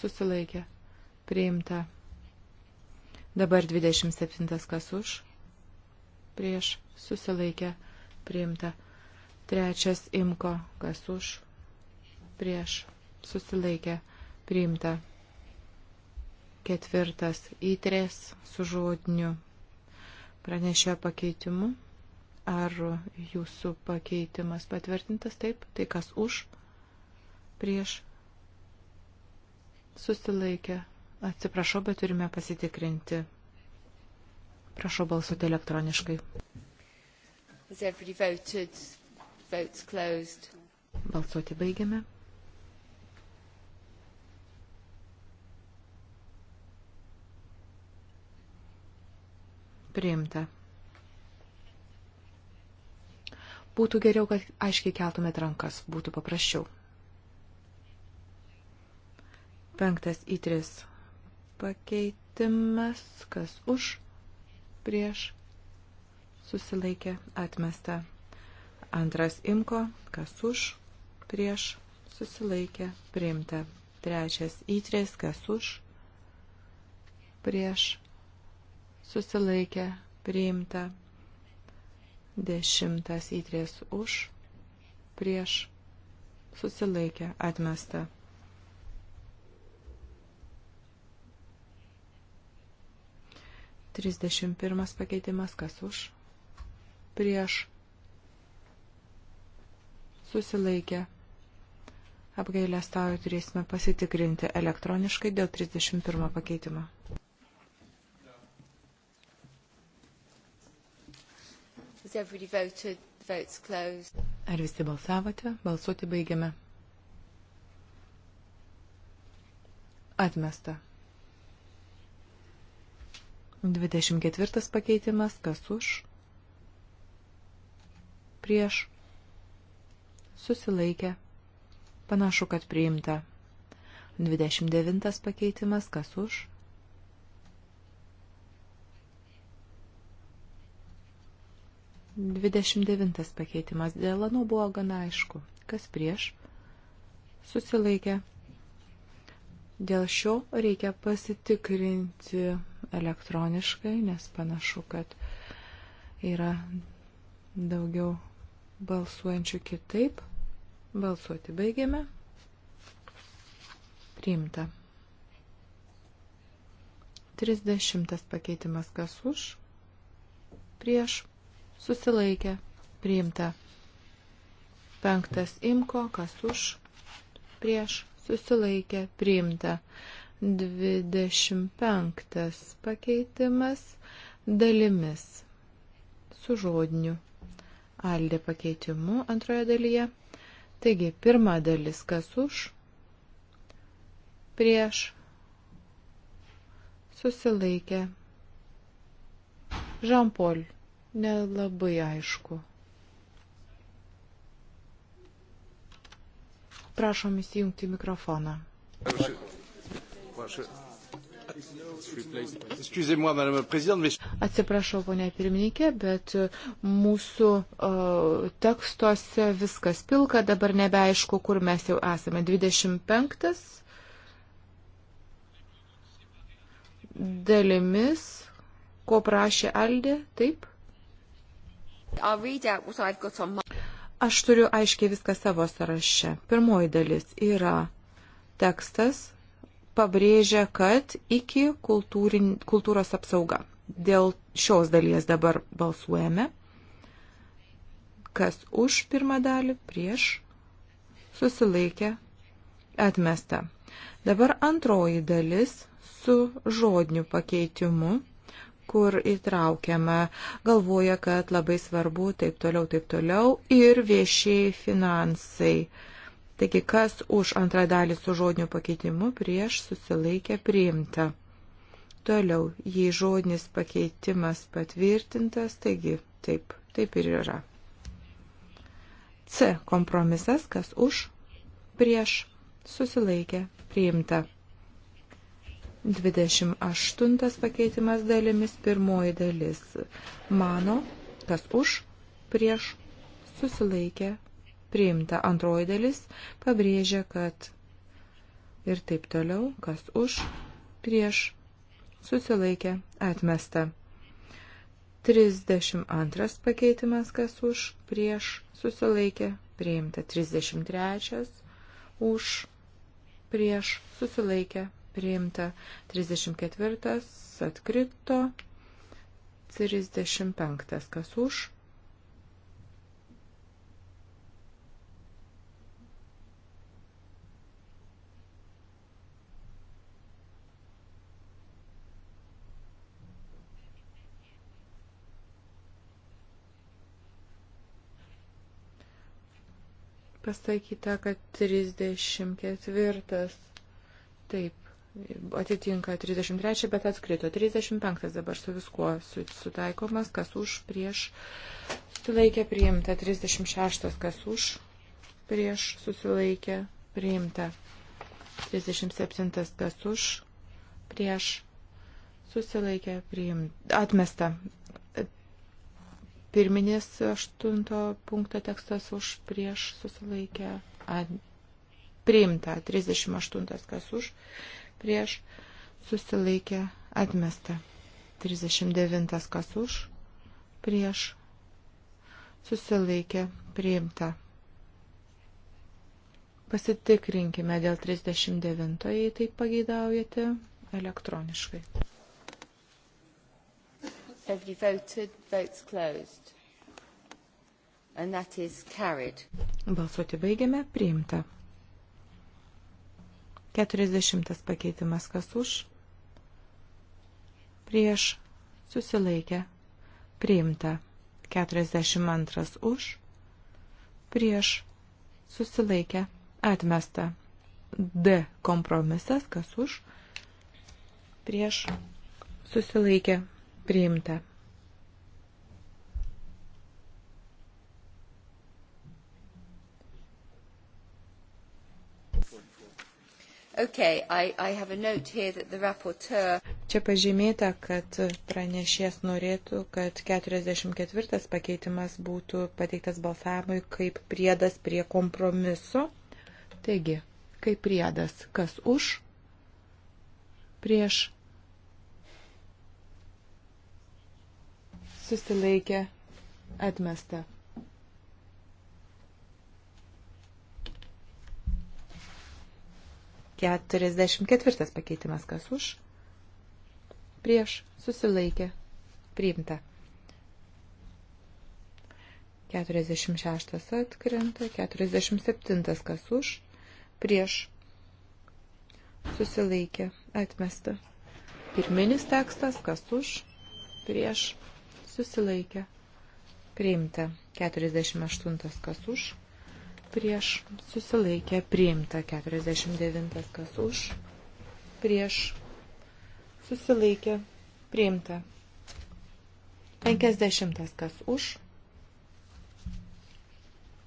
Speaker 3: susilaikę. Priimta. Dabar 27 kas už, prieš susilaikę priimta. Trečias imko kas už, prieš susilaikę priimta. Ketvirtas įtrės su žodiniu pranešė pakeitimu. Ar jūsų pakeitimas patvirtintas taip? Tai kas už, prieš susilaikę Atsiprašau, bet turime pasitikrinti. Prašau balsuoti elektroniškai. Voted, balsuoti baigiame. Priimta. Būtų geriau, kad aiškiai keltumėt rankas, būtų paprasčiau. Penktas į tris pakeitimas, kas už, prieš, susilaikė, atmesta. Antras imko, kas už, prieš, susilaikė, priimta. Trečias įtrės, kas už, prieš, susilaikė, priimta. Dešimtas įtrės už, prieš, susilaikė, atmesta. 31 pakeitimas kas už, prieš, susilaikė. Apgailę stauju turėsime pasitikrinti elektroniškai dėl 31 pakeitimo.
Speaker 2: Ar
Speaker 3: visi balsavote? Balsuoti baigiame. Atmesta. 24 pakeitimas, kas už, prieš, susilaikė, panašu, kad priimta. 29 pakeitimas, kas už, Dvidešimt devintas pakeitimas dėl anų buvo gana aišku. Kas prieš? Susilaikė. Dėl šio reikia pasitikrinti elektroniškai, nes panašu, kad yra daugiau balsuojančių kitaip. Balsuoti baigiame. Priimta. 30 pakeitimas kas už. Prieš. Susilaikė. Priimta. 5 imko kas už. Prieš. Susilaikė. Priimta. 25 pakeitimas dalimis su žodiniu aldė pakeitimu antroje dalyje. Taigi, pirma dalis kas už, prieš, susilaikė. Žampol, nelabai aišku. Prašom įsijungti mikrofoną. Aš... Atsiprašau, ponia pirmininkė, bet uh, mūsų uh, tekstuose viskas pilka, dabar nebeaišku, kur mes jau esame. 25 dalimis, ko prašė Aldė, taip? Aš turiu aiškiai viską savo sąraše. Pirmoji dalis yra tekstas pabrėžia, kad iki kultūrin, kultūros apsauga. Dėl šios dalies dabar balsuojame. Kas už pirmą dalį, prieš, susilaikė, atmesta. Dabar antroji dalis su žodiniu pakeitimu kur įtraukiama, galvoja, kad labai svarbu taip toliau, taip toliau ir viešiai finansai. Uh, Taigi, kas už antrą dalį su žodiniu pakeitimu prieš susilaikę priimta. Toliau, jei žodinis pakeitimas patvirtintas, taigi taip, taip ir yra. C. Kompromisas, kas už, prieš, susilaikę, priimta. 28 pakeitimas dalimis, pirmoji dalis. Mano, kas už, prieš, susilaikę, priimta. Antroji dalis pabrėžia, kad ir taip toliau, kas už, prieš, susilaikė, atmesta. 32 pakeitimas, kas už, prieš, susilaikė, priimta. 33 už, prieš, susilaikė, priimta. 34 atkrito. 35 kas už, pasakyta, kad 34. Taip, atitinka 33, bet atskrito. 35 dabar su viskuo sutaikomas, kas už, prieš, sulaikė priimta. 36, kas už, prieš, susilaikė priimta. 37, kas už, prieš, susilaikė priimta. Atmesta pirminės aštunto punkto tekstas už prieš susilaikę priimta, 38 kas už prieš susilaikę atmesta, 39 kas už prieš susilaikę priimta. Pasitikrinkime dėl 39, jei tai pageidaujate, elektroniškai.
Speaker 2: Everybody voted, votes closed. And that is carried.
Speaker 3: Balsuoti baigiame, priimta. 40 pakeitimas kas už, prieš, susilaikę, priimta. 42 už, prieš, susilaikę, atmesta. D kompromisas kas už, prieš, susilaikę, Priimta.
Speaker 2: Okay, I, I have a note here that the rapporteur...
Speaker 3: Čia pažymėta, kad pranešės norėtų, kad 44 pakeitimas būtų pateiktas balsavimui kaip priedas prie kompromiso. Taigi, kaip priedas, kas už, prieš, susilaikė, atmesta. Keturiasdešimt ketvirtas pakeitimas, kas už, prieš, susilaikė, priimta. 46 atkrenta, 47 kas už, prieš, susilaikė, atmesta. Pirminis tekstas, kas už, prieš, susilaikė, priimta. 48 kas už, prieš, susilaikė, priimta. 49 kas už, prieš, susilaikė, priimta. 50 kas už.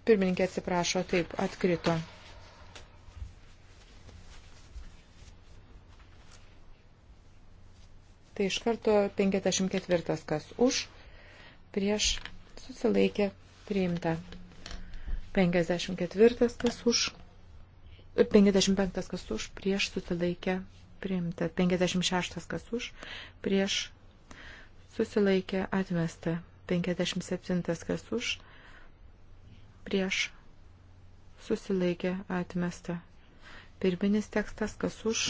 Speaker 3: Pirmininkė atsiprašo, taip, atkrito. Tai iš karto 54 kas už, prieš susilaikė priimta. 54 kas už, 55 e, kas už, prieš susilaikė priimta. 56 kas už, prieš susilaikė atmesta. 57 kas už, prieš susilaikė atmesta. Pirminis tekstas, kas už,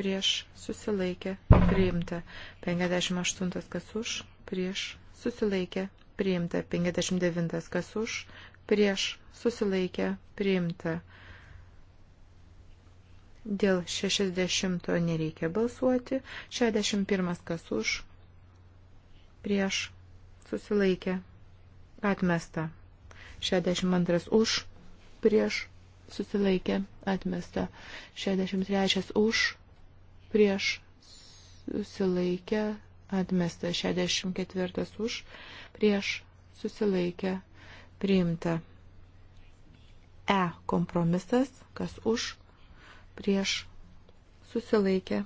Speaker 3: prieš susilaikė priimta. 58 kas už, prieš susilaikė, priimta. 59 kas už, prieš, susilaikė, priimta. Dėl 60 nereikia balsuoti. 61 kas už, prieš, susilaikė, atmesta. 62 už, prieš, susilaikė, atmesta. 63 už, prieš, susilaikė, atmesta 64 už, prieš susilaikę priimta. E kompromisas, kas už, prieš susilaikę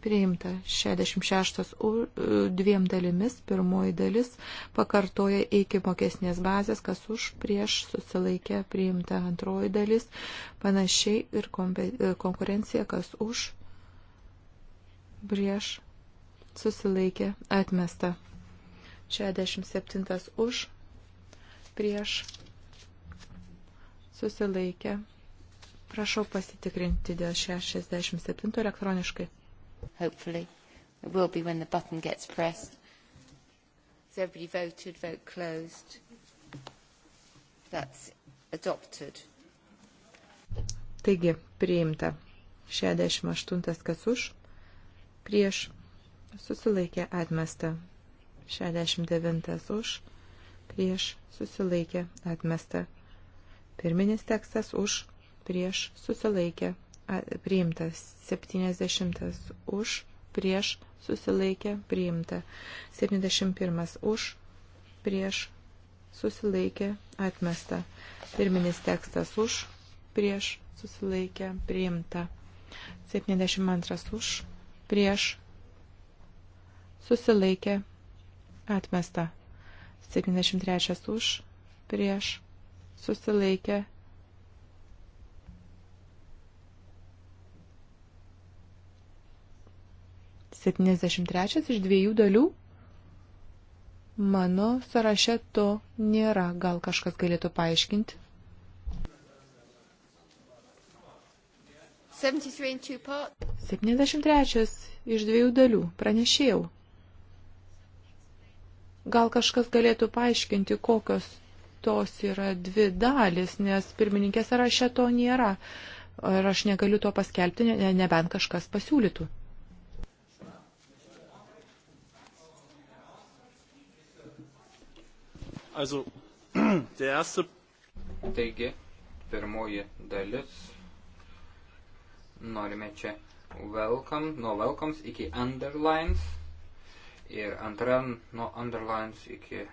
Speaker 3: priimta. 66 u, e, dviem dalimis, pirmoji dalis pakartoja iki mokesnės bazės, kas už, prieš susilaikę priimta. Antroji dalis panašiai ir konkurencija, kas už, prieš susilaikė atmesta. 67 už, prieš, susilaikė. Prašau pasitikrinti dėl 67 elektroniškai. Hopefully. It will be when the
Speaker 2: button gets pressed. Has everybody voted? Vote closed. That's adopted. Taigi,
Speaker 3: priimta. 68 kas už, prieš susilaikė atmesta. 69 už, prieš susilaikė atmesta. Pirminis tekstas už, prieš susilaikė priimtas. 70 už, prieš susilaikė priimta. 71 už, prieš susilaikė atmesta. Pirminis tekstas už, prieš susilaikė priimta. 72 už, prieš susilaikė, atmesta. 73 už, prieš, susilaikė. Septyniasdešimt trečias iš dviejų dalių. Mano sąraše to nėra. Gal kažkas galėtų paaiškinti? 73 iš dviejų dalių. Pranešėjau. Gal kažkas galėtų paaiškinti, kokios tos yra dvi dalis, nes pirmininkės sąraše to nėra. Ir aš negaliu to paskelbti, ne, nebent kažkas pasiūlytų.
Speaker 1: Also, [CLEARS THROAT] der erste. Taigi, pirmoji dalis. Norime čia welcome, nuo welcomes iki underlines ir antra nuo underlines iki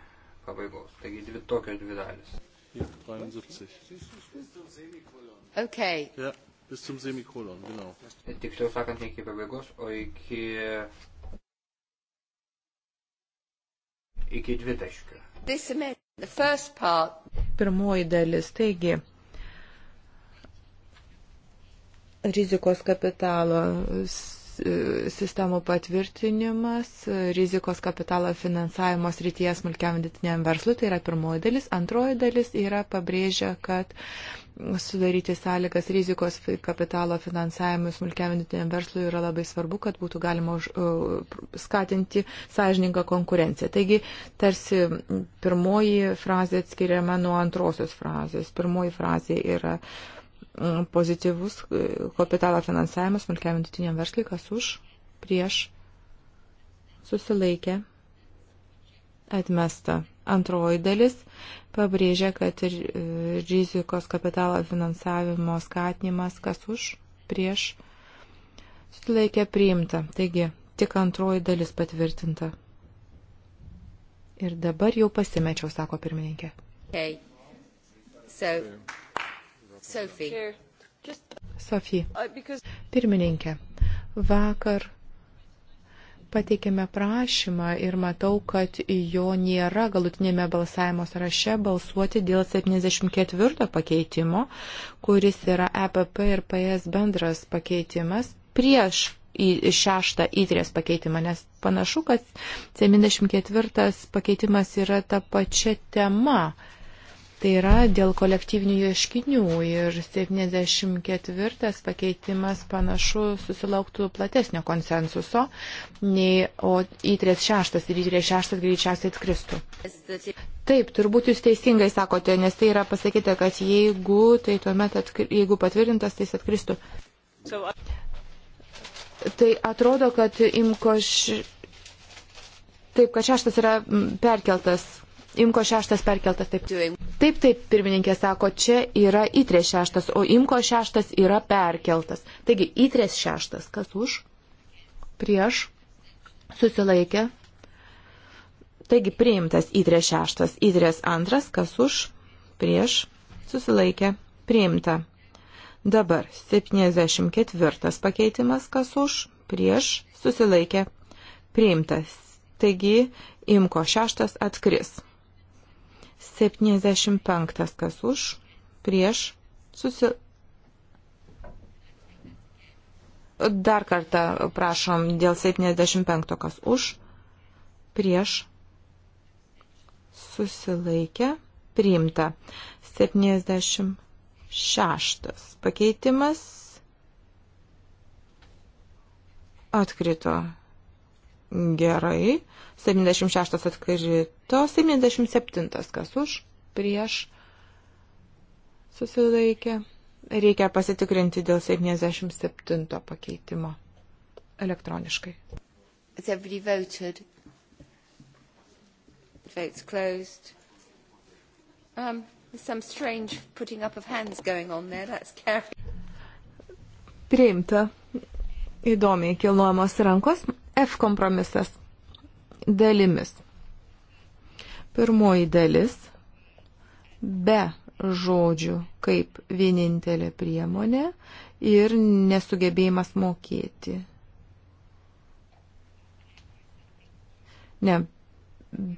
Speaker 1: pabaigos. Taigi dvi tokios dvi dalis. Hier, 73. Okay. Ja, bis zum Semikolon, genau. Tiksliau sakant, ne iki pabaigos, o iki... iki dvitaškių.
Speaker 3: Pirmoji dalis, taigi, rizikos kapitalo E, sistemų patvirtinimas e, rizikos kapitalo finansavimo srityje smulkiam vidutiniam verslui, tai yra pirmoji dalis. Antroji dalis yra pabrėžia, kad sudaryti sąlygas rizikos kapitalo finansavimui smulkiam vidutiniam verslui yra labai svarbu, kad būtų galima už, uh, skatinti sąžiningą konkurenciją. Taigi, tarsi pirmoji frazė atskiriama nuo antrosios frazės. Pirmoji frazė yra uh, E, pozityvus e, kapitalo finansavimas smulkiam vidutiniam verslui, kas už, prieš, susilaikė, atmesta. Antroji dalis pabrėžia, kad ir e, rizikos kapitalo finansavimo skatinimas, kas už, prieš, susilaikė priimta. Taigi, tik antroji dalis patvirtinta. Ir dabar jau pasimečiau, sako pirmininkė.
Speaker 2: Okay. So... Sofija. Sofija. Uh,
Speaker 3: Pirmininkė, vakar pateikėme prašymą ir matau, kad jo nėra galutinėme balsavimo sąraše balsuoti dėl 74 pakeitimo, kuris yra EPP ir PS bendras pakeitimas prieš į šeštą įtrės e pakeitimą, nes panašu, kad 74 pakeitimas yra ta pačia tema. Tai yra dėl kolektyvinių ieškinių ir 74 pakeitimas panašu susilauktų platesnio konsensuso, nei o I36 ir I36 greičiausiai atskristų. Taip, turbūt jūs teisingai sakote, nes tai yra pasakyta, kad jeigu, tai tuomet, atkri, jeigu patvirtintas, tai jis atkristų. Tai atrodo, kad imkoš. Taip, kad šeštas yra perkeltas Imko šeštas perkeltas taip. Taip, taip, pirmininkė sako, čia yra įtrės šeštas, o imko šeštas yra perkeltas. Taigi, įtrės šeštas, kas už, prieš, susilaikė. Taigi, priimtas įtrės šeštas, įtrės antras, kas už, prieš, susilaikė, priimta. Dabar 74 pakeitimas, kas už, prieš, susilaikė, priimtas. Taigi, imko šeštas atkris. 75 kas už, prieš, susi... Dar kartą prašom dėl 75 kas už, prieš, susilaikę, priimta. 76 pakeitimas atkrito. Gerai. 76 atkrito 177. Kas už? Prieš. Susilaikė. Reikia pasitikrinti dėl 77 pakeitimo. Elektroniškai.
Speaker 2: Has everybody voted? Votes closed. Um, there's some strange putting up of hands going on there. That's carried.
Speaker 3: Priimta. Įdomiai kilnojamos rankos. F kompromisas. Dalimis. Pirmoji dalis be žodžių kaip vienintelė priemonė ir nesugebėjimas mokėti. Ne,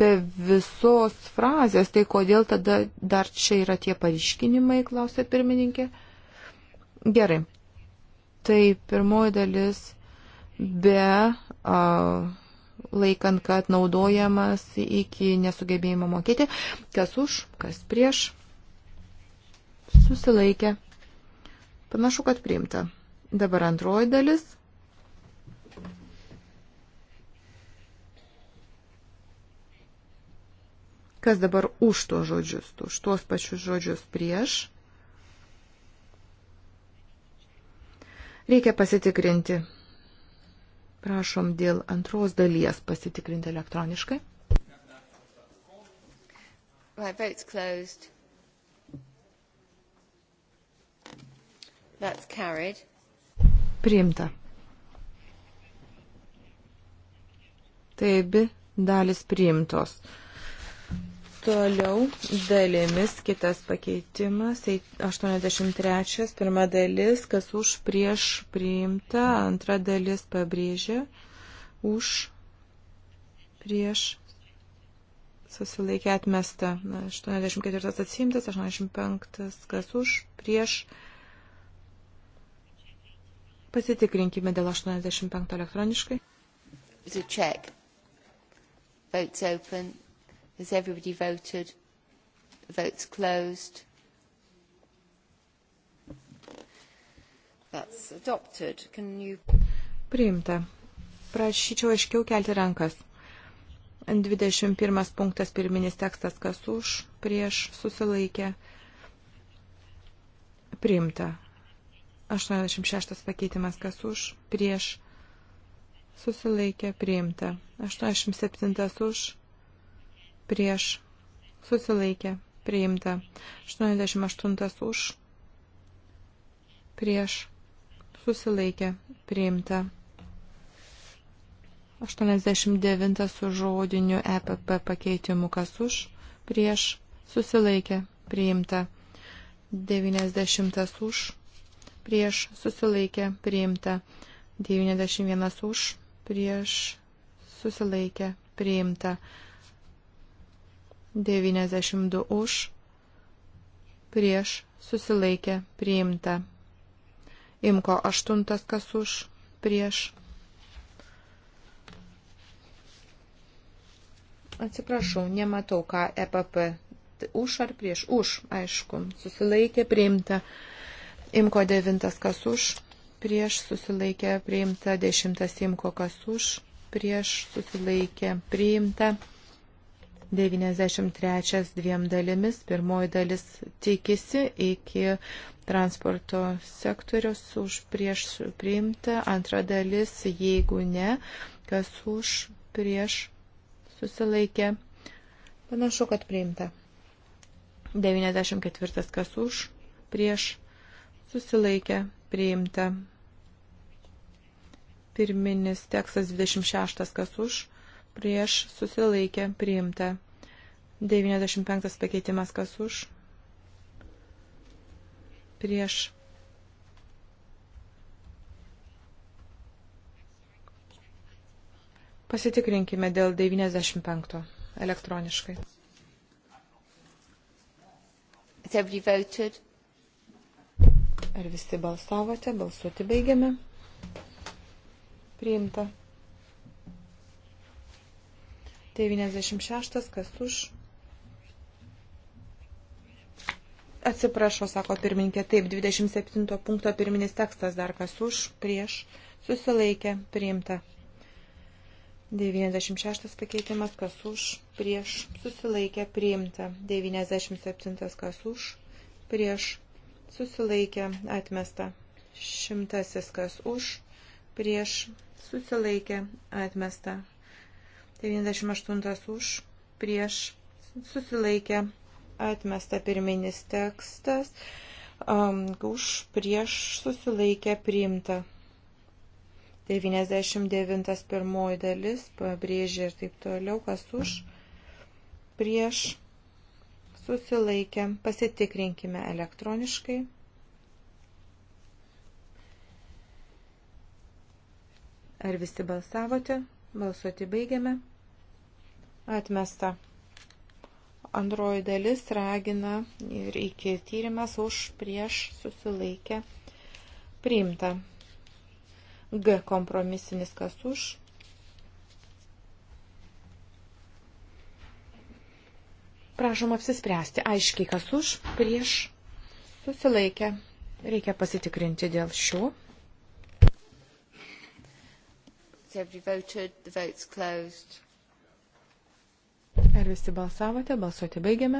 Speaker 3: be visos frazės, tai kodėl tada dar čia yra tie pareiškinimai, klausė pirmininkė. Gerai, tai pirmoji dalis be. Uh, laikant, kad naudojamas iki nesugebėjimo mokėti. Kas už, kas prieš. Susilaikė. Panašu, kad priimta. Dabar antroji dalis. kas dabar už tuos žodžius, už tuos pačius žodžius prieš. Reikia pasitikrinti. Prašom dėl antros dalies
Speaker 2: pasitikrinti elektroniškai. Right, vote's closed. That's carried.
Speaker 3: Priimta. Taip, dalis priimtos. Toliau dalimis kitas pakeitimas, 83, tai pirma dalis, kas už prieš priimta, antra dalis pabrėžia, už prieš susilaikė atmesta. 84 atsimtas, 85 kas už, prieš. Pasitikrinkime dėl 85 elektroniškai.
Speaker 2: Votes open. Has everybody voted? The vote's closed. That's adopted. Can you...
Speaker 3: Priimta. Prašyčiau aiškiau kelti rankas. 21 punktas pirminis tekstas, kas už, prieš, susilaikė. Priimta. 86 pakeitimas, kas už, prieš, susilaikė, priimta. 87 už, prieš susilaikė priimta. 88 už prieš susilaikė priimta. 89 su žodiniu EPP pakeitimu kas už, prieš susilaikė priimta. 90 už, prieš susilaikė priimta. 91 už, prieš susilaikė priimta. 92 už, prieš susilaikė priimta. Imko 8 kas už, prieš. Atsiprašau, nematau, ką EPP. Už ar prieš? Už, aišku. Susilaikė priimta. Imko 9 kas už, prieš susilaikė priimta. 10 Imko kas už, prieš susilaikė priimta. 93 dviem dalimis. Pirmoji dalis tikisi iki transporto sektorius už prieš priimta. Antra dalis, jeigu ne, kas už prieš susilaikė. Panašu, kad priimta. 94 kas už prieš susilaikė priimta. Pirminis tekstas 26 kas už prieš susilaikė priimta. 95 pakeitimas kas už. Prieš. Pasitikrinkime dėl 95 elektroniškai. Ar visi balsavote? Balsuoti baigiame. Priimta. 96 kas už Atsiprašau, sako pirmininkė, taip, 27 punkto pirminis tekstas dar kas už, prieš, susilaikė, priimta. 96 pakeitimas, kas už, prieš, susilaikė, priimta. 97 kas už, prieš, susilaikė, atmesta. Šimtasis kas už, prieš, susilaikė, atmesta. 98 už, prieš, susilaikė, atmesta atmesta pirminis tekstas, um, už prieš susilaikę priimta. 99 pirmoji dalis, pabrėžė ir taip toliau, kas už, prieš susilaikę, pasitikrinkime elektroniškai. Ar visi balsavote? Balsuoti baigiame. Atmesta antroji dalis ragina ir iki tyrimas už prieš susilaikę priimta. G kompromisinis kas už. Prašom apsispręsti aiškiai, kas už prieš susilaikę. Reikia pasitikrinti dėl šių.
Speaker 2: Every voted, the vote's closed
Speaker 3: Ar visi balsavote? Balsuoti baigiame.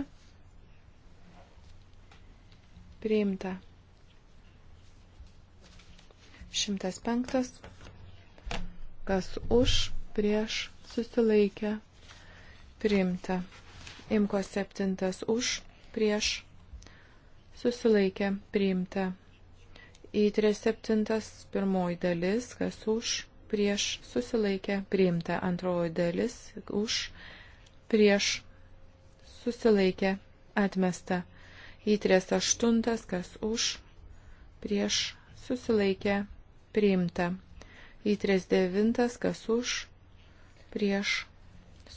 Speaker 3: Priimta. 105. Kas už, prieš, susilaikė. Priimta. Imko 7. Už, prieš, susilaikė. Priimta. Į 37. Pirmoji dalis. Kas už, prieš, susilaikė. Priimta. Antroji dalis. Už, prieš prieš susilaikė atmesta. Įtrės aštuntas, kas už, prieš susilaikė priimta. Įtrės devintas, kas už, prieš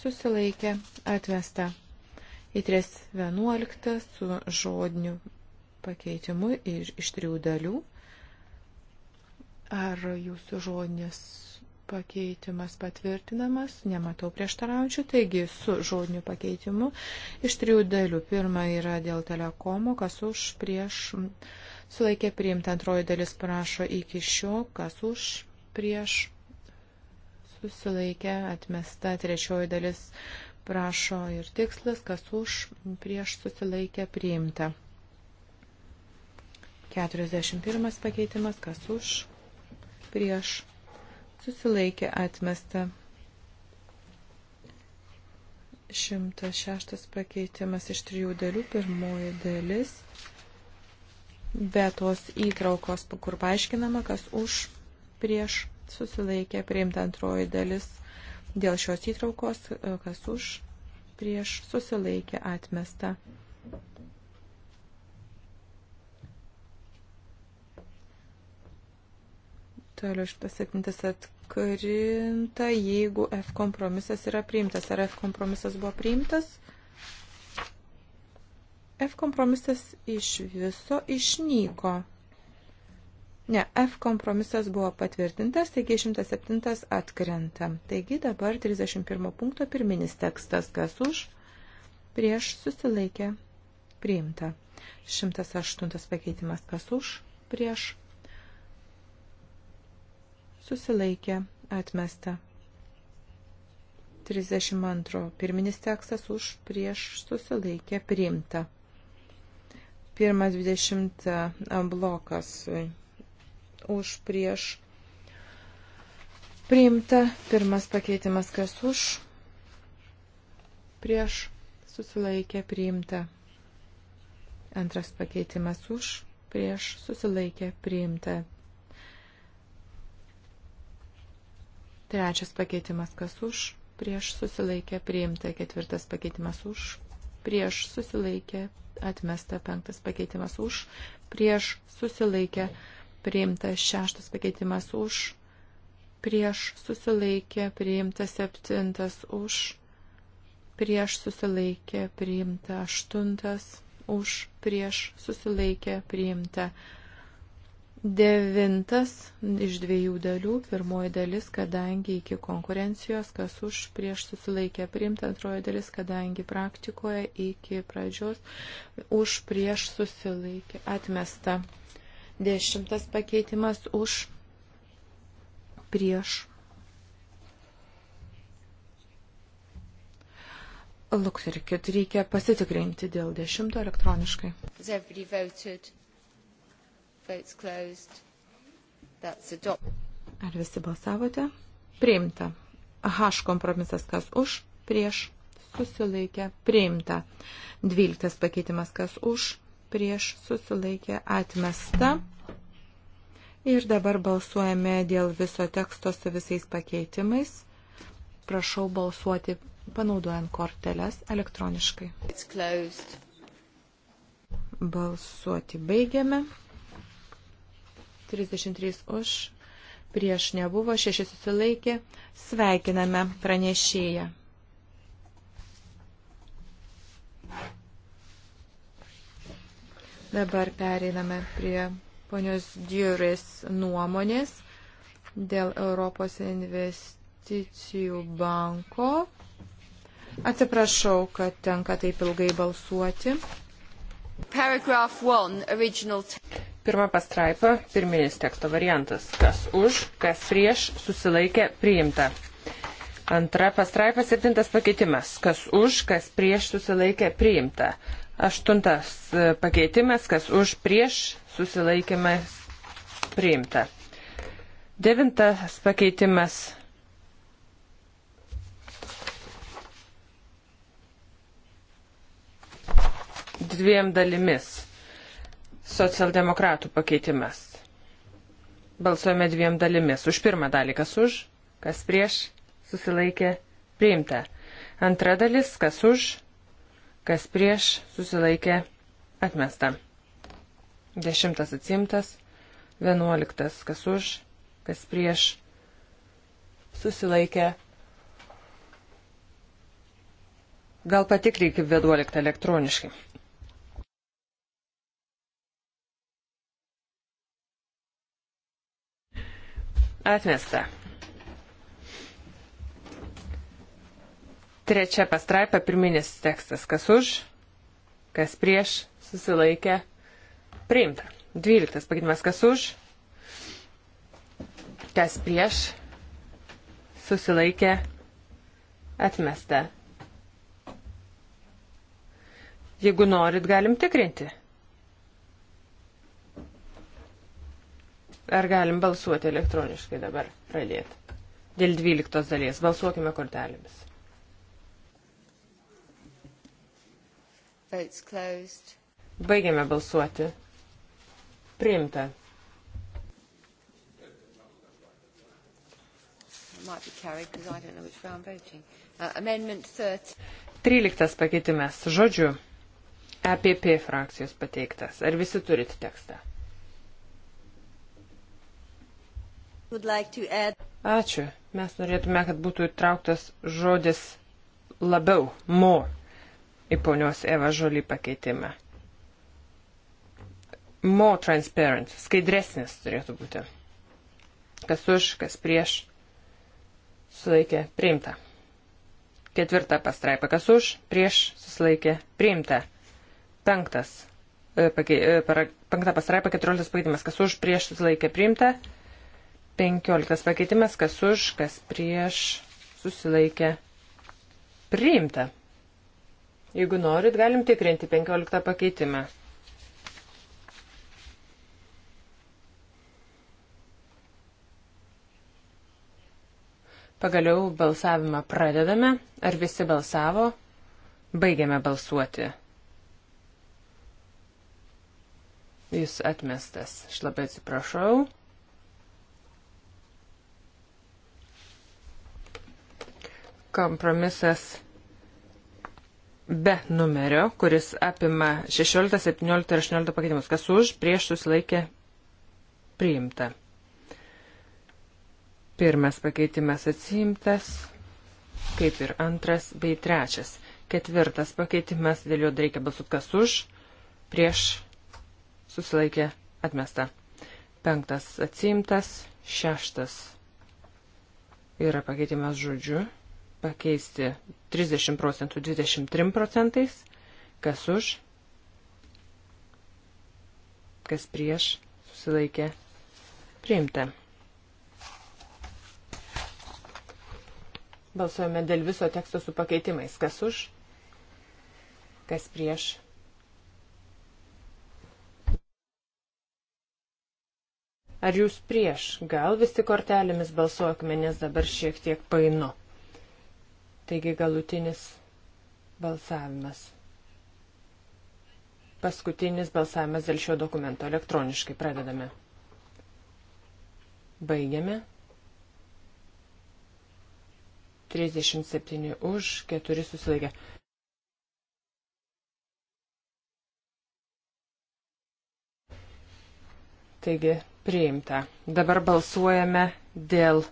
Speaker 3: susilaikė atmesta. Įtrės vienuoliktas su žodiniu pakeitimu ir iš trijų dalių. Ar jūsų žodinės pakeitimas patvirtinamas, nematau prieštaraujančių, taigi su žodiniu pakeitimu iš trijų dalių. Pirma yra dėl telekomo, kas už prieš sulaikė priimti, antroji dalis prašo iki šio, kas už prieš susilaikė atmesta, trečioji dalis prašo ir tikslas, kas už prieš susilaikė priimta. 41 pakeitimas, kas už prieš susilaikė atmesta. 106 pakeitimas iš trijų dalių, pirmoji dalis, be tos įtraukos, kur paaiškinama, kas už, prieš, susilaikė, priimta antroji dalis, dėl šios įtraukos, kas už, prieš, susilaikė, atmesta. Toliau šitas septintas atkrinta, jeigu F kompromisas yra priimtas. Ar F kompromisas buvo priimtas? F kompromisas iš viso išnyko. Ne, F kompromisas buvo patvirtintas, taigi 107 atkrenta. Taigi dabar 31 punkto pirminis tekstas, kas už, prieš susilaikė, priimta. 108 pakeitimas, kas už, prieš susilaikė, atmesta. 32. Pirminis tekstas už prieš susilaikė priimta. Pirmas 20 blokas už prieš priimta. Pirmas pakeitimas kas už prieš susilaikė priimta. Antras pakeitimas už prieš susilaikė priimta. Trečias pakeitimas kas už, prieš susilaikė priimta. Ketvirtas pakeitimas už, prieš susilaikė atmesta. Penktas pakeitimas už, prieš susilaikė priimta. Šeštas pakeitimas už, prieš susilaikė priimta. Septintas už, prieš susilaikė priimta. Aštuntas už, prieš susilaikė priimta. Aštuntas, Devintas iš dviejų dalių, pirmoji dalis, kadangi iki konkurencijos, kas už prieš susilaikė priimta, antroji dalis, kadangi praktikoje iki pradžios už prieš susilaikė atmesta. Dešimtas pakeitimas už prieš. Lukterkit, reikia pasitikrinti dėl dešimto elektroniškai.
Speaker 2: Has everybody voted? Votes closed. That's adopted.
Speaker 3: Ar visi balsavote? Priimta. H kompromisas kas už, prieš,
Speaker 2: susilaikė,
Speaker 3: priimta. Dvyliktas pakeitimas kas už, prieš, susilaikė, atmesta. Ir dabar balsuojame dėl viso teksto su visais pakeitimais. Prašau balsuoti panaudojant korteles elektroniškai. Balsuoti baigiame. 33 už, prieš nebuvo, 6 susilaikė. Sveikiname pranešėją. Dabar pereiname prie ponios Diuris nuomonės dėl Europos investicijų banko. Atsiprašau, kad tenka taip ilgai balsuoti.
Speaker 2: Paragraf 1, original.
Speaker 3: Pirma pastraipa, pirminis teksto variantas.
Speaker 4: Kas už, kas prieš, susilaikė, priimta. Antra pastraipa, septintas pakeitimas. Kas už, kas prieš, susilaikė, priimta. Aštuntas e, pakeitimas, kas už, prieš, susilaikymą, priimta. Devintas pakeitimas. Dviem dalimis Socialdemokratų pakeitimas. Balsuojame dviem dalimis. Už pirmą dalį, kas už, kas prieš, susilaikė, priimta. Antra dalis, kas už, kas prieš, susilaikė, atmesta. Dešimtas atsimtas, vienuoliktas, kas už, kas prieš, susilaikė. Gal patikrinkim 11 elektroniškai. Atmesta. Trečia pastraipa, pirminis tekstas. Kas už, kas prieš, susilaikė, priimta. Dvyliktas pagrindimas, kas už, kas prieš, susilaikė, atmesta. Jeigu norit, galim tikrinti. Ar galim balsuoti elektroniškai dabar pradėti? Dėl 12 dalies. Balsuokime kortelėmis.
Speaker 2: Votes closed.
Speaker 4: Baigiame balsuoti. Priimta.
Speaker 2: might be carried because I don't know which way I'm voting. Uh, amendment 30.
Speaker 4: 13 pakeitimas. Žodžiu. EPP frakcijos pateiktas. Ar visi turit tekstą?
Speaker 1: Like add...
Speaker 4: Ačiū. Mes norėtume, kad būtų įtrauktas žodis labiau, mo, į ponios Eva Žolį pakeitimą. More transparent, skaidresnis turėtų būti. Kas už, kas prieš, sulaikė, priimta. Ketvirta pastraipa, kas už, prieš, susilaikė, priimta. Penktas, e, pakei, e, para, penkta pastraipa, keturioliktas pakeitimas, kas už, prieš, susilaikė, priimta. 15 pakeitimas, kas už, kas prieš, susilaikė, priimta. Jeigu norit, galim tikrinti 15 pakeitimą. Pagaliau balsavimą pradedame. Ar visi balsavo? Baigiame balsuoti. Jis atmestas. Aš labai atsiprašau. kompromisas be numerio, kuris apima 16, 17 ir 18 pakeitimus. Kas už, prieš susilaikė priimta. Pirmas pakeitimas atsiimtas, kaip ir antras bei trečias. Ketvirtas pakeitimas, dėl jo reikia balsuoti kas už, prieš susilaikė atmesta. Penktas atsiimtas, šeštas yra pakeitimas žodžiu pakeisti 30 procentų 23 procentais, kas už, kas prieš, susilaikė, priimta. Balsuojame dėl viso teksto su pakeitimais, kas už, kas prieš. Ar jūs prieš? Gal visi kortelėmis balsuokime, nes dabar šiek tiek painu. Taigi galutinis balsavimas. Paskutinis balsavimas dėl šio dokumento elektroniškai pradedame. Baigiame. 37 už, 4 susilaikė. Taigi priimta. Dabar balsuojame dėl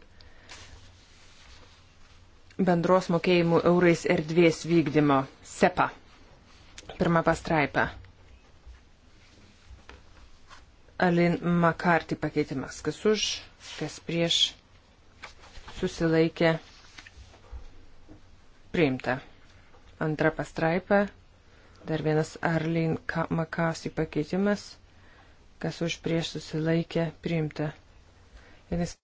Speaker 4: bendros mokėjimų eurais erdvės vykdymo SEPA. Pirma pastraipa. Alin Makarti pakeitimas. Kas už, kas prieš susilaikė priimta. Antra pastraipa. Dar vienas Arlin Makasi pakeitimas. Kas už prieš susilaikė priimta. Vienas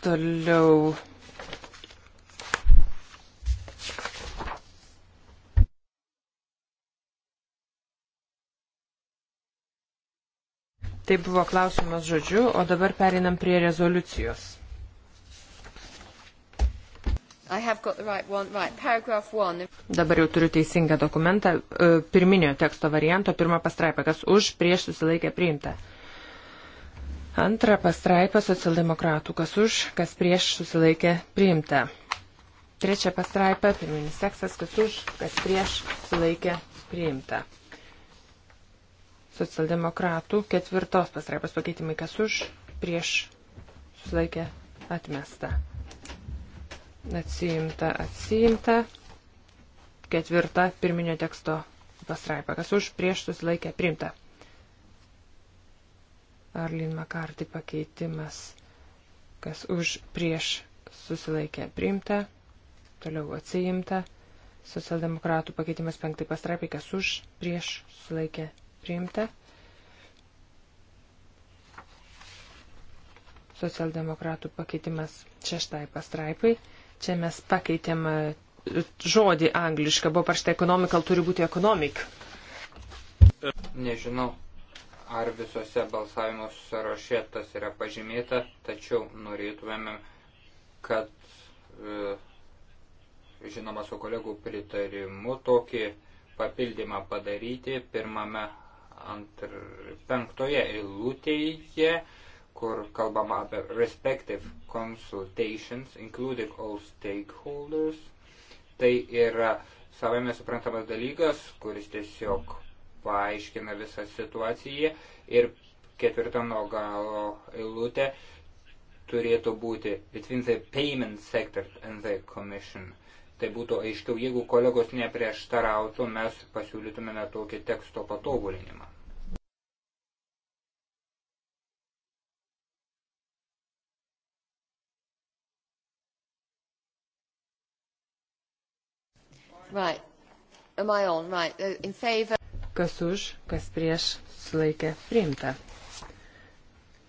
Speaker 4: Toliau. Tai buvo klausimas žodžiu, o dabar perinam prie rezoliucijos.
Speaker 2: Right one, right, one.
Speaker 4: Dabar jau turiu teisingą dokumentą, e, pirminio teksto varianto, pirmą pastraipą, kas už, prieš susilaikė priimta. Antra pastraipa socialdemokratų, kas už, kas prieš susilaikė priimta. Trečia pastraipa, pirminis seksas, kas už, kas prieš susilaikė priimta. Socialdemokratų ketvirtos pastraipos pakeitimai, kas už, prieš susilaikė atmesta. Atsiimta, atsiimta. Ketvirta pirminio teksto pastraipa, kas už, prieš susilaikė priimta. Arlin Makarti pakeitimas, kas už prieš susilaikė priimta, toliau atsiimta. Socialdemokratų pakeitimas penktai pastraipai, kas už prieš susilaikė priimta. Socialdemokratų pakeitimas šeštai pastraipai. Čia mes pakeitėm e, žodį anglišką, buvo parašta economical, turi būti economic.
Speaker 1: Nežinau ar visose balsavimo sąraše tas yra pažymėta, tačiau norėtumėme, kad e, žinoma su kolegų pritarimu tokį papildymą padaryti pirmame antr, penktoje eilutėje, kur kalbama apie respective consultations, including all stakeholders. Tai yra savame suprantamas dalykas, kuris tiesiog paaiškina visą situaciją ir ketvirta nuo galo eilutė turėtų būti between the payment sector and the commission. Tai būtų aiškiau, jeigu kolegos neprieštarautų, mes pasiūlytumėme tokį teksto patobulinimą.
Speaker 2: Right. Am I on? Right. Uh, in favor?
Speaker 4: Kas už, kas prieš, sulaikė, priimta.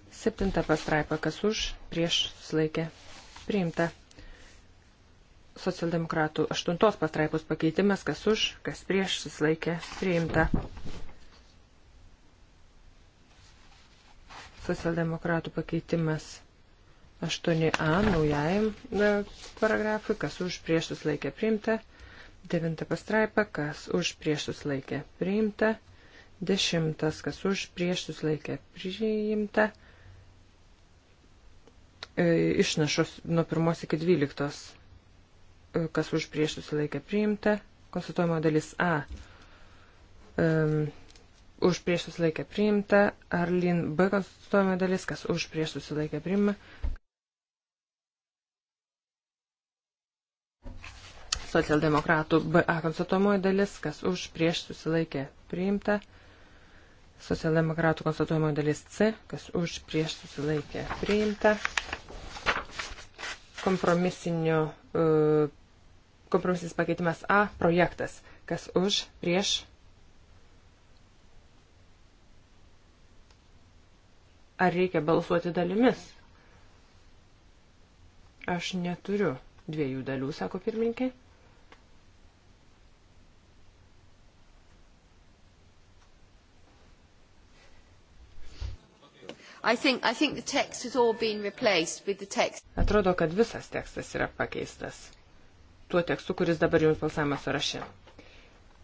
Speaker 4: Septinta pastraipa, kas už, prieš, sulaikė, priimta. Socialdemokratų aštuntos pastraipos pakeitimas, kas už, kas prieš, susilaikė, priimta. Socialdemokratų pakeitimas 8a naujajam paragrafui, kas už, prieš, susilaikė, priimta. Devinta pastraipa, kas už prieš susilaikė priimta. Dešimtas, kas už prieš susilaikė priimta. E, išnašos nuo pirmos iki dvyliktos, e, kas už prieš susilaikė priimta. Konstatuojama dalis A. E, už prieš susilaikė priimta. Arlin B konstatuojama dalis, kas už prieš susilaikė priimta. socialdemokratų BA konstatuojamoji dalis, kas už prieš susilaikė priimta. Socialdemokratų konstatuojamoji dalis C, kas už prieš susilaikė priimta. Kompromisinio, e, kompromisinis pakeitimas A, projektas, kas už prieš. Ar reikia balsuoti dalimis? Aš neturiu dviejų dalių, sako pirmininkė.
Speaker 2: I think, I think
Speaker 4: Atrodo, kad visas tekstas yra pakeistas. Tuo tekstu, kuris dabar jums balsavimo sąraše.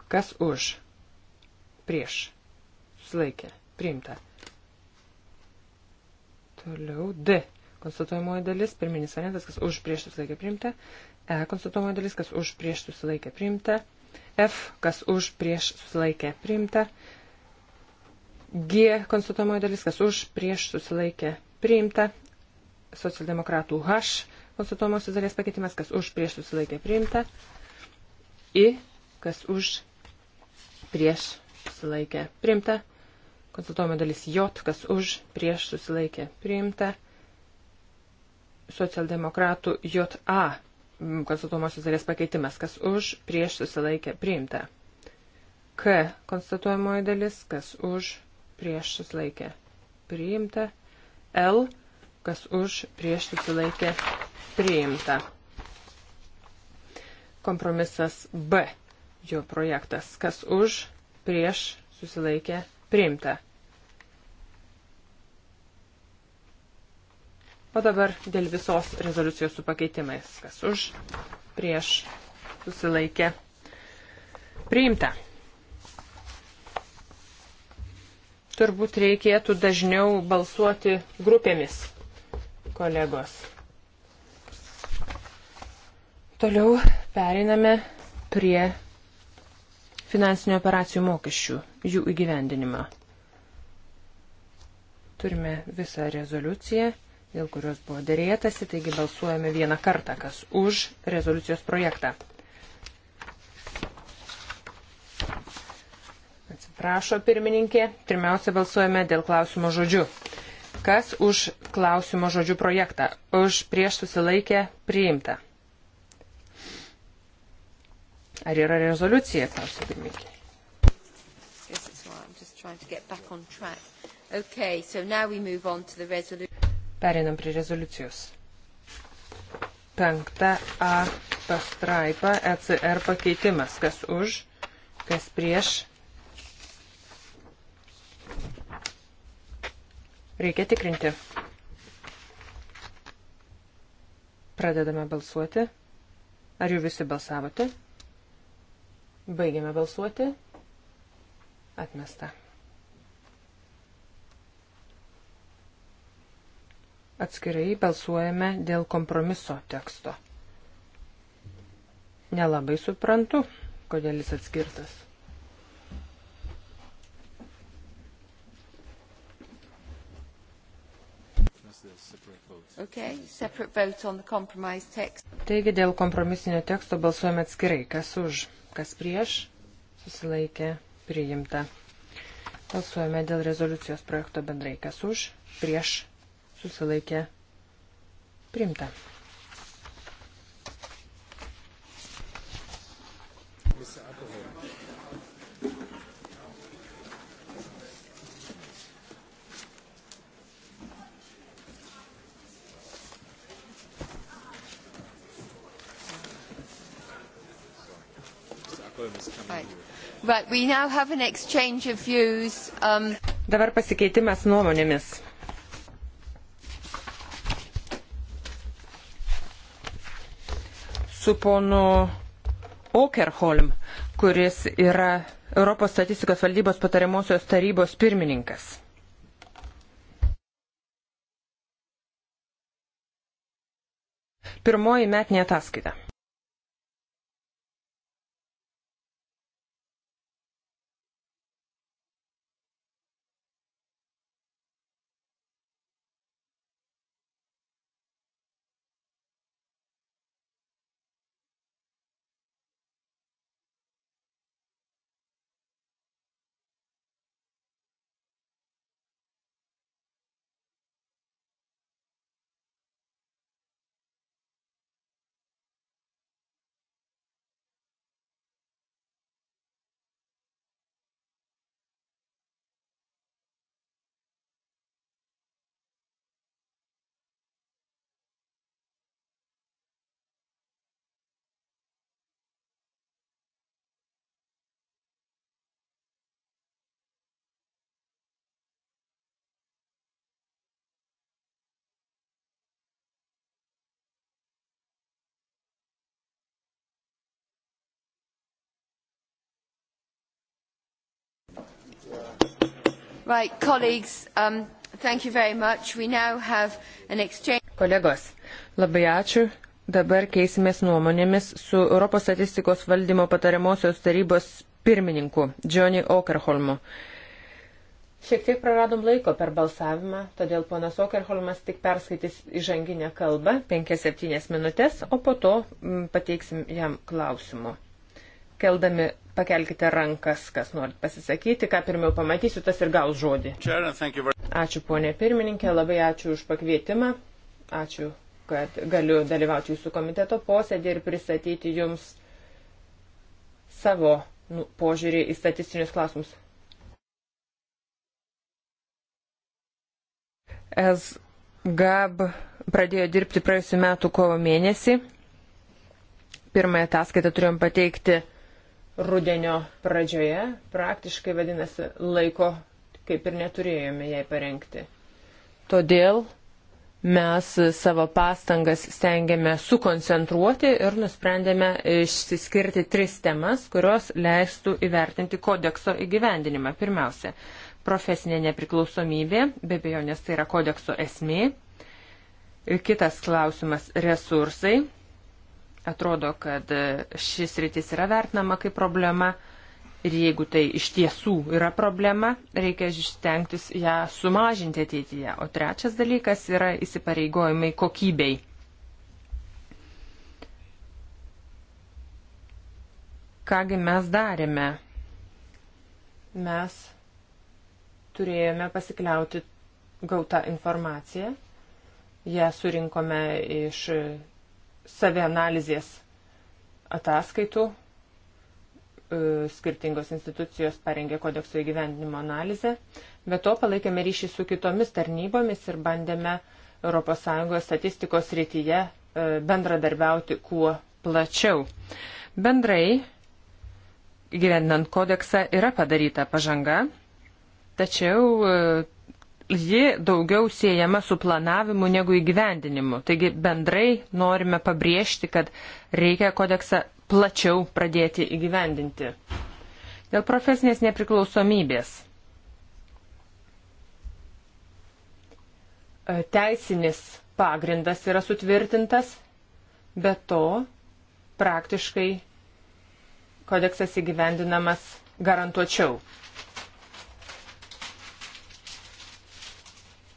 Speaker 4: Kas už? Prieš. Susilaikė. Priimta. Toliau D. Konstatuojamoji dalis, pirminis variantas, kas už prieš susilaikė priimta. E. Konstatuojamoji dalis, kas už prieš susilaikė priimta. F. Kas už prieš susilaikė priimta. G konstatuojamoji dalis, kas už, prieš susilaikė priimta. Socialdemokratų H konstatuojamosios dalies pakeitimas, kas už, prieš susilaikė priimta. I, kas už, prieš susilaikė priimta. Konstatuojama dalis J, kas už, prieš susilaikė priimta. Socialdemokratų JA mm, konstatuojamosios dalies pakeitimas, kas už, prieš susilaikė priimta. K konstatuojamoji dalis, kas už, prieš susilaikę priimta. L, kas už prieš susilaikę priimta. Kompromisas B, jo projektas, kas už prieš susilaikę priimta. O dabar dėl visos rezoliucijos su pakeitimais, kas už prieš susilaikę priimta. Turbūt reikėtų dažniau balsuoti grupėmis, kolegos. Toliau periname prie finansinių operacijų mokesčių, jų įgyvendinimą. Turime visą rezoliuciją, dėl kurios buvo dėrėtasi, taigi balsuojame vieną kartą, kas už rezoliucijos projektą. Atsiprašo pirmininkė. Pirmiausia, balsuojame dėl klausimo žodžių. Kas už klausimo žodžių projektą? Už prieš susilaikę priimta. Ar yra rezoliucija, klausė pirmininkė.
Speaker 2: Okay, so
Speaker 4: Perinam prie rezoliucijos. Penkta A pastraipa ECR pakeitimas. Kas už, kas prieš Reikia tikrinti. Pradedame balsuoti. Ar jau visi balsavote? Baigiame balsuoti. Atmesta. Atskirai balsuojame dėl kompromiso teksto. Nelabai suprantu, kodėl jis atskirtas.
Speaker 2: Okay, separate vote on the compromise text.
Speaker 4: Taigi dėl kompromisinio teksto balsuojame atskirai. Kas už, kas prieš, susilaikė, priimta. Balsuojame dėl rezoliucijos projekto bendrai. Kas už, prieš, susilaikė, priimta.
Speaker 2: Right, we now have an exchange of views. Um... Dabar
Speaker 4: pasikeitimas nuomonėmis. Su ponu Okerholm, kuris yra Europos statistikos valdybos patariamosios tarybos pirmininkas. Pirmoji metinė ataskaita.
Speaker 2: Right, colleagues, um, thank you very much. We now have an exchange. Kolegos,
Speaker 4: labai ačiū. Dabar keisimės nuomonėmis su Europos statistikos valdymo patariamosios tarybos pirmininku Johnny Okerholmu. Šiek tiek praradom laiko per balsavimą, todėl ponas Okerholmas tik perskaitys įžanginę kalbą 5-7 minutės, o po to m, mm, pateiksim jam klausimų keldami pakelkite rankas, kas norit pasisakyti, ką pirmiau pamatysiu, tas ir gal žodį. Ačiū ponė pirmininkė, labai ačiū už pakvietimą, ačiū, kad galiu dalyvauti jūsų komiteto posėdį ir pristatyti jums savo nu, požiūrį į statistinius klausimus. SGAB pradėjo dirbti praėjusiu metu kovo mėnesį. Pirmąją ataskaitą turėjom pateikti rudenio pradžioje, praktiškai vadinasi laiko kaip ir neturėjome jai parengti. Todėl mes savo pastangas stengiame sukoncentruoti ir nusprendėme išsiskirti tris temas, kurios leistų įvertinti kodekso įgyvendinimą. Pirmiausia, profesinė nepriklausomybė, be abejo, nes tai yra kodekso esmė. Kitas klausimas - resursai, Atrodo, kad šis rytis yra vertinama kaip problema ir jeigu tai iš tiesų yra problema, reikia stengtis ją sumažinti ateityje. O trečias dalykas yra įsipareigojimai kokybei. Kągi mes darėme? Mes turėjome pasikliauti gautą informaciją, ją surinkome iš savianalizės ataskaitų. E, skirtingos institucijos parengė kodekso įgyvendinimo analizę. Be to palaikėme ryšį su kitomis tarnybomis ir bandėme ES statistikos rytyje e, bendradarbiauti kuo plačiau. Bendrai, gyvenant kodeksą, yra padaryta pažanga, tačiau e, ji daugiau siejama su planavimu negu įgyvendinimu. Taigi bendrai norime pabrėžti, kad reikia kodeksą plačiau pradėti įgyvendinti. Dėl profesinės nepriklausomybės. E, teisinis pagrindas yra sutvirtintas, bet to praktiškai kodeksas įgyvendinamas garantuočiau.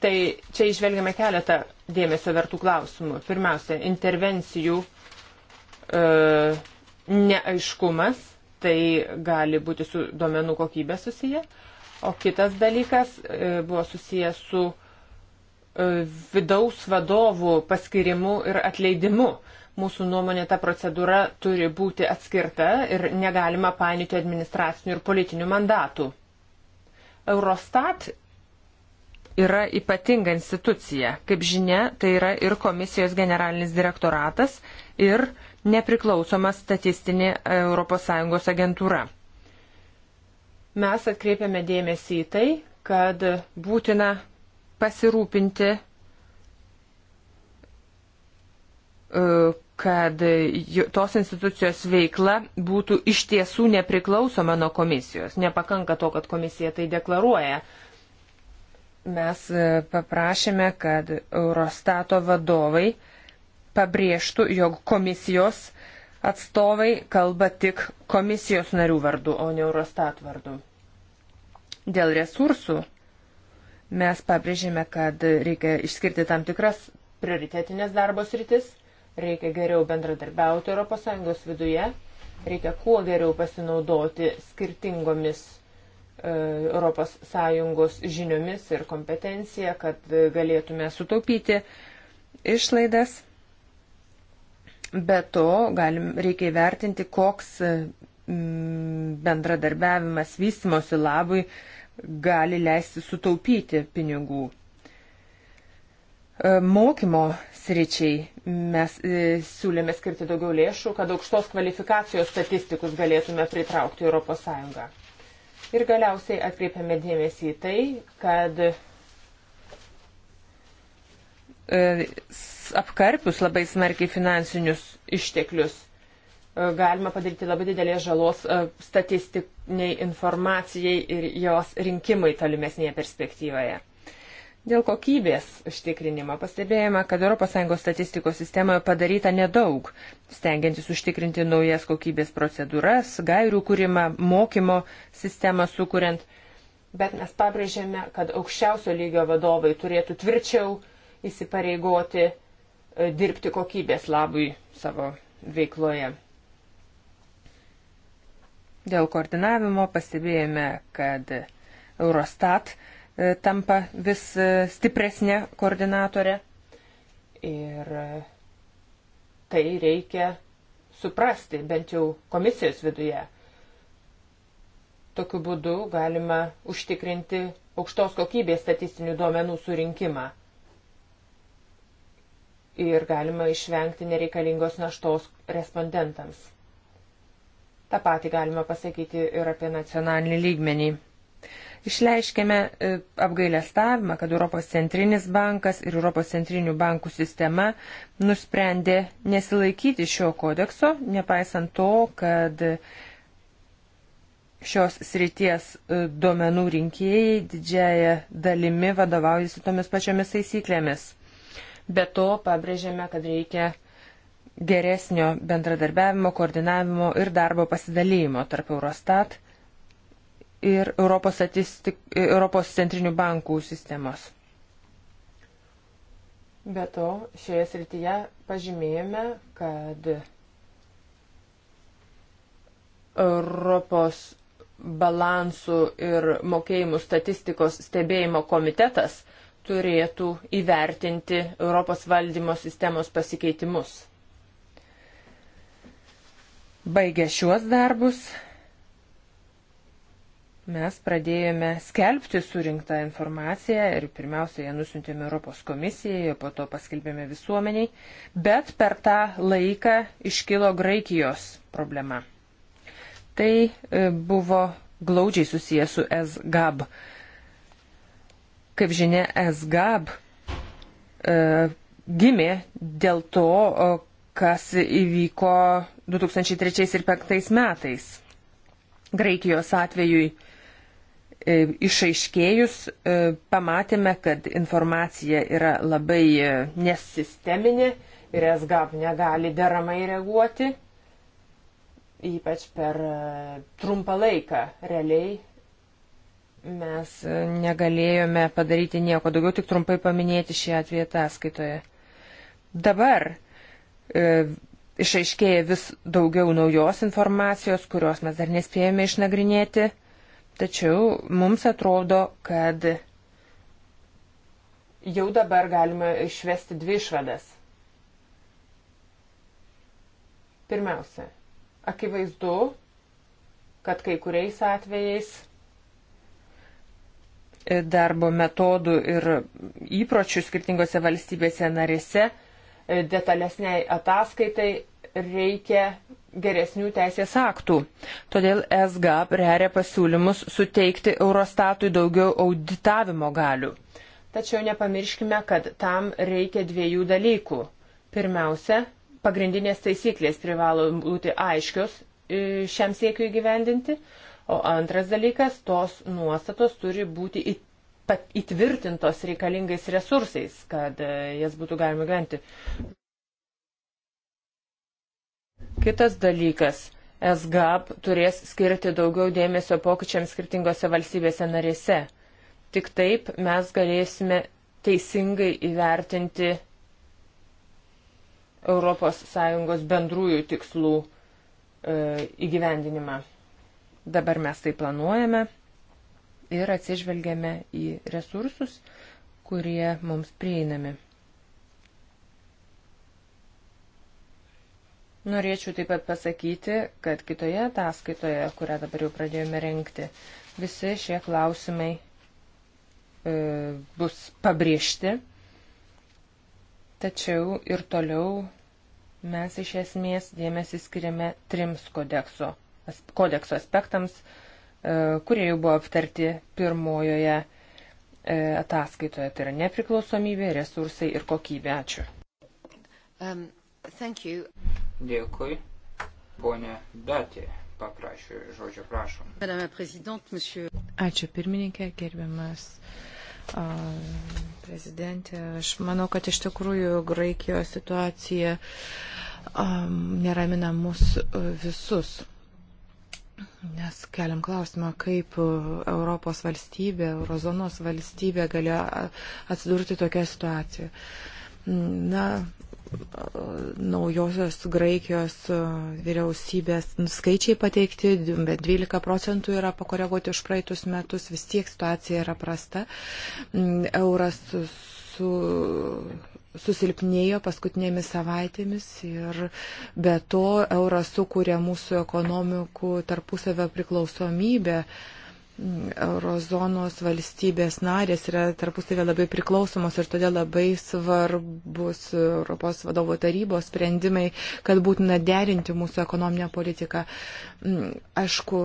Speaker 4: Tai čia išvelgiame keletą dėmesio vertų klausimų. Pirmiausia, intervencijų e, neaiškumas, tai gali būti su duomenų kokybė susiję. O kitas dalykas e, buvo susijęs su e, vidaus vadovų paskirimu ir atleidimu. Mūsų nuomonė ta procedūra turi būti atskirta ir negalima painyti administracinių ir politinių mandatų. Eurostat yra ypatinga institucija. Kaip žinia, tai yra ir komisijos generalinis direktoratas, ir nepriklausoma statistinė ES agentūra. Mes atkreipiame dėmesį į tai, kad būtina pasirūpinti, e, kad tos institucijos veikla būtų iš tiesų nepriklausoma nuo komisijos. Nepakanka to, kad komisija tai deklaruoja, mes e, paprašėme, kad Eurostato vadovai pabrėžtų, jog komisijos atstovai kalba tik komisijos narių vardu, o ne Eurostat vardu. Dėl resursų mes pabrėžėme, kad reikia išskirti tam tikras prioritetinės darbos rytis, reikia geriau bendradarbiauti ES viduje, reikia kuo geriau pasinaudoti skirtingomis ES žiniomis ir kompetencija, kad galėtume sutaupyti išlaidas. Be to, galim, reikia įvertinti, koks mm, bendradarbiavimas vystimosi labui gali leisti sutaupyti pinigų. E, mokymo sričiai mes e, siūlėme skirti daugiau lėšų, kad aukštos kvalifikacijos statistikus galėtume pritraukti ES. Ir galiausiai atkreipiame dėmesį į tai, kad e, apkarpius labai smarkiai finansinius išteklius e, galima padaryti labai didelės žalos e, statistiniai informacijai ir jos rinkimai tolimesnėje perspektyvoje. Dėl kokybės užtikrinimo pastebėjome, kad ES statistikos sistemoje padaryta nedaug, stengiantis užtikrinti naujas kokybės procedūras, gairių kūrimą, mokymo sistemą sukuriant. Bet mes pabrėžėme, kad aukščiausio lygio vadovai turėtų tvirčiau įsipareigoti e, dirbti kokybės labui savo veikloje. Dėl koordinavimo pastebėjome, kad Eurostat E, tampa vis e, stipresnė koordinatorė. Ir e, tai reikia suprasti, bent jau komisijos viduje. Tokiu būdu galima užtikrinti aukštos kokybės statistinių duomenų surinkimą. Ir galima išvengti nereikalingos naštos respondentams. Ta pati galima pasakyti ir apie nacionalinį lygmenį. Išleiškėme e, apgailestavimą, kad Europos centrinis bankas ir Europos centrinių bankų sistema nusprendė nesilaikyti šio kodekso, nepaisant to, kad šios srities e, duomenų rinkėjai didžiaja dalimi vadovaujasi tomis pačiomis taisyklėmis. Be to pabrėžėme, kad reikia geresnio bendradarbiavimo, koordinavimo ir darbo pasidalymo tarp Eurostat ir Europos, statistik, Europos centrinių bankų sistemos. Be to, šioje srityje pažymėjome, kad Europos balansų ir mokėjimų statistikos stebėjimo komitetas turėtų įvertinti Europos valdymo sistemos pasikeitimus. Baigę šiuos darbus, mes pradėjome skelbti surinktą informaciją ir pirmiausia ją nusintėme Europos komisijai, po to paskelbėme visuomeniai, bet per tą laiką iškilo Graikijos problema. Tai e, buvo glaudžiai susijęs su SGAB. Kaip žinia, SGAB e, gimė dėl to, kas įvyko 2003 ir 2005 metais. Graikijos atvejui E, išaiškėjus e, pamatėme, kad informacija yra labai e, nesisteminė ir SGAP negali deramai reaguoti, ypač per trumpą laiką realiai. Mes negalėjome padaryti nieko daugiau, tik trumpai paminėti šį atvejį ataskaitoje. Dabar e, išaiškėja vis daugiau naujos informacijos, kurios mes dar nespėjome išnagrinėti Tačiau mums atrodo, kad jau dabar galime išvesti dvi išvadas. Pirmiausia, akivaizdu, kad kai kuriais atvejais darbo metodų ir įpročių skirtingose valstybėse narėse detalesniai ataskaitai reikia geresnių teisės aktų. Todėl SGAP reria pasiūlymus suteikti Eurostatui daugiau auditavimo galių. Tačiau nepamirškime, kad tam reikia dviejų dalykų. Pirmiausia, pagrindinės taisyklės privalo būti aiškios e, šiam siekiu įgyvendinti, o antras dalykas, tos nuostatos turi būti įtvirtintos reikalingais resursais, kad e, jas būtų galima gyventi. Kitas dalykas. SGAP turės skirti daugiau dėmesio pokyčiams skirtingose valstybėse narėse. Tik taip mes galėsime teisingai įvertinti ES bendrųjų tikslų e, įgyvendinimą. Dabar mes tai planuojame ir atsižvelgiame į resursus, kurie mums prieinami. Norėčiau taip pat pasakyti, kad kitoje ataskaitoje, kurią dabar jau pradėjome renkti, visi šie klausimai e, bus pabrėžti. Tačiau ir toliau mes iš esmės dėmesį skiriame trims kodekso, kodekso aspektams, e, kurie jau buvo aptarti pirmojoje e, ataskaitoje. Tai yra nepriklausomybė, resursai ir kokybė. Ačiū.
Speaker 1: Um, Dėkui. Pone Datė paprašė žodžio, prašom.
Speaker 3: Ačiū pirmininkė, gerbiamas prezidentė. Aš manau, kad iš tikrųjų Graikijos situacija neramina mus visus. Nes keliam klausimą, kaip Europos valstybė, Eurozonos valstybė galėjo atsidurti tokia situacija. Na, naujosios Graikijos e, vyriausybės skaičiai pateikti, bet 12 procentų yra pakoreguoti už praeitus metus, vis tiek situacija yra prasta. Mm, euras su, su, susilpnėjo paskutinėmis savaitėmis ir be to euras sukūrė mūsų ekonomikų tarpusavę priklausomybę. Uh, eurozonos valstybės narės yra tarpusavė labai priklausomos ir todėl labai svarbus Europos vadovo tarybos sprendimai, kad būtina derinti mūsų ekonominę politiką. Mm, aišku,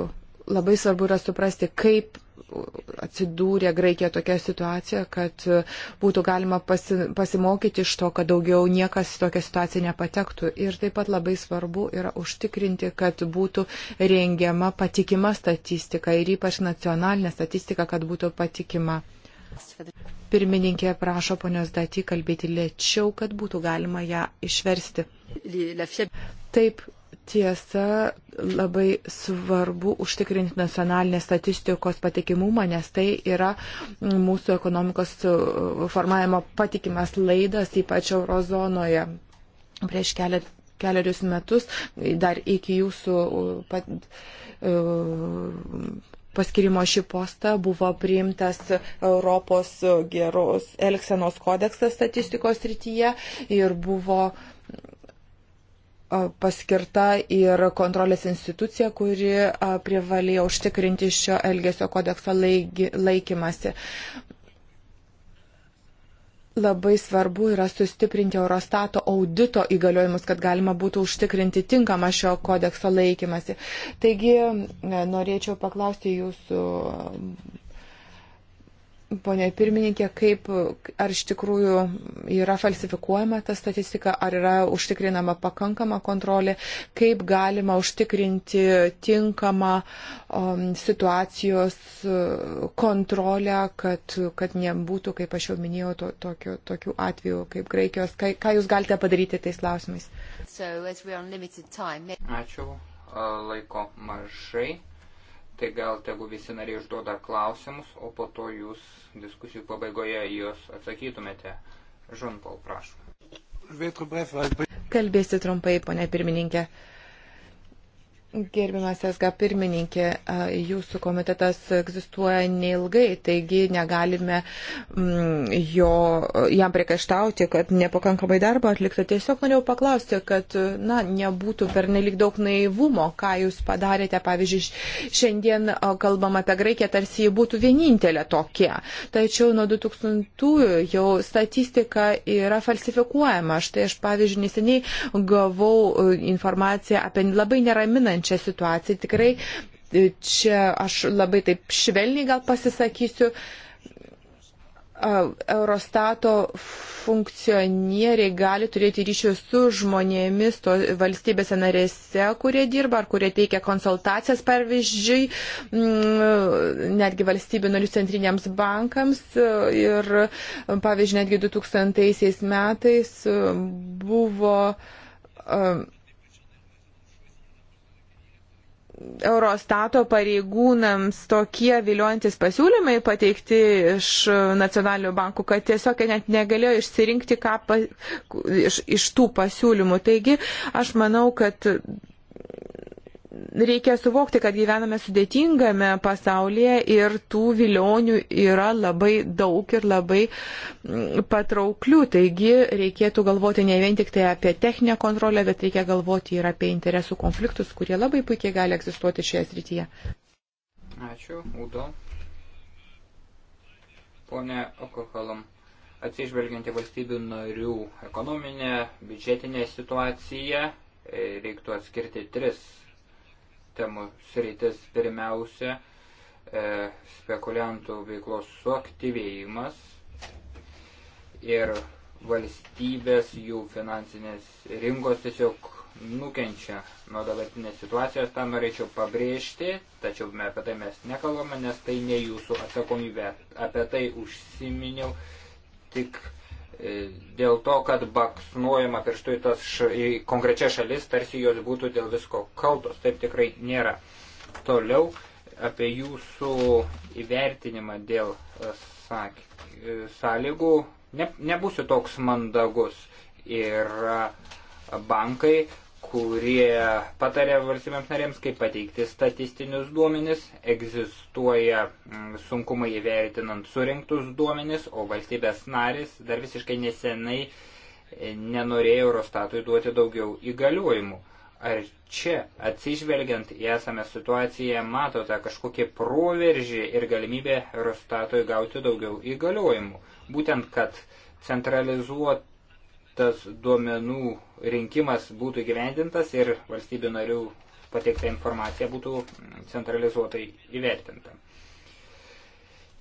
Speaker 3: labai svarbu yra suprasti, kaip atsidūrė Graikija tokia situacija, kad būtų galima pasi, pasimokyti iš to, kad daugiau niekas į tokią situaciją nepatektų. Ir taip pat labai svarbu yra užtikrinti, kad būtų rengiama patikima statistika ir ypač nacionalinė statistika, kad būtų patikima. Pirmininkė prašo ponios Dati kalbėti lėčiau, kad būtų galima ją išversti. Taip, Tiesa, labai svarbu užtikrinti nacionalinės statistikos patikimumą, nes tai yra mūsų ekonomikos e, formavimo patikimas laidas, ypač eurozonoje. Prieš keletą keliarius metus, dar iki jūsų e, pat, e, paskirimo šį postą buvo priimtas Europos geros elgsenos kodeksas statistikos rytyje ir buvo paskirta ir kontrolės institucija, kuri privalėjo užtikrinti šio elgesio kodekso laikymasi. Labai svarbu yra sustiprinti Eurostato audito įgaliojimus, kad galima būtų užtikrinti tinkamą šio kodekso laikymasi. Taigi, norėčiau paklausti jūsų Pone pirmininkė, kaip, ar iš tikrųjų yra falsifikuojama ta statistika, ar yra užtikrinama pakankama kontrolė, kaip galima užtikrinti tinkamą um, situacijos uh, kontrolę, kad, kad nebūtų, kaip aš jau minėjau, to, tokiu, tokių atvejų kaip Graikijos. Ką, ką jūs galite padaryti tais klausimais?
Speaker 2: So, time... Ačiū,
Speaker 1: laiko mažai tai gal tegu visi nariai užduoda klausimus, o po to jūs diskusijų pabaigoje juos atsakytumėte. Žon Paul, prašom.
Speaker 3: Kalbėsiu trumpai, ponia pirmininkė. Gerbimas SG pirmininkė, jūsų komitetas egzistuoja neilgai, taigi negalime mm, jo, jam priekaištauti, kad nepakankamai darbą atlikta. Tiesiog norėjau paklausti, kad na, nebūtų per nelik daug naivumo, ką jūs padarėte. Pavyzdžiui, šiandien kalbam apie Graikiją, tarsi ji būtų vienintelė tokia. Tačiau nuo 2000 jau statistika yra falsifikuojama. Štai aš, pavyzdžiui, neseniai gavau informaciją apie labai neraminančią esančią situaciją. Tikrai e, čia aš labai taip švelniai gal pasisakysiu. Eurostato funkcionieriai gali turėti ryšių su žmonėmis to valstybėse narėse, kurie dirba ar kurie teikia konsultacijas, pavyzdžiui, mm, netgi valstybių narių centriniams bankams. Ir, pavyzdžiui, netgi 2000 metais buvo. Um, Eurostato pareigūnams tokie viliojantis pasiūlymai pateikti iš nacionalinių bankų, kad tiesiog net negalėjo išsirinkti ką pa, iš, iš tų pasiūlymų. Taigi aš manau, kad reikia suvokti, kad gyvename sudėtingame pasaulyje ir tų vilionių yra labai daug ir labai mm, patrauklių. Taigi reikėtų galvoti ne vien tik tai apie techninę kontrolę, bet reikia galvoti ir apie interesų konfliktus, kurie labai puikiai gali egzistuoti šioje srityje.
Speaker 1: Ačiū, Udo. Pone Okoholom, atsižvelgiant į valstybių narių ekonominę, biudžetinę situaciją, reiktų atskirti tris temų sritis pirmiausia e, spekuliantų veiklos suaktyvėjimas ir valstybės, jų finansinės rinkos tiesiog nukenčia nuo dabartinės situacijos, tą norėčiau pabrėžti, tačiau apie tai mes nekalbame, nes tai ne jūsų atsakomybė. Apie tai užsiminiau tik E, dėl to, kad baksnuojama pirštu į, tas š, į konkrečias šalis, tarsi jos būtų dėl visko kaltos. Taip tikrai nėra. Toliau apie jūsų įvertinimą dėl e, sak, e, sąlygų. Ne, nebūsiu toks mandagus. Ir bankai kurie patarė valstybėms narėms, kaip pateikti statistinius duomenis, egzistuoja mm, sunkumai įvertinant surinktus duomenis, o valstybės narės dar visiškai nesenai e, nenorėjo Eurostatui duoti daugiau įgaliojimų. Ar čia, atsižvelgiant į esamą situaciją, matote kažkokį proveržį ir galimybę Eurostatui gauti daugiau įgaliojimų? Būtent, kad centralizuot tas duomenų rinkimas būtų gyvendintas ir valstybių narių pateikta informacija būtų centralizuotai įvertinta.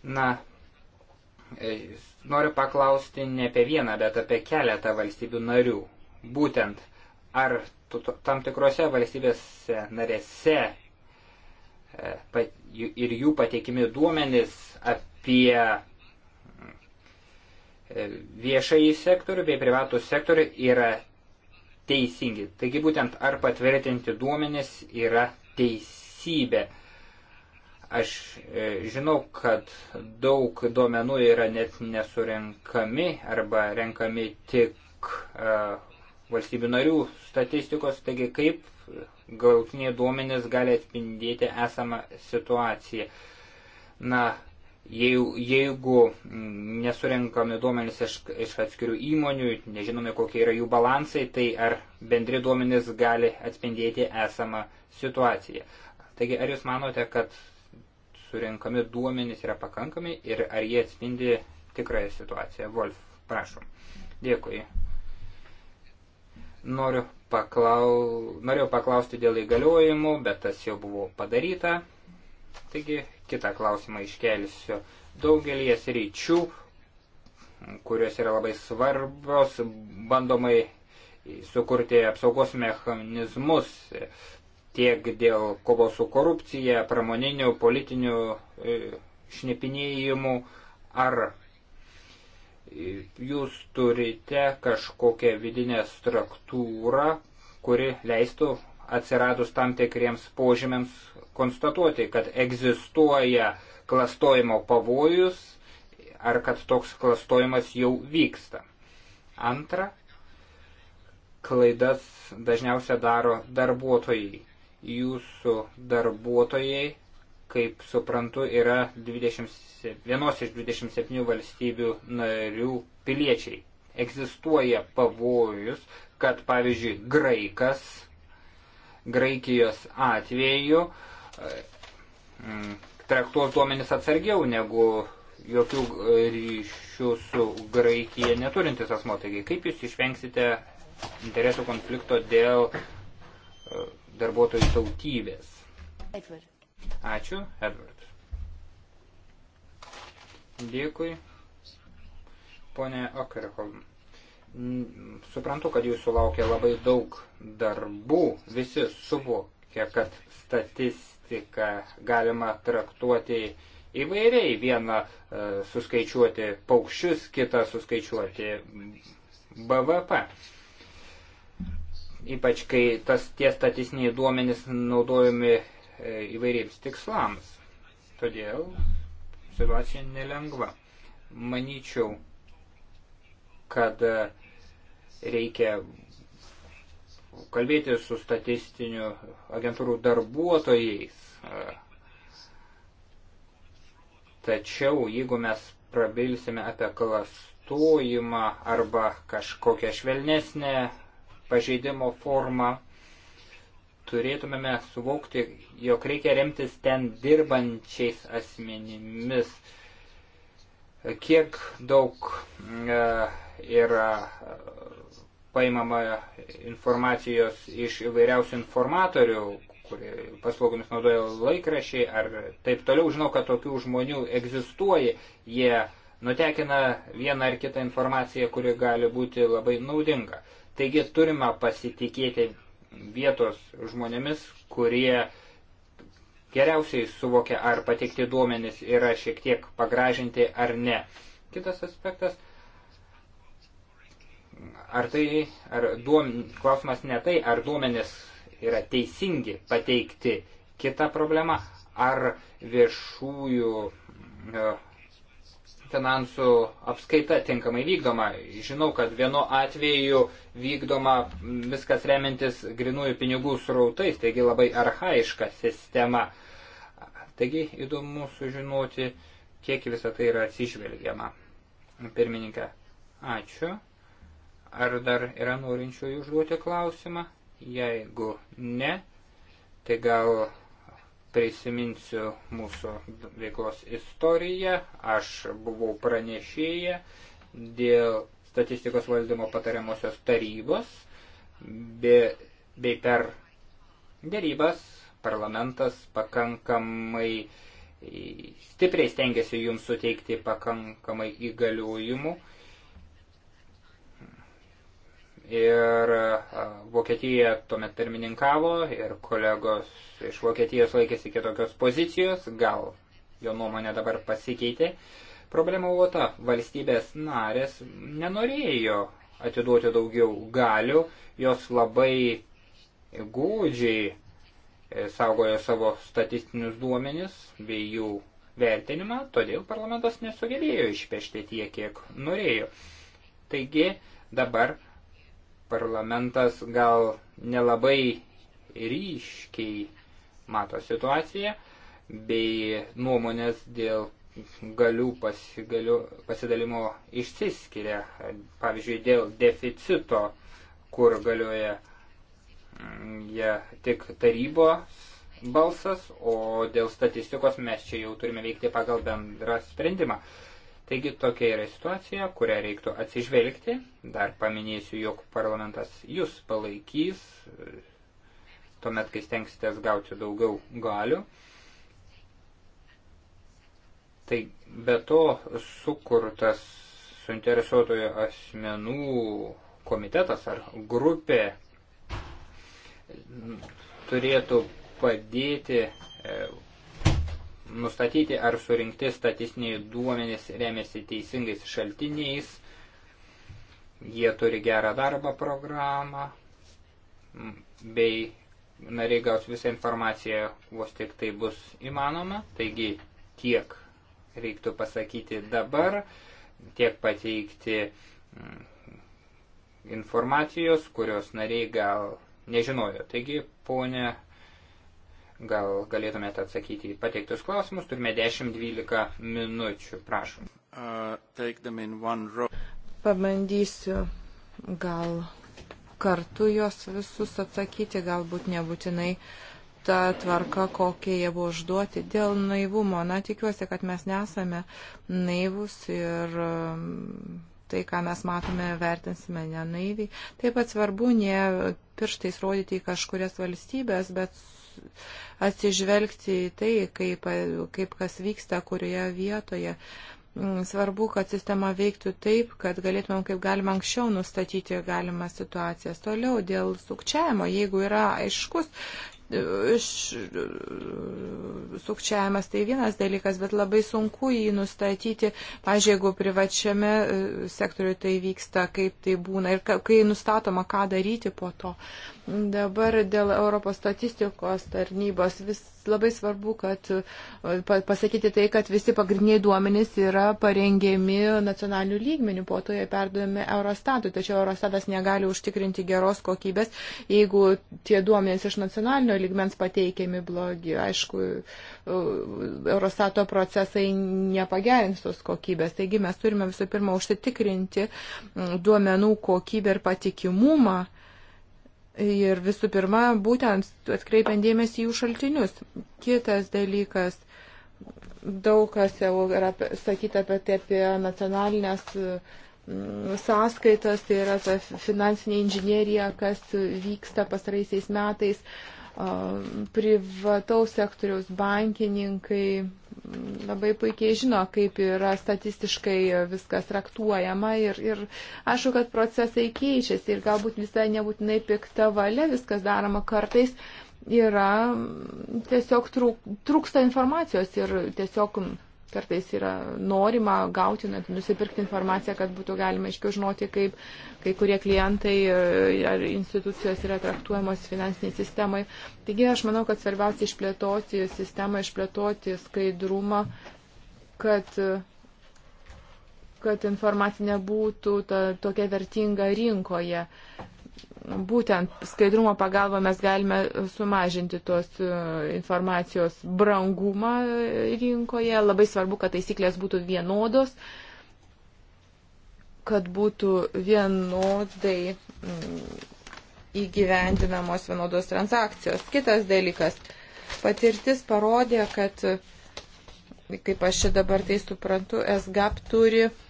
Speaker 1: Na, e, noriu paklausti ne apie vieną, bet apie keletą valstybių narių. Būtent, ar tam tikrose valstybėse narėse e, ir jų pateikimi duomenys apie viešąjį sektorių bei privatų sektorių yra teisingi. Taigi būtent ar patvirtinti duomenis yra teisybė. Aš e, žinau, kad daug duomenų yra net nesurenkami arba renkami tik uh, valstybių narių statistikos, taigi kaip galutiniai duomenys gali atspindėti esamą situaciją. Na, Jeigu nesurenkami duomenys iš, iš atskirių įmonių, nežinome, kokie yra jų balansai, tai ar bendri duomenys gali atspindėti esamą situaciją. Taigi, ar Jūs manote, kad surenkami duomenys yra pakankami ir ar jie atspindi tikrąją situaciją? Wolf, prašom. Dėkui. Noriu paklau... Norėjau paklausti dėl įgaliojimų, bet tas jau buvo padaryta. Taigi, kitą klausimą iškelsiu. Daugelį sričių, kurios yra labai svarbios, bandomai sukurti apsaugos mechanizmus tiek dėl kovos su korupcija, pramoninių, politinių e, šnipinėjimų, ar jūs turite kažkokią vidinę struktūrą, kuri leistų atsiradus tam tikriems požymiams konstatuoti, kad egzistuoja klastojimo pavojus ar kad toks klastojimas jau vyksta. Antra, klaidas dažniausia daro darbuotojai. Jūsų darbuotojai, kaip suprantu, yra 20, vienos iš 27 valstybių narių piliečiai. Egzistuoja pavojus, kad pavyzdžiui graikas Graikijos atveju e, traktuos duomenis atsargiau negu jokių e, ryšių su Graikija neturintis asmo. Taigi, kaip jūs išvengsite interesų konflikto dėl e, darbuotojų tautybės? Edward. Ačiū, Edward. Dėkui. Pone Okerholm. Mm, suprantu, kad jūsų laukia labai daug darbų, visi suvokia, kad statistiką galima traktuoti įvairiai. Vieną e, suskaičiuoti paukščius, kitą suskaičiuoti BVP. Ypač kai tas, tie statistiniai duomenys naudojami e, įvairiems tikslams. Todėl situacija nelengva. Manyčiau, kad uh, reikia kalbėti su statistiniu agentūrų darbuotojais. Tačiau jeigu mes prabilsime apie klastojimą arba kažkokią švelnesnę pažeidimo formą, turėtumėme suvokti, jog reikia remtis ten dirbančiais asmenimis. Kiek daug e, yra paimama informacijos iš įvairiausių informatorių, kurie paslaugomis naudoja laikrašiai ar taip toliau. Žinau, kad tokių žmonių egzistuoja. Jie nutekina vieną ar kitą informaciją, kuri gali būti labai naudinga. Taigi turime pasitikėti vietos žmonėmis, kurie geriausiai suvokia, ar patikti duomenys yra šiek tiek pagražinti ar ne. Kitas aspektas Ar tai, ar duom, klausimas ne tai, ar duomenis yra teisingi pateikti kitą problemą, ar viešųjų e, finansų apskaita tinkamai vykdoma. Žinau, kad vienu atveju vykdoma viskas remintis grinųjų pinigų srautais, taigi labai arhaiška sistema. Taigi įdomu sužinoti, kiek visą tai yra atsižvelgiama. Pirmininkė, ačiū. Ar dar yra norinčiųjų užduoti klausimą? Jeigu ne, tai gal prisiminsiu mūsų veiklos istoriją. Aš buvau pranešėję dėl statistikos valdymo patariamosios tarybos be, bei per dėrybas parlamentas pakankamai stipriai stengiasi jums suteikti pakankamai įgaliojimų ir Vokietija tuomet pirmininkavo ir kolegos iš Vokietijos laikėsi kitokios pozicijos, gal jo nuomonė dabar pasikeitė. Problema buvo ta, valstybės narės nenorėjo atiduoti daugiau galių, jos labai gūdžiai e, saugojo savo statistinius duomenis bei jų vertinimą, todėl parlamentas nesugebėjo išpešti tiek, kiek norėjo. Taigi dabar parlamentas gal nelabai ryškiai mato situaciją, bei nuomonės dėl galių pasigaliu, pasidalimo išsiskiria. Pavyzdžiui, dėl deficito, kur galioja mm, ja, tik tarybos balsas, o dėl statistikos mes čia jau turime veikti pagal bendrą sprendimą. Uh, Taigi tokia yra situacija, kurią reiktų atsižvelgti. Dar paminėsiu, jog parlamentas jūs palaikys, tuomet, kai stengsitės gauti daugiau galių. Tai be to sukurtas suinteresuotojo asmenų komitetas ar grupė turėtų padėti e, nustatyti, ar surinkti statistiniai duomenys remiasi teisingais šaltiniais, jie turi gerą darbo programą, bei nariai gaus visą informaciją, vos tik tai bus įmanoma. Taigi tiek reiktų pasakyti dabar, tiek pateikti informacijos, kurios nariai gal nežinojo. Taigi, ponė Gal galėtumėte atsakyti į pateiktus klausimus. Turime 10-12 minučių, prašom. Uh,
Speaker 3: Pabandysiu gal kartu juos visus atsakyti, galbūt nebūtinai ta tvarka, kokie jie buvo užduoti dėl naivumo. Na, tikiuosi, kad mes nesame naivus ir um, tai, ką mes matome, vertinsime nenaiviai. Taip pat svarbu ne pirštais rodyti į kažkurias valstybės, bet atsižvelgti į tai, kaip, kaip kas vyksta, kurioje vietoje. Mm, svarbu, kad sistema veiktų taip, kad galėtumėm kaip galima anksčiau nustatyti galimas situacijas. Toliau dėl sukčiavimo, jeigu yra aiškus E, sukčiavimas tai vienas dalykas, bet labai sunku jį nustatyti, pažiūrėjau, jeigu privačiame e, sektoriu tai vyksta, kaip tai būna ir kai nustatoma, ką daryti po to. Dabar dėl Europos statistikos tarnybos vis labai svarbu, kad pasakyti tai, kad visi pagrindiniai duomenys yra parengiami nacionalinių lygmenių, po to jie perduodami Eurostatui. Tačiau Eurostatas negali užtikrinti geros kokybės, jeigu tie duomenys iš nacionalinio lygmens pateikiami blogi. Aišku, Eurostato procesai nepagerins tos kokybės. Taigi mes turime visų pirma užsitikrinti duomenų kokybę ir patikimumą Ir visų pirma, būtent atkreipiant dėmesį jų šaltinius. Kitas dalykas, daug kas jau yra sakyta apie tai, apie nacionalinės mm, sąskaitas, tai yra ta finansinė inžinierija, kas vyksta pastaraisiais metais privataus sektoriaus bankininkai labai puikiai žino, kaip yra statistiškai viskas traktuojama ir, ir aišku, kad procesai keičiasi ir galbūt visai nebūtinai pikta valia viskas daroma kartais yra tiesiog trūksta informacijos ir tiesiog Kartais yra norima gauti, nusipirkti informaciją, kad būtų galima aiškiau žinoti, kaip kai kurie klientai e, ar institucijos yra traktuojamos finansiniai sistemai. Taigi aš manau, kad svarbiausia išplėtoti sistemą, išplėtoti skaidrumą, kad e, kad informacija nebūtų ta, tokia vertinga rinkoje būtent skaidrumo pagalba mes galime sumažinti tos e, informacijos brangumą rinkoje. Labai svarbu, kad taisyklės būtų vienodos, kad būtų vienodai mm, įgyvendinamos vienodos transakcijos. Kitas dalykas. Patirtis parodė, kad, kaip aš čia dabar tai suprantu, SGAP turi uh,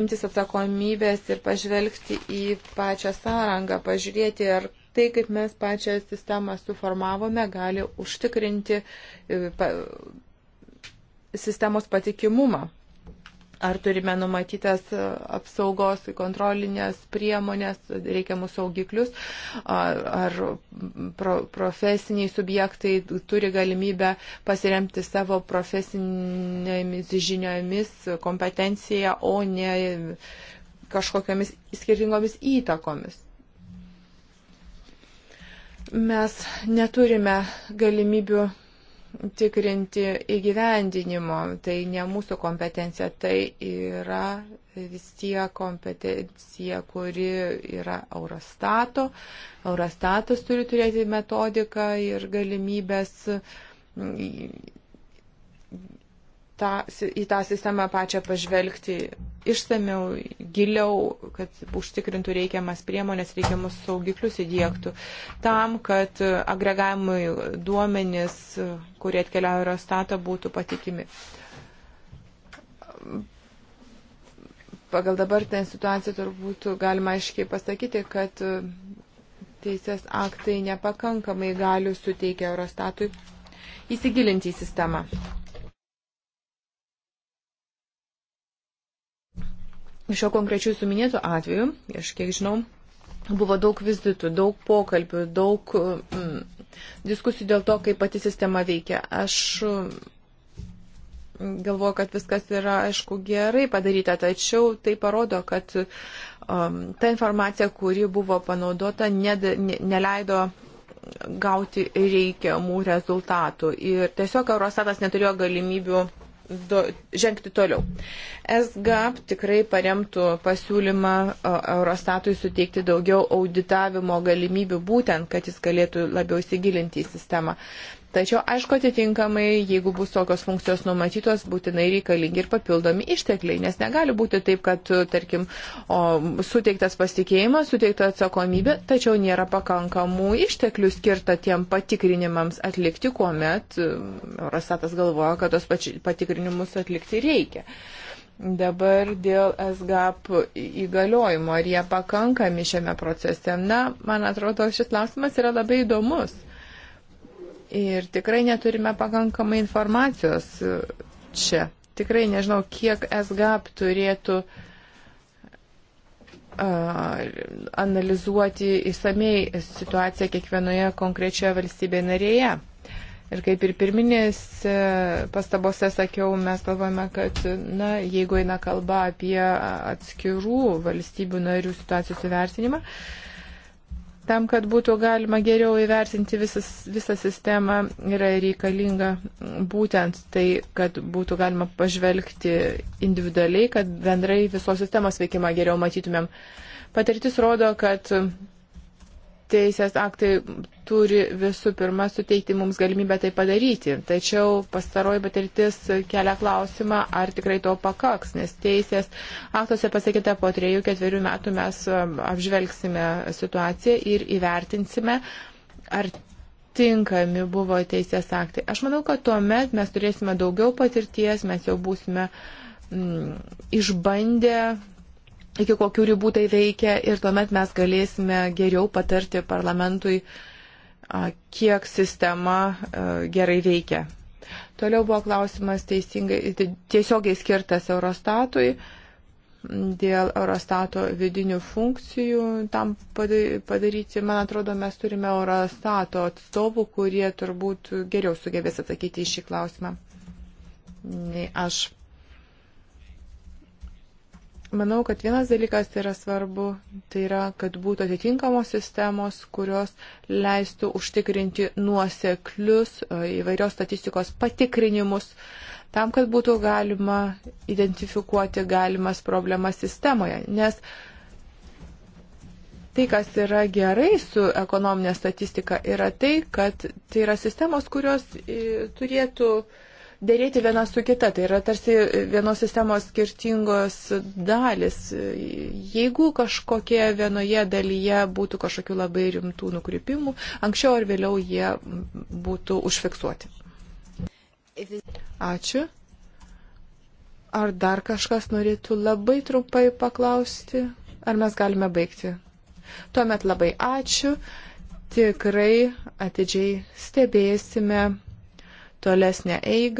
Speaker 3: imtis atsakomybės ir pažvelgti į pačią sąrangą, pažiūrėti, ar tai, kaip mes pačią sistemą suformavome, gali užtikrinti e, sistemos patikimumą ar turime numatytas e, apsaugos kontrolinės priemonės, reikiamus saugiklius, ar pro, profesiniai subjektai turi galimybę pasiremti savo profesinėmis žiniomis, kompetencija, o ne kažkokiamis skirtingomis įtakomis. Mes neturime galimybių tikrinti įgyvendinimo. Tai ne mūsų kompetencija, tai yra vis tiek kompetencija, kuri yra Eurostato. Eurostatas turi turėti metodiką ir galimybės tą, į tą sistemą pačią pažvelgti išsamiau, giliau, kad užtikrintų reikiamas priemonės, reikiamus saugiklius įdėktų, tam, kad agregavimui duomenys, kurie atkeliauja Eurostatą, būtų patikimi. Pagal dabartinę situaciją turbūt galima aiškiai pasakyti, kad teisės aktai nepakankamai galių suteikia Eurostatui įsigilinti į sistemą. šio konkrečiai suminėtų atveju, aš kiek žinau, buvo daug vizitų, daug pokalbių, daug mm, diskusijų dėl to, kaip pati sistema veikia. Aš mm, galvoju, kad viskas yra, aišku, gerai padaryta, tačiau tai parodo, kad um, ta informacija, kuri buvo panaudota, ne, ne, neleido gauti reikiamų rezultatų. Ir tiesiog Eurostatas neturėjo galimybių do, žengti toliau. SGAP tikrai paremtų pasiūlymą Eurostatui suteikti daugiau auditavimo galimybių būtent, kad jis galėtų labiau įsigilinti į sistemą. Tačiau, aišku, atitinkamai, jeigu bus tokios funkcijos numatytos, būtinai reikalingi ir papildomi ištekliai, nes negali būti taip, kad, tarkim, o, suteiktas pasitikėjimas, suteikta atsakomybė, tačiau nėra pakankamų išteklių skirta tiem patikrinimams atlikti, kuomet e, Eurostatas galvoja, kad tos patikrinimus atlikti reikia. Dabar dėl SGAP įgaliojimo, ar jie pakankami šiame procese? Na, man atrodo, šis klausimas yra labai įdomus. Ir tikrai neturime pakankamai informacijos e, čia. Tikrai nežinau, kiek SGAP turėtų uh, analizuoti įsamei situaciją kiekvienoje konkrečioje valstybėje narėje. Ir kaip ir pirminės e, pastabose sakiau, mes galvojame, kad na, jeigu eina kalba apie atskirų valstybių narių situacijos įvertinimą, uh, Tam, kad būtų galima geriau įvertinti visas, visą sistemą, yra reikalinga būtent tai, kad būtų galima pažvelgti individualiai, kad bendrai visos sistemos veikimą geriau matytumėm. Patirtis rodo, kad teisės aktai turi visų pirma suteikti mums galimybę tai padaryti. Tačiau pastaroji patirtis kelia klausimą, ar tikrai to pakaks, nes teisės aktuose pasakyta po trejų, ketverių metų mes um, apžvelgsime situaciją ir įvertinsime, ar tinkami buvo teisės aktai. Aš manau, kad tuomet mes turėsime daugiau patirties, mes jau būsime mm, išbandę iki kokių ribų tai veikia ir tuomet mes galėsime geriau patarti parlamentui, kiek sistema gerai veikia. Toliau buvo klausimas tiesiogiai skirtas Eurostatui dėl Eurostato vidinių funkcijų tam padaryti. Man atrodo, mes turime Eurostato atstovų, kurie turbūt geriau sugebės atsakyti į šį klausimą nei aš. Manau, kad vienas dalykas tai yra svarbu, tai yra, kad būtų atitinkamos sistemos, kurios leistų užtikrinti nuoseklius e, įvairios statistikos patikrinimus, tam, kad būtų galima identifikuoti galimas problemas sistemoje. Nes tai, kas yra gerai su ekonominė statistika, yra tai, kad tai yra sistemos, kurios e, turėtų uh, dėrėti viena su kita. Tai yra tarsi vienos sistemos skirtingos dalis. Jeigu kažkokie vienoje dalyje būtų kažkokių labai rimtų nukrypimų, anksčiau ar vėliau jie būtų užfiksuoti. Ačiū. Ar dar kažkas norėtų labai trumpai paklausti? Ar mes galime baigti? Tuomet labai ačiū. Tikrai atidžiai stebėsime tolesnę eigą.